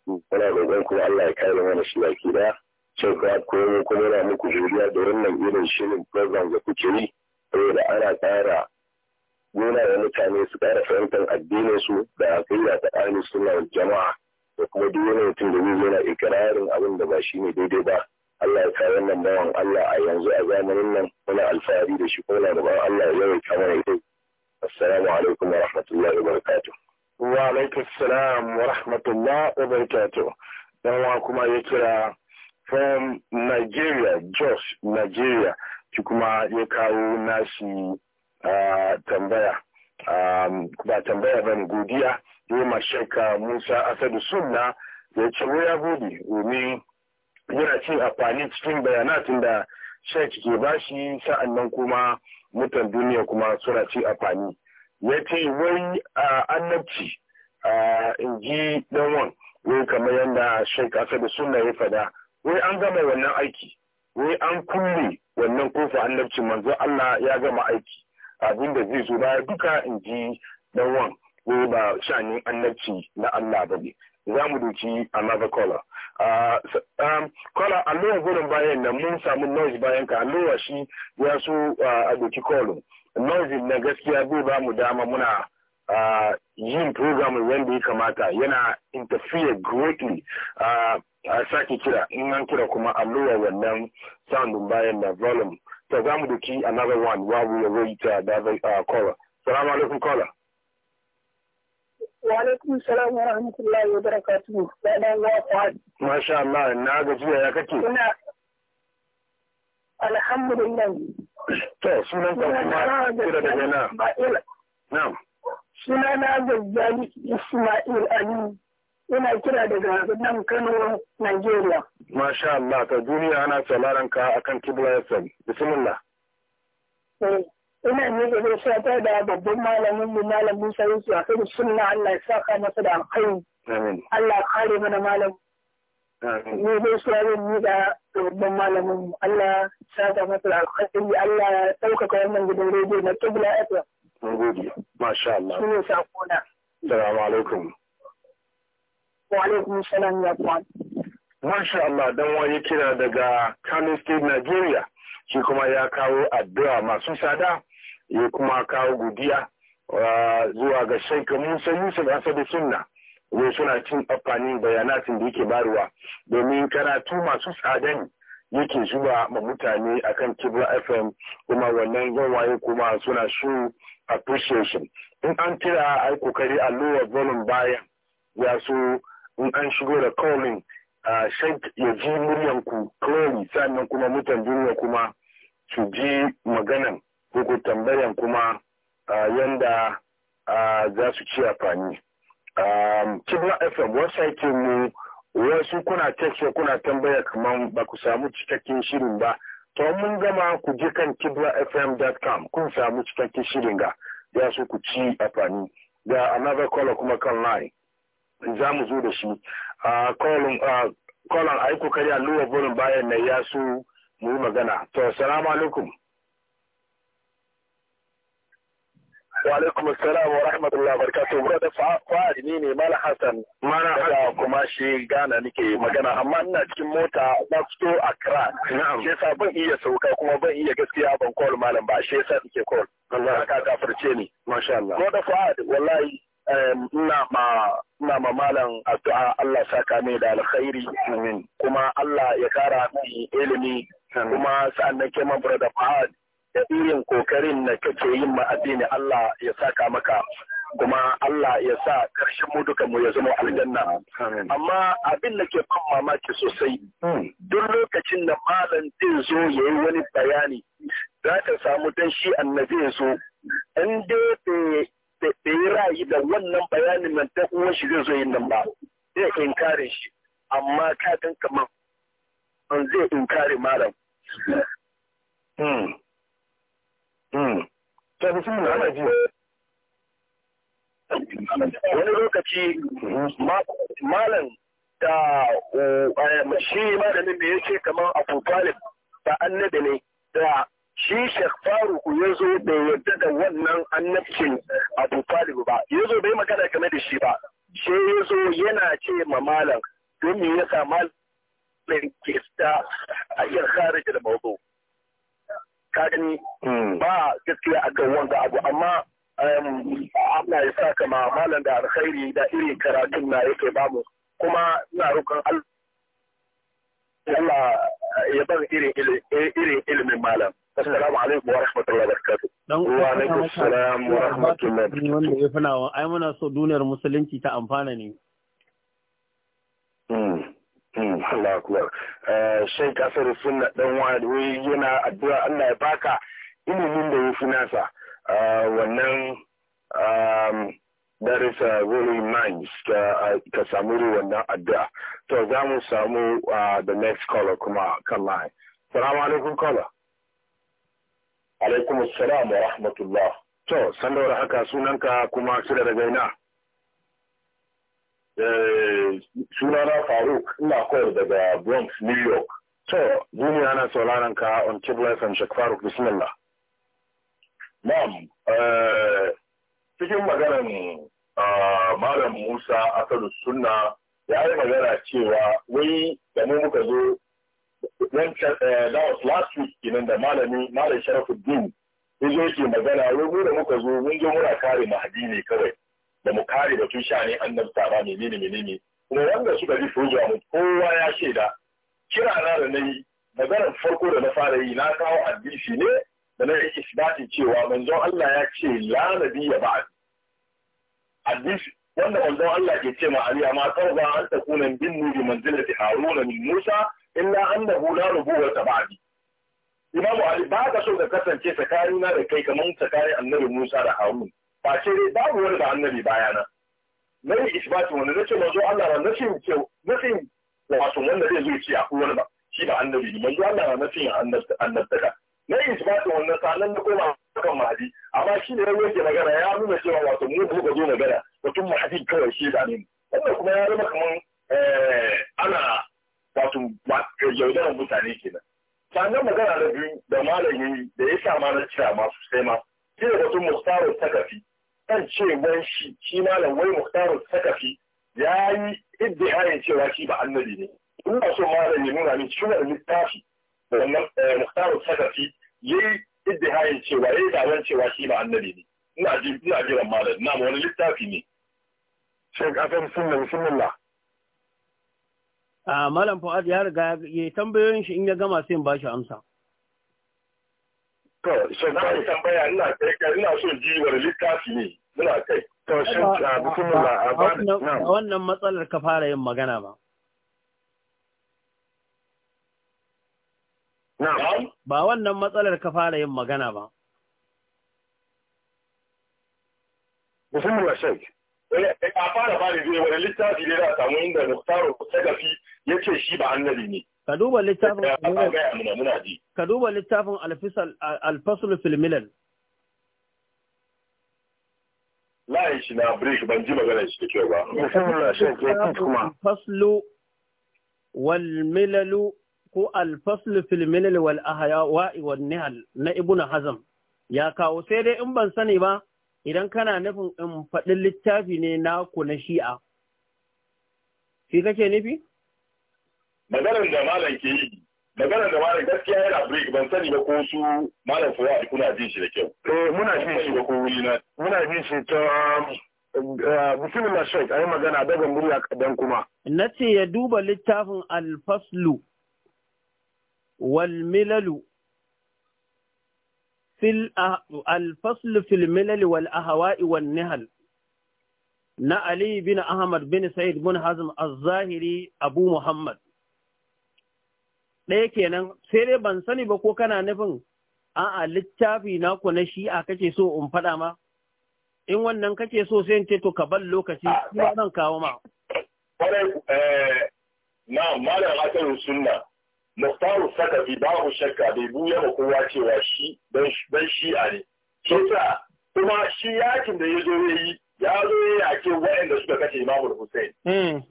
muna roƙon kuma Allah ya kare mana shi baki da shin kuma ko kuma yana muku juriya da wannan irin shirin program da kuke yi saboda ana tsara gona da mutane su ƙara fahimtar addinin su da aƙida ta ahli sunna jama'a da kuma duk wani mutum da zai yana ikirarin abin da ba shi ne daidai ba Allah ya kare wannan bawan Allah a yanzu a zamanin nan muna alfahari da shi kuma na da bawan Allah ya yawaita mana ita assalamu alaikum wa rahmatullahi wa barakatuh wa alaikum salam wa rahmatullah wa barakatuh dan wa kuma ya kira from Nigeria Jos Nigeria ki kuma ya kawo nashi tambaya ba tambaya ba ne godiya ya ma mashaika Musa Asadu Sunna ya ce ya gode domin yana cin amfani cikin bayanatin da shaki ke bashi sa'annan kuma mutan duniya kuma suna ci amfani ya wani annabci in ji ɗanwan wai kamar yadda sheik asadu suna ya fada wai an gama wannan aiki wai an kulle wannan kofa annabci manzo Allah ya gama aiki abin da zai zo baya duka in ji ɗanwan wai ba shanin annabci na Allah ba ne za mu duki another caller. Uh, um, caller, alluwa gudun bayan nan mun samu noise bayan ka allowa shi ya so a doki kolin. mazin na gaskiya zai ba mu dama muna yin program wanda ya kamata yana interfere greatly a sake kira in an kira kuma allura wannan soundin bayan da volume to za mu doki another one while we wait uh, the other uh, caller salamu alaikum caller wa alaikum salam wa rahmatullahi wa barakatuhu da dan wa fahad masha Allah na gajiya ya kake ina alhamdulillah To, sunan ka kuma kira daga na. Na'am. Suna na Gazzali Ismail Ali. Ina kira daga nan Kano, Nigeria. Masha Allah, ta duniya ana sauraron ka kan Kibla FM. Bismillah. Eh, ina ne da sha ta da babban malamin mu malamin Musa su a kan sunna Allah ya saka masa da alkhairi. Amin. Allah kare mana malam. ne dai shi zan yi ga babban malamin mu Allah ya saka masa yi. Allah ya ɗaukaka wannan gidan rediyo na Kibla FM. Mun gode, masha Allah. Shi ne sakona. Salamu alaikum. Wa alaikum salam ya kwan. Masha Allah dan wani kira daga Kano State Nigeria. Shi kuma ya kawo addu'a masu sada ya kuma kawo godiya zuwa ga Sheikh Musa Yusuf Asadu Sunna. wai suna cin amfanin bayanatin da yake barwa domin karatu masu tsadan yake zuwa ma mutane akan kibra fm kuma wannan waye kuma suna su appreciation in an kira a yi kokari a lower volume bayan ya so in an shigo da calling a shank ya ji muryan ku clearly sannan kuma mutan duniya kuma su ji maganan ko ku tambayan kuma yanda za su ci amfani. um, fm website mu wasu kuna text kuna tambaya kamar ba ku samu cikakken shirin ba to mun gama ku je kan kiblafm.com kun samu cikakken shirin ga ya su ku ci afani ga another caller kuma kan line za mu zo da shi a kolon a yi kokari a bayan na ya su mu yi magana to salamu alaikum wa alaikum assalam wa rahmatullahi wa barakatuh brother fa'ad ni ne mala hasan mana haka kuma shi gana nake magana amma ina cikin mota na fito Accra na'am shi yasa ban iya sauka kuma ban iya gaskiya ban call malam ba shi yasa nake call Allah ka gafarce ni masha Allah brother fa'ad wallahi ina ma ina ma malam addu'a Allah saka mai da alkhairi amin kuma Allah ya kara mai ilimi kuma sa'annan keman brother Fahad da irin kokarin na kake yin ma addini Allah ya saka maka kuma Allah ya sa ƙarshen mu mu ya zama aljanna. Amma abin da ke ban mamaki sosai, hmm. duk lokacin da malam zai zo ya yi wani bayani, za ka samu dan shi annabi ya zo, in dai da yi rayu da wannan bayanin nan ta uwan shi zai zo yin nan ba, zai inkare shi, amma ka dinka man zai inkare malam. Hmm. Hmm. to wani lokaci malam da shi malamin da ya ce kamar abu talib ba annabi ne da shi Sheikh Faruku ya zo bai yarda da wannan annabcin Abu Talib ba, ya zo bai magana game da shi ba, shi ya zo yana ce ma malam don me sa malamin ke ta a iya kare da mawdu. ka ba gaskiya a ga wanda abu amma um, Allah ya sa kama malam da alkhairi da irin karatun na yake bamu kuma ina roƙon Allah ya ba irin irin ilimin malam Assalamu alaikum wa rahmatullahi wa barakatuh. wa alaikum assalam wa rahmatullahi. wa barakatuh ai muna so duniyar musulunci ta amfana ne. Hmm. Hmm, Allah kuwar. Eh, Shai kasar suna ɗan wani yana addu'a Allah ya baka ilimin da ya fi nasa. Eh, wannan um, that is uh, really nice ka uh, samu wannan addu'a. To za mu samu uh, the next caller kuma kan line. Salamu alaikum caller. Alaikum assalam wa rahmatullah. To, sandawar haka sunanka kuma shi daga ina. Eh, sunana faruk ina koyar daga bronx new york to duniya ana sauraron ka on cable fm shek faruk bismillah ma'am eh, cikin maganar ah, malam musa a kan sunna ya yi magana cewa wai da mu muka zo eh, that was last week kenan da malami malam sharafuddin ya zo yake magana wai mu da muka zo mun zo muna kare mahadi ne kawai Da mu kare batun sha ne annabta ba menene menene kuma wanda suka bi program kowa ya shaida kira na da nayi maganar farko da na fara yi na kawo hadisi ne da na yi isbatin cewa manzon Allah ya ce la ya ba hadisi wanda manzon Allah ke ce ma Ali amma tarba an takuna bin Nuri, manzilati Haruna min Musa illa annahu la nubuwwata ba'di Imam Ali ba ka so ka kasance na da kai kamar tsakanin annabi Musa da Haruna. face ce dai babu wani da annabi bayana na yi isbatin wani na ce manzo Allah ba nafin kyau nafin wato wanda zai zuciya ko wani ba shi ba annabi ne manzo Allah na nafin annabtaka na yi isbatin wannan sanan na koma kan mahadi amma shi ne yake magana ya nuna cewa wato mu ba zo magana mutum mahadi kawai shi da ne wannan kuma ya zama kaman eh, ana wato yaudarar mutane kenan sannan magana na biyu da malami da ya sa ma na cira masu sai ma shi ne wato mustaro takafi kan cewar shi shi malam wai muhtarul sakafi ya yi iddihayin cewa shi ba annabi ne ina so malam ya nuna min cikin littafi wannan eh, muhtarul sakafi ya yi iddihayin cewa ya yi dawon cewa shi ba annabi ne ina ji ina jiran malam na wani littafi ne Sheikh Adam Sunna bismillah a ah, malam Fuad ya riga ya tambayoyin shi in ya gama sai in ba shi amsa To, shan kai tambaya ina kai kai ina so jiwar littafi ne ina kai. To, shan uh, bismillah a uh, wannan matsalar ka fara yin magana ba. Ba wannan matsalar ka fara yin magana ba. Bismillah shek. Eh, eh, a fara ba da wani littafi ne za a samu inda Muktaru Sagafi ya ce shi ba annabi ne. ka duba littafin ka duba littafin alfasul filmilan layin shi na break ban ji magana shi kake ba faslu wal milalu ko alfaslu fil milal wal ahya wa nihal na ibnu hazm ya kawo sai dai in ban sani ba idan kana nufin in faɗin littafi ne na ku na shi'a shi kake nufi Magaran da malam ke yi maganar da malam gaskiya yana break ban sani ba ko su malam fuwa kuna jin shi da kyau eh muna jin shi da ko wuri na muna jin shi ta eh, bismillah shek ayi magana daga murya kadan kuma nace ya duba littafin al-faslu wal milalu fil ah, al-faslu fil milal wal ahwa'i wan nihal na Ali bin Ahmad bin Sa'id bin Hazm az Abu Muhammad ɗaya kenan sai dai ban sani ba ko kana nufin a'a littafi na ku na a kake so in faɗa ma in wannan kake so sai in ce to ka bar lokaci kuma zan kawo ma eh, na malam hasan sunna muhtaru sakafi babu shakka bai buya ba kowa cewa shi dan a ne kisa kuma shi yakin da ya zo ya yi ya zo ya yi yake waɗanda suka kashe imamul hussein hmm.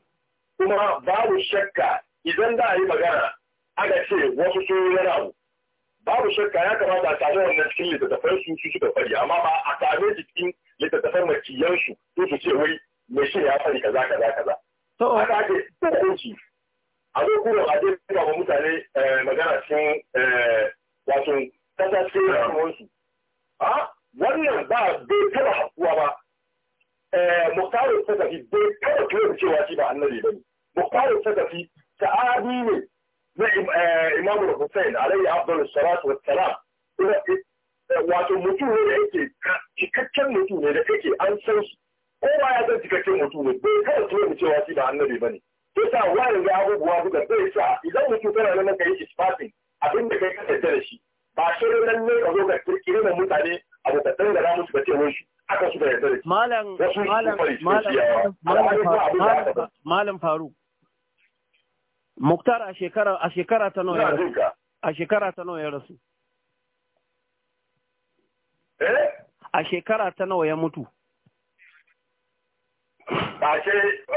kuma babu shakka idan da a yi magana ana ce wasu su yana abu babu shakka ya kamata a sami wannan cikin littattafai su su suka fari amma ba a sami cikin littattafan makiyan su su su ce wai mai shi ya fari kaza kaza kaza to aka ake hukunci a lokacin kuma a jefa ba ba mutane eh, magana cikin eh, wato kasa cikin rayuwar su a wannan ba bai taba hakuwa ba eh, mukarin sakafi bai taba kiran cewa shi ba annabi ba ne muktarin sakafi sa'adi ne na eh, imamu Hussein alayhi afdalus salatu salam eh, wato mutum ne da yake cikakken mutum ne da yake an san shi ba ya san cikakken mutum ne bai kawai tuwa mu cewa shi ba annabi bane to sa wani ga abubuwa duka bai sa idan mutum kana nan ka yi isfatin abin da kai ka yarda da shi ba shi nan ne ka zo ka kirkire da mutane abokatan da mu su ka ce wai shi aka su da yadda da shi malam malam malam malam faruk Muktar a shekara a shekara ta nawa ya rasu. A shekara ta nawa ya rasu. Eh? A shekara ta nawa ya mutu. Ba ce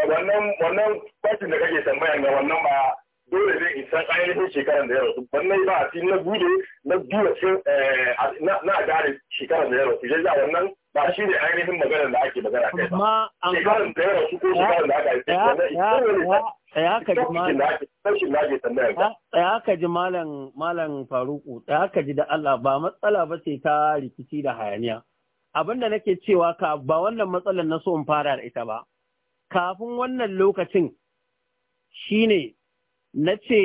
wannan wannan kwacin da kake tambaya ga wannan ba dole zai isa ainihin shekaran da ya rasu wannan ba a fi na gude na biyu eh, a na na gane shekaran da ya rasu sai wannan ba shi ne ainihin maganar da ake magana kai ba. Shekarar da ya su ko shekarar da aka yi Tsaya ka ji malam malam Faruku, tsaya ka ji da Allah ba matsala ba ce ta rikici da hayaniya. Abin da nake cewa ka ba wannan matsalar na so in fara da ita ba. Kafin wannan lokacin shi ne na ce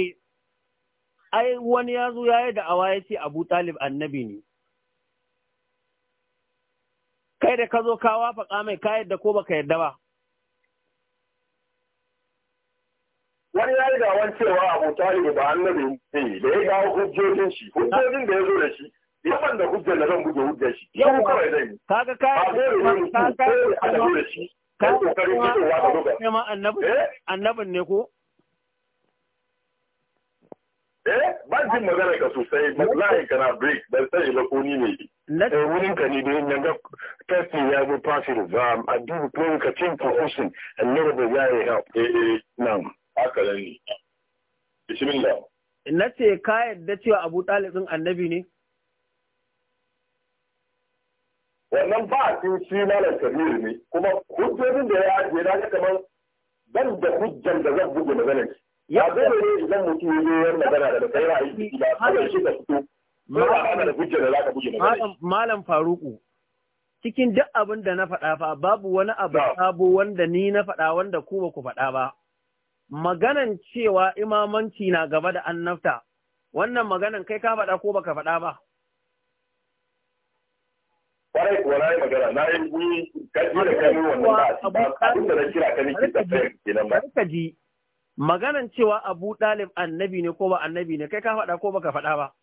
ai wani ya zo ya yi da awa ya ce Abu Talib annabi ne. kai da ka zo ka wafaka mai ka yadda ko baka yadda ba wani ya yi wan cewa abu talib ba annabi ne da ya gawo hujjojin shi hujjojin da ya zo da shi ban da hujjar da zan buge hujjar shi yau kawai zai yi kaga ka ka ka a da shi ka kokarin fitowa da buga kuma annabin annabin ne ko eh ban jin magana ka sosai wallahi kana break ban sani ba ko ni ne Eh, wurin ka ne don nan ga test ya zo positive um, a duba kuma ka cin promotion a little bit ya yi help eh eh na haka da ni bismillah na ce ka yadda cewa abu ɗalibin annabi ne wannan ba a cin shi malam kabiru ne kuma hujjojin da ya ajiye na kamar ban da hujjan da zan buge maganar ya dole ne idan mutum ya zo yan magana da kai ra'ayi da kai shi da fito Malam Faruku, cikin duk abin da na faɗa fa babu wani abu sabo wanda ni na faɗa wanda ku ba ku faɗa ba. Maganan cewa imamanci na gaba da annabta, wannan maganan kai ka faɗa ko ka faɗa ba. Wani kuwa na yi magana, na yi da wannan ba, abin da na kira ka ne ke kenan ba. Maganan cewa Abu Ɗalib annabi ne ko ba annabi ne, kai ka faɗa ko ba ka faɗa ba.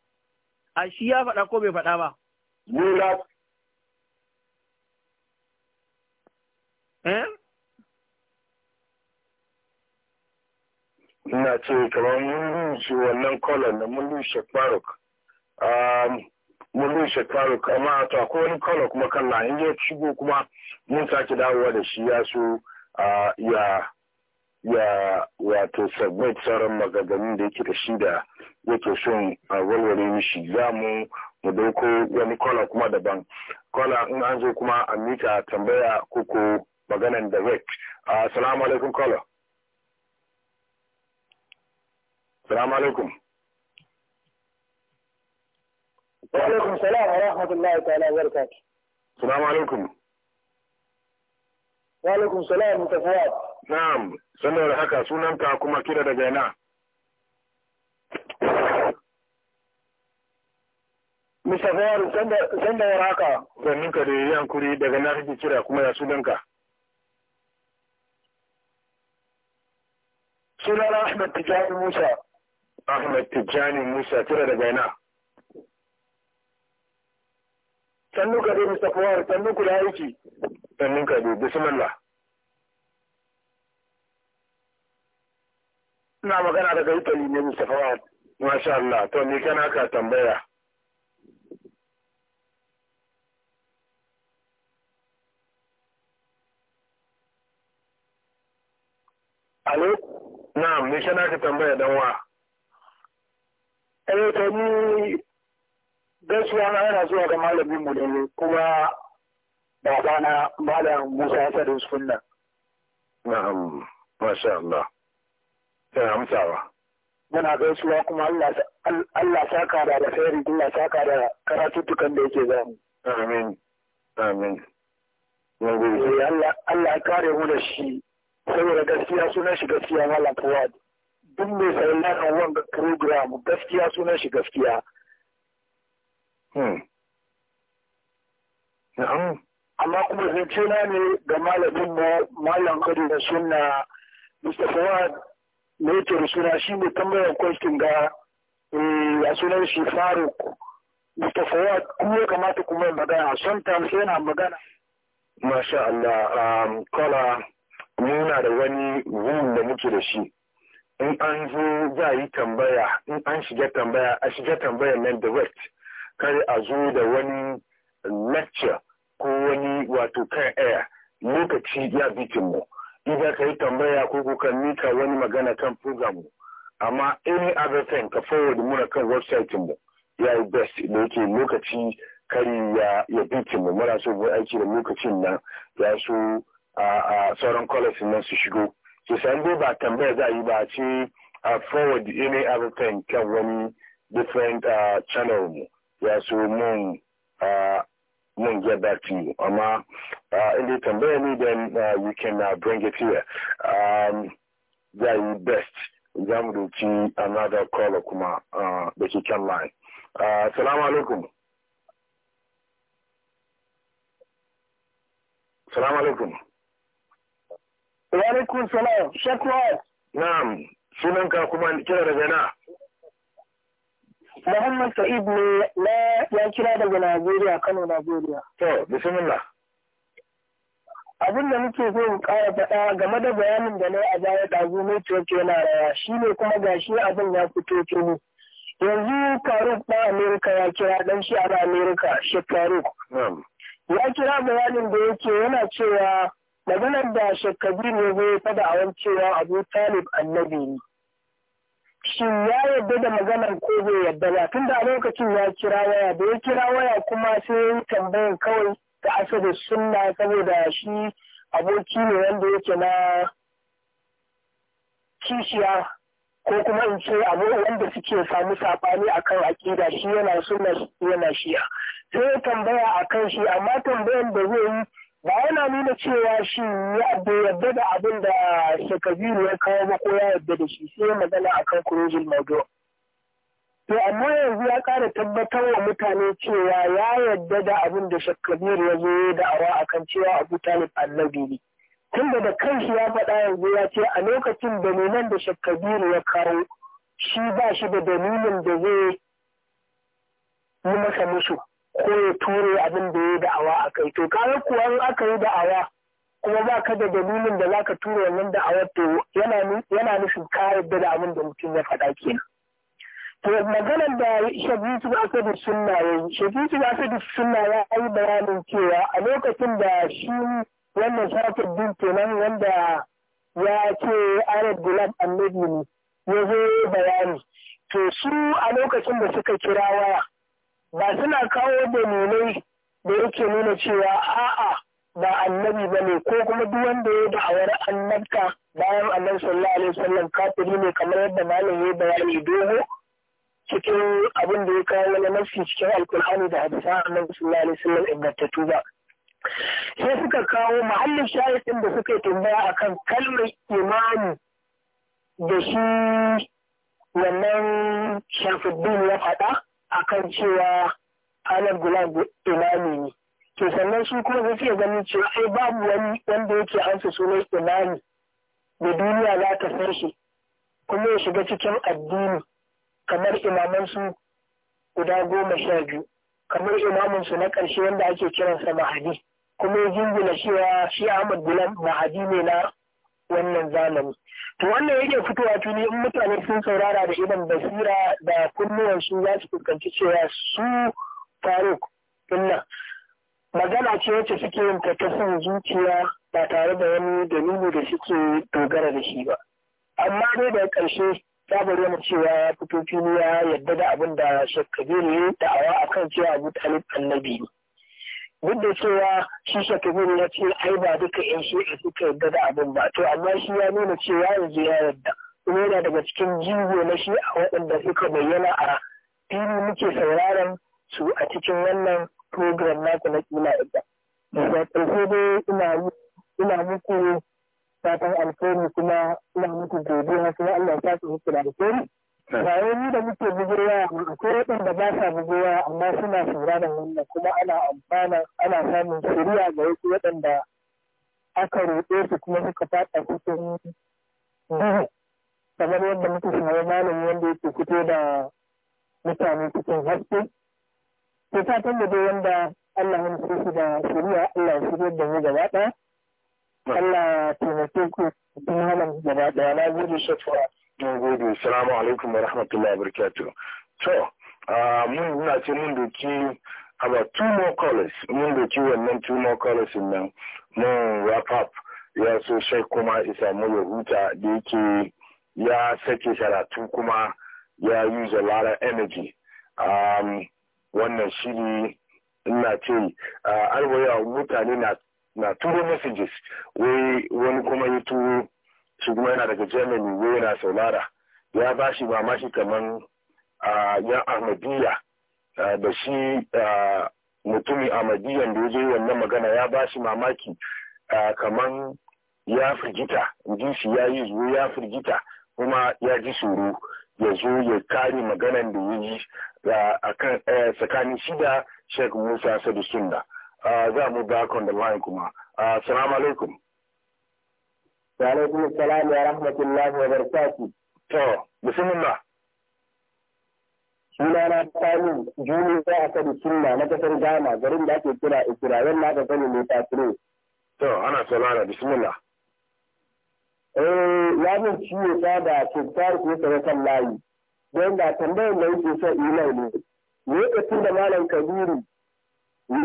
a shi ya faɗa ko bai faɗa ba eh ina ce kamar mun shi wannan kolon da mun lushe faruk mun rushe faruk amma wani kolon kuma kalla in ya shigo kuma mun sake dawowa da shi ya so ah, ya ya wato submit sauran magaganin da yake da shi da yake son a walwale mishi za mu mu dauko wani kola kuma daban kola in an zo kuma a mika tambaya koko maganan da direct asalamu ah, alaikum kola asalamu alaikum wa alaikum salam wa rahmatullahi ta'ala wa barakatuh assalamu alaikum wa alaikum Na'am, sanar haka sunanka kuma kira daga ina. Mr. Fayar, san da war haka. ganinka da yi yankuri daga na kake kira kuma ya sunanka. Sunan Ahmed Tijjani Musa. Ahmed Tijjani Musa kira daga ina. Sannu ka dai Mr. Fayar, sannu ku da aiki. Sannu ka dai, bismillah. ina magana daga Italy ne Mustapha Masha Allah to me kana ka tambaya Alo na'am me kana ka tambaya dan wa Eh to ni gaskiya na yana zuwa ga malamin mu ne kuma babana malam Musa Sadu Sunna Na'am Masha Allah da amsawa muna gaisuwa kuma Allah saka da alkhairi Allah saka da karatuttukan da yake zamu amin amin eh, Allah ya kare mu da shi saboda gaskiya sunan shi gaskiya malam Fuad duk mai sauraron wanga program gaskiya sunan shi gaskiya hmm. amma kuma zance na ne ga malamin mu malam Kadu da sunna Mr. Fuad me suna shi ne tambayar kwastin ga eh, a sunan shi faruk Mr. Fawad kuma kamata kuma magana sometimes yana magana Masha Allah um, kola muna da wani room da muke da shi in an zo za yi tambaya in an shiga tambaya a shiga tambaya nan direct kar a zo da wani lecture ko wani wato kan air lokaci ya bikin mu in za ka yi tambaya ko ko ka mika wani magana kan program mu amma any other thing ka forward muna kan website mu ya yi best da yake lokaci kari ya bikin mu muna so mu aiki da lokacin nan ya so a sauran college nan su shigo to san dai ba tambaya za a yi ba a ce a forward any other thing kan wani different channel mu ya so mun we'll get back to you. Um, uh, in the ni, then uh, you can uh, bring it here. Um, yeah, you best. Zamuduchi, another caller, Kuma, uh, da ke chicken line. Uh, alaikum. salamu alaikum. Wa alaikum salam. Shakwa. Na'am. Sunanka kuma kira daga na. Muhammad Sa'id ne na ya kira daga Najeriya Kano Najeriya. To bismillah. Abin da muke so mu ƙara faɗa game da bayanin da na a baya ɗazu network yana raya shi ne kuma gashi abin ya fito tuni. Yanzu Taruk ɗan Amerika ya kira ɗan shi a Amerika shi Karuk. Ya kira bayanin da yake yana cewa maganar da shekaru ne zai faɗa a wancewa Abu Talib annabi ne. shin ya yadda da maganar ko bai yadda ba tunda a lokacin ya kira waya da ya kira waya kuma sai ya yi tambayin kawai ta asali suna saboda shi aboki ne wanda yake na kishiya ko kuma in ce abu wanda suke samu saɓani akan aƙida shi yana suna yana shiya sai ya tambaya akan shi amma tambayan da zai yi ba yana nuna cewa shi ya yadda da abin da shekabiru ya kawo ba ko ya yadda da shi sai magana akan kurojin maido to amma yanzu ya ƙara tabbatar wa mutane cewa ya yadda da abin da shekabiru ya zo da awa a kan cewa abu talib annabi ne tunda da kanshi ya faɗa yanzu ya ce a lokacin da neman da shekabiru ya kawo shi ba shi da dalilin da zai yi masa musu ko ya ture abin da ya da'awa a kai to kaga kuwa in aka yi da'awa kuma ba ka da dalilin da za ka ture wannan da'awar to yana nufin ka yarda da abin da mutum ya faɗa kenan to maganar da shafisu da sunna ya yi shafisu da sunna ya yi bayanin cewa a lokacin da shi wannan shafin din kenan wanda ya ce arab gulab annabi ne ya zo bayani to su a lokacin da suka kira waya ba suna kawo dalilai da yake nuna cewa a'a ba annabi ba ne ko kuma duk wanda ya da'awar annabta bayan annabi sallallahu alaihi wasallam kafiri ne kamar yadda malam ya bayani dogo cikin abin da ya kawo wani nafsi cikin alkur'ani da hadisa annabi sallallahu alaihi wasallam ingantattu ba sai suka kawo mahallin shahidin da suka yi tambaya akan kalmar imani da shi wannan shafuddin ya faɗa a kan cewa Alan gula imami ne. To sannan su kuma zai iya ganin cewa ai babu wani wanda yake ansa sunan imami da duniya za ta san shi kuma ya shiga cikin addini kamar imaman guda goma sha biyu kamar imamin su na ƙarshe wanda ake kiransa mahadi kuma ya jingina cewa shi Ahmad Gulam mahadi ne na wannan zamani to wannan yake fitowa tuni in mutane sun saurara da idan basira da kunnuwan su za su fuskanci cewa su faruk dinnan magana ce wacce suke yin ta ta son zuciya ba tare da wani dalili da suke dogara da shi ba amma dai da ƙarshe ta bari mu cewa ya fito fili ya yadda da abin da shekaru ne awa akan cewa abu talib annabi ne duk da cewa shi shakabir ya ce ai ba duka yan shi'a suka yarda da abin ba to amma shi ya nuna cewa yanzu ya yadda kuma yana daga cikin jigo na shi a waɗanda suka bayyana a fili muke sauraron su a cikin wannan program naku na kila idda daga da dai ina muku fatan alkhairi kuma ina muku godiya kuma Allah ya sa su muku da alkhairi Bayan da muke bugowa akwai waɗanda ba sa bugowa amma suna sauraron wannan kuma ana amfana ana samun shari'a ga wasu waɗanda aka roƙe su kuma suka faɗa cikin duhu kamar yadda muke shawo malami wanda yake fito da mutane cikin haske. Ke fatan da dai wanda Allah ya nufi su da shari'a Allah ya shirya da mu gaba ɗaya. Allah taimake ku cikin halin gaba ɗaya na gode mun gode salamu alaikum wa rahmatullahi wa barakatuh to mun na ce mun doki about two more callers mun doki wannan two more callers nan mun wrap up ya so sai kuma isa mu ya huta da yake ya sake karatu kuma ya use a lot of energy um, wannan shiri ina ce uh, alwaya mutane na na turo messages wai wani kuma ya turo shi kuma yana daga germany ya yana saulara ya ba shi mamaki kamar yan ahmadiyya da shi mutumin ahmadiyyan da ya je wannan magana ya ba shi mamaki kamar ya firgita ji shi ya yi zuwa ya firgita kuma ya ji tsoro ya zo ya kare maganan da ya yi a tsakanin shida sheikh musa sadu sunna za mu da kuma assalamu alaikum Wa alaikum assalam wa a sani na kasar ghana garin da ake kira sani mai eh ya min ciwo ta da cutar ko kan layi don da tambayar da yake son imai ne lokacin da malam kabiru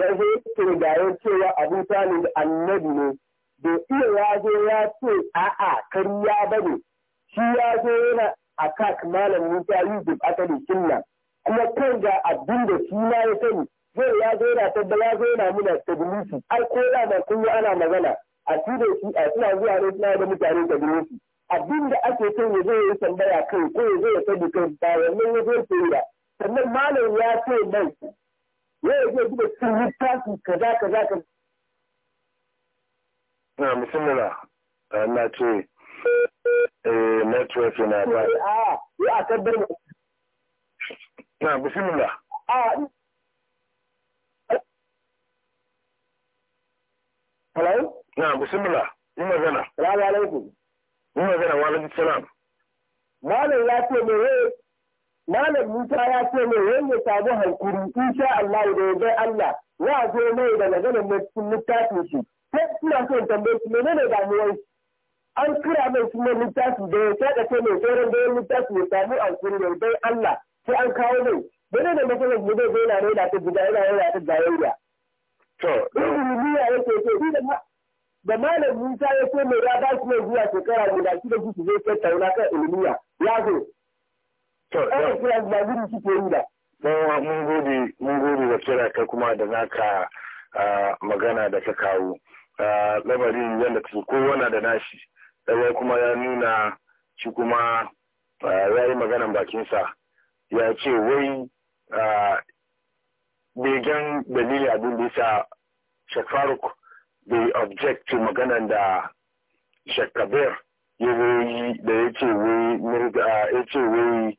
ya zo kirgayen cewa abu talib annabi ne bai iya ya zo ya ce a'a kariya ba ne shi ya zo yana a kak malam musa yusuf asali nan kuma kan ga abin da shi ma ya sani zai ya zo yana tabbala ya zo yana muna stabilisi ai ko da ba kun ana magana a shi da shi a suna zuwa ne suna da mutane stabilisi abin da ake son ya zo ya tambaya kai ko ya zo ya sani kai ba wannan ya zo ya sannan malam ya ce mai yau ya zo gida cikin littafi kaza kaza kaza na bismillah na ce eh network yana ba ah, ya tabbar na bismillah ah, Hello? Na, bismillah. Yi magana. Salamu alaikum. Yi magana wa alaikum salam. Malam ya ce me Malam Musa ya ce ne ye ya samu hankuri insha Allah da ya Allah. Wa zo mai da maganar cikin shi. sai suna so in tambaye su menene damuwar an kira mai sunan littafi da ya kada ce mai tsoron da ya littafi ya samu alkuri da dai Allah sai an kawo mai menene da masalan mu zai yana da ta gida yana yana ta gayayya to ilimi ya yake ce da da malam Musa ya ce mai ya ba su mai zuwa shekara guda shi da shi su zai kai tauna kan ilmiya ya zo to eh kira da gudu shi ke yi da mun gode mun gode da kira ka kuma da naka ah, magana da ka kawo labarin yadda kasu da nashi ɗaya kuma ya nuna shi kuma ya yi maganan bakinsa ya ce wai begen dalili abin da yasa Sheikh bai object to maganan da Sheikh Kabir ya yi da ya ce wai ya ce wai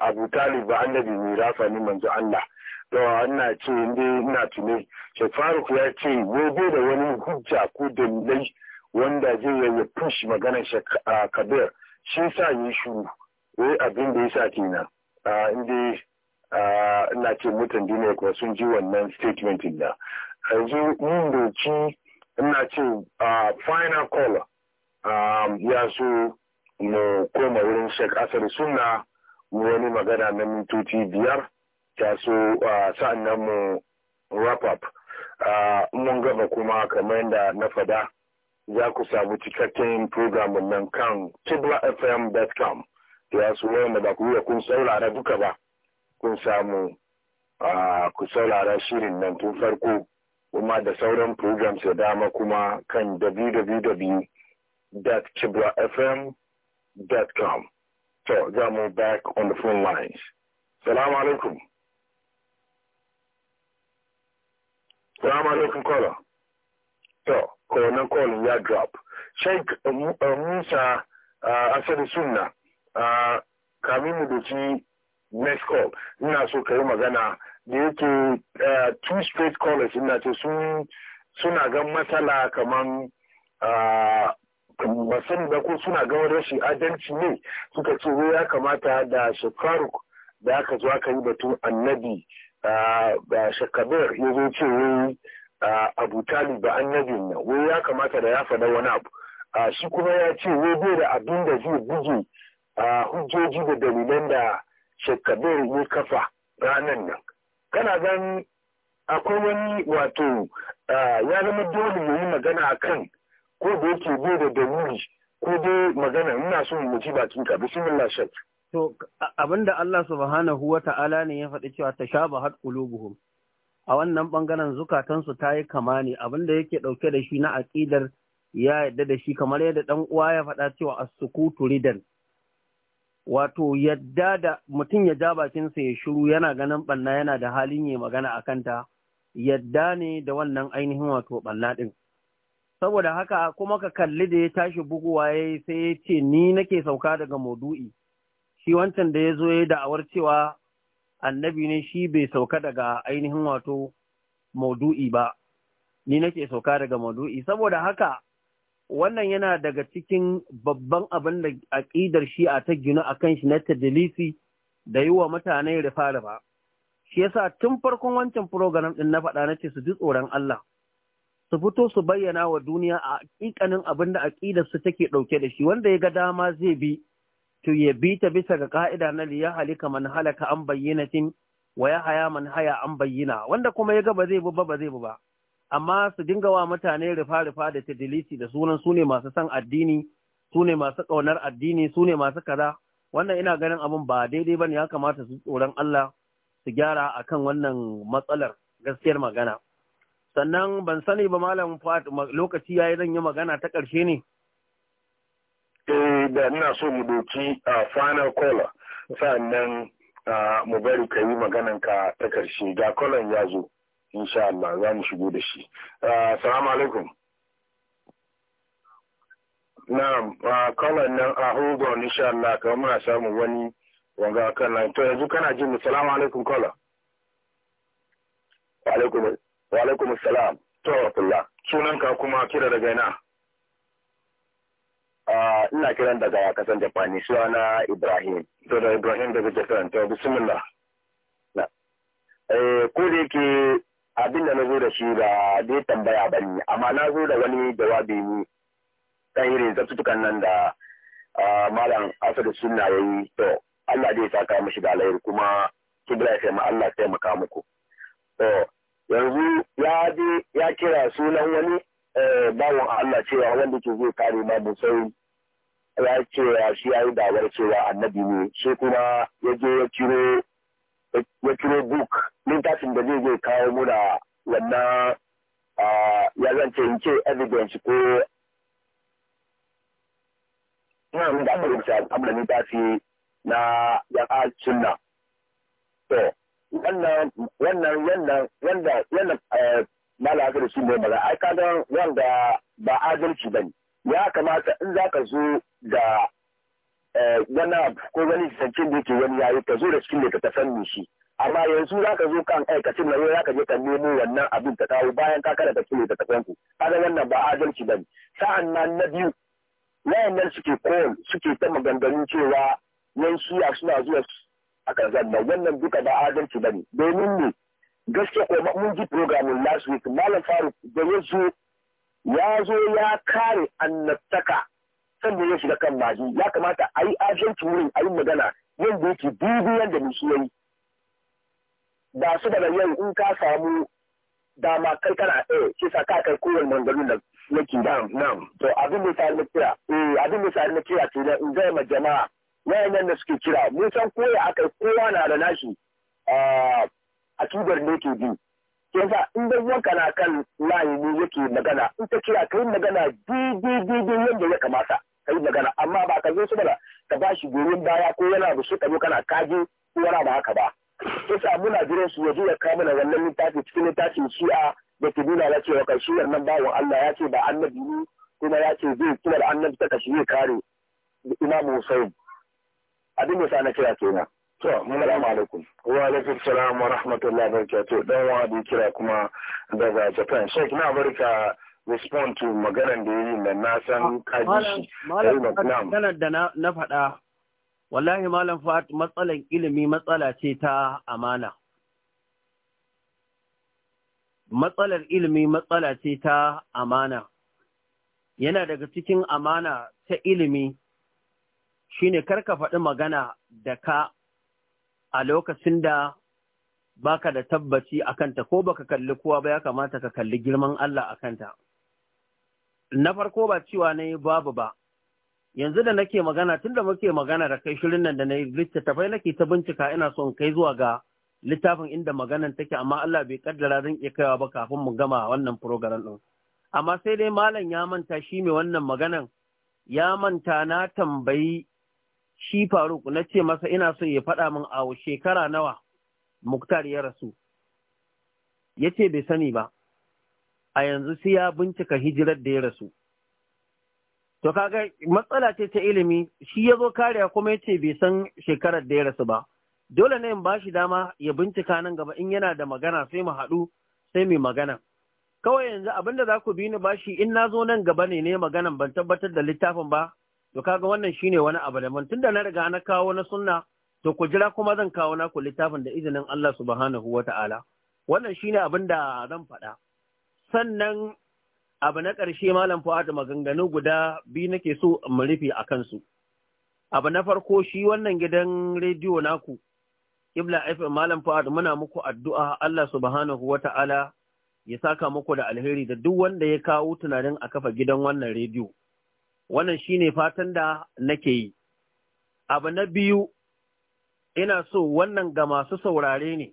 Abu Talib ba annabi mai rafa ni manzo Allah yawa ina ce inda ina tune shek faruk ya ce gobe da wani hujja ko dalilai wanda zai ya push maganar shek kabir shi sa yi shuru eh abin da yasa kenan inda ina ce mutan duniya kuma sun ji wannan statement da yanzu mun doki ina ce final call ya so mu koma wurin shakasar suna wani magana na mintoci biyar taso sa'an nan mu wrap up mun gaba kuma kamar yadda na fada za ku samu cikakken programin nan kan kiblafm.com ya su wanda ba ku yi kun saurara duka ba kun samu ku saurara shirin nan tun farko kuma da sauran programs da dama kuma kan www.kiblafm.com so za mu back on the phone lines salamu alaikum Rama alaikum kola to ko wannan kolin ya drop sheikh uh, uh, musa uh, asali sunna kamin mu doki next call ina so ka yi magana da yake two straight callers ina ce sun suna gan matsala kaman ba da ko suna gan rashin adalci ne suka ce ya kamata da shekaruk da aka zo aka yi batun annabi ba shakabir ya zo ce wai abu talib da annabin nan wai ya kamata da ya faɗa wani abu shi kuma ya ce wai bai da abin da zai buge hujjoji da dalilan da shakabir ya kafa ranar nan kana gan akwai wani wato ya zama dole ya yi magana a kan ko da yake bai da dalili ko dai magana ina so mu ji bakin ka bismillah to abinda Allah subhanahu wa ta'ala ne ya faɗi cewa ta tashabahat qulubuhum a wannan ɓangaren zukatansu ta yi kama ne abinda yake ɗauke da shi na aƙidar ya yadda da shi kamar yadda ɗan uwa ya faɗa cewa a sukutu ridan wato yadda da mutum ya ja bakinsa ya shiru yana ganin ɓanna yana da halin yi magana a kanta yadda ne da wannan ainihin wato ɓanna ɗin. Saboda haka kuma ka kalli da ya tashi buguwa ya sai ya ce ni nake sauka daga maudu'i shi wancan da ya zo ya da'awar cewa annabi ne shi bai sauka daga ainihin wato maudu'i ba ni nake sauka daga maudu'i saboda haka wannan yana daga cikin babban abin da aƙidar shi a ta gina a kan shi na tadilisi da yi wa mutane rufa-rufa shi yasa tun farkon wancan program ɗin na faɗa na ce su ji tsoron Allah su fito su bayyana wa duniya a ƙiƙanin abin da aƙidar su take ɗauke da shi wanda ya ga dama zai bi to ya bi ta bisa ga ka'ida na liya halika man halaka an bayyana, wa ya haya man haya an bayyana wanda kuma ya ga ba zai ba ba zai ba amma su dinga wa mutane rufa rufa da tadilisi da sunan sune masu san addini sune masu kaunar addini sune masu kaza wannan ina ganin abin ba daidai bane ya kamata su tsoron Allah su gyara akan wannan matsalar gaskiyar magana sannan ban sani ba malam lokaci yayi zan yi magana ta ƙarshe ne eh da ina so mu doki a final call sannan mu bari ka yi maganan ka ta karshe ga kolon ya zo insha Allah za mu shigo da shi assalamu alaikum na'am kolon nan a hugo insha Allah ka muna samu wani wanga kan nan to yanzu kana jin mu assalamu alaikum kolon wa alaikum wa alaikum assalam to Allah sunan ka kuma kira daga ina Ah, ina kiran daga kasan Japani suna Ibrahim. To da Ibrahim daga Japan to bismillah. Na. Eh ko da yake abin da na zo da shi ba dai tambaya ba ne amma na zo da wani jawabi ne kan irin zattutukan nan da ah, malam Asadu Sunna ya yi to Allah zai saka mishi da alheri kuma Kibra ya ma Allah taimaka muku. To yanzu ya kira sunan wani Eh, bawon Allah cewa wanda ke zai kare ma musai ya ce ya shi ya yi dawar cewa annabi ne shi kuma ya je ya kiro ya ciro book littafin da zai zai kawo muna wannan ya zance in ce evidence ko ina nuna aka rubuta abin da littafi na yaƙa sunna to wannan wannan wannan wannan eh, mala da su ne maza ai kaga wanda ba adalci bane ya kamata in za ka zo da eh, wani ko wani zancen da yake wani yayi ka zo da cikin da ka tafanni shi amma yanzu za ka zo kan aikacin na za ka je ka nemo wannan abin ta kawo bayan ka kada ka cire ta kasan ku kaga wannan ba adalci bane sa'an nan na biyu wayannan suke koyon suke ta maganganun cewa yan suya suna zuwa a kazan nan wannan duka ba adalci bane domin ne Gaske ko mun ji programming last week malam faruk da ya zo ya zo ya kare annabtaka sannan ya shiga kan maji ya kamata a yi ajanci wurin a yi magana yadda yake bibiyan da musu ba su daga yau in ka samu dama kai kana eh ke sa ka kai kowane mangaru da yake da nan to abin da sai na kira eh abin da sai na kira ce da in zai ma jama'a wayannan da suke kira mun san koya akai kowa na da nashi ah, akidar ne ke bi yasa in dan wanka na kan layi ne yake magana in ta kira kai magana daidai yadda ya kamata kai magana amma ba ka zo su bala ka ba shi goyon baya ko yana da shi ko kana kaje ko yana ba haka ba yasa muna jiran su yaje ya kawo mana wannan littafi cikin littafin shi'a da ke nuna na cewa kai shiyar nan bawan Allah ya ce ba annabi ne kuma ya ce zai kuma da annabi ta shi zai kare imamu Hussein abin da sa na kira kenan To, assalamu alaikum. Wa alaikum salam wa rahmatullahi wa barakatuh. Dan wa da kira kuma daga Japan. Sheikh na barka respond to maganar da yayi nan na san ah, kaji. Malam, eh, da na faɗa. Wallahi malam Fat matsalan ilimi matsala ce ta amana. Matsalar ilimi matsala ce ta amana. Yana daga cikin amana ta ilimi shine karka faɗi magana da ka a lokacin da baka da tabbaci a kanta ko baka kalli kowa ba ya kamata ka kalli girman Allah a kanta. Na farko ba cewa na yi babu ba, yanzu da nake magana tun da muke magana da kai shirin nan da na yi littattafai nake ta bincika ina son kai zuwa ga littafin inda maganan take amma Allah bai kaddara zan iya kaiwa ba kafin mu gama wannan program ɗin. Amma sai dai malam ya manta shi mai wannan maganan ya manta na tambayi shi faruk na ce masa ina so ya faɗa min a shekara nawa muktar ya rasu ya ce bai sani ba a yanzu sai ya bincika hijirar da ya rasu to kaga matsala ce ta ilimi shi ya zo kariya kuma ya ce bai san shekarar da ya rasu ba dole ne in ba shi dama ya bincika nan gaba in yana da magana sai mu haɗu sai mai magana kawai yanzu abinda za ku bi ni bashi in na zo nan gaba ne ne maganan ban tabbatar da littafin ba to kaga wannan shine wani abu daban tunda na riga na kawo na sunna to ku jira kuma zan kawo na ku littafin da izinin Allah subhanahu wata'ala wannan shine abin da zan faɗa sannan abu na ƙarshe malam fu'ad maganganu guda biyu nake so mu rufe a kansu abu na farko shi wannan gidan rediyo naku Ibla FM Malam Fuad muna muku addu'a Allah subhanahu wa ta'ala ya saka muku da alheri da duk wanda ya kawo tunanin a kafa gidan wannan rediyo. wannan shi ne fatan da nake yi abu na biyu ina so wannan ga masu saurare ne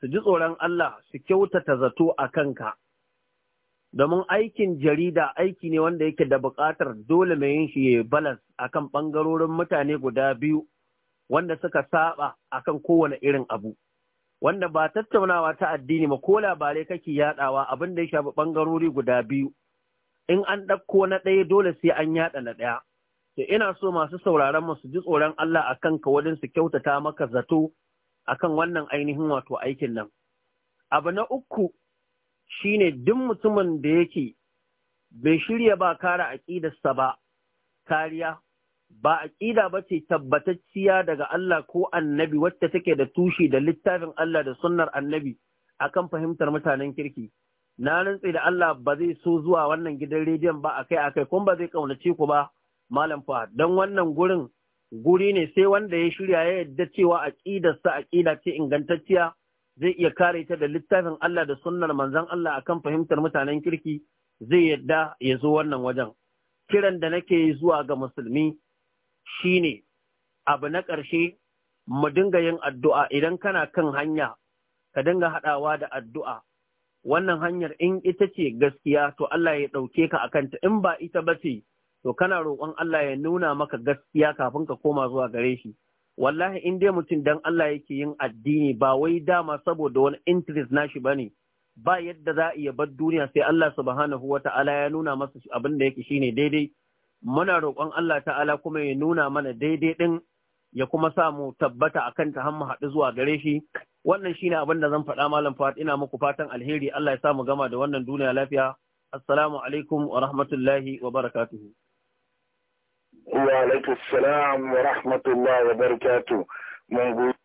su ji tsoron Allah su kyautata zato a kanka domin aikin jarida aiki ne wanda yake da buƙatar dole mai yin shi ya balas kan ɓangarorin mutane guda biyu wanda suka saba a kan kowane irin abu wanda ba tattaunawa ta addini ba ko labarai kake yadawa abin da ya shafi ɓangarori guda biyu in an ɗauko na ɗaya dole sai an yaɗa na ɗaya. To ina so masu sauraron mu su ji tsoron Allah a kanka wajen su kyautata maka zato a kan wannan ainihin wato aikin nan. Abu na uku shi ne duk mutumin da yake bai shirya ba kara aƙidarsa ba kariya ba aƙida ba ce tabbatacciya daga Allah ko annabi wacce take da tushe da littafin Allah da sunnar annabi akan fahimtar mutanen kirki. na rantse da Allah ba zai so zuwa wannan gidan rediyon ba a kai-a kai kuma ba zai kaunace ku ba malam fa. dan wannan gurin guri ne sai wanda ya shirya ya yadda cewa aqidarsa aqida ce ingantacciya zai iya kare ta da littafin Allah da sunnar manzon Allah akan fahimtar mutanen kirki zai yadda ya zo wannan wajen kiran da nake zuwa ga musulmi shine abu na ƙarshe mu dinga yin addu'a idan kana kan hanya ka dinga haɗawa da addu'a wannan hanyar in ita ce gaskiya to Allah ya ɗauke ka a kanta in ba ita ba ce to kana roƙon Allah ya nuna maka gaskiya kafin ka koma zuwa gare shi wallahi in dai mutum dan Allah yake yin addini ba wai dama saboda wani interest nashi bane ba yadda za a iya bar duniya sai Allah subhanahu ta'ala ya nuna masa abin da yake shine daidai muna roƙon Allah ta'ala kuma ya nuna mana daidai din ya kuma sa mu tabbata akan ta har mu haɗu zuwa gare shi wannan shine abin da zan faɗa malam fat ina muku fatan alheri Allah ya sa mu gama da wannan duniya lafiya assalamu alaikum wa rahmatullahi wa barakatuhu wa alaikum assalam wa rahmatullahi wa barakatuhu mun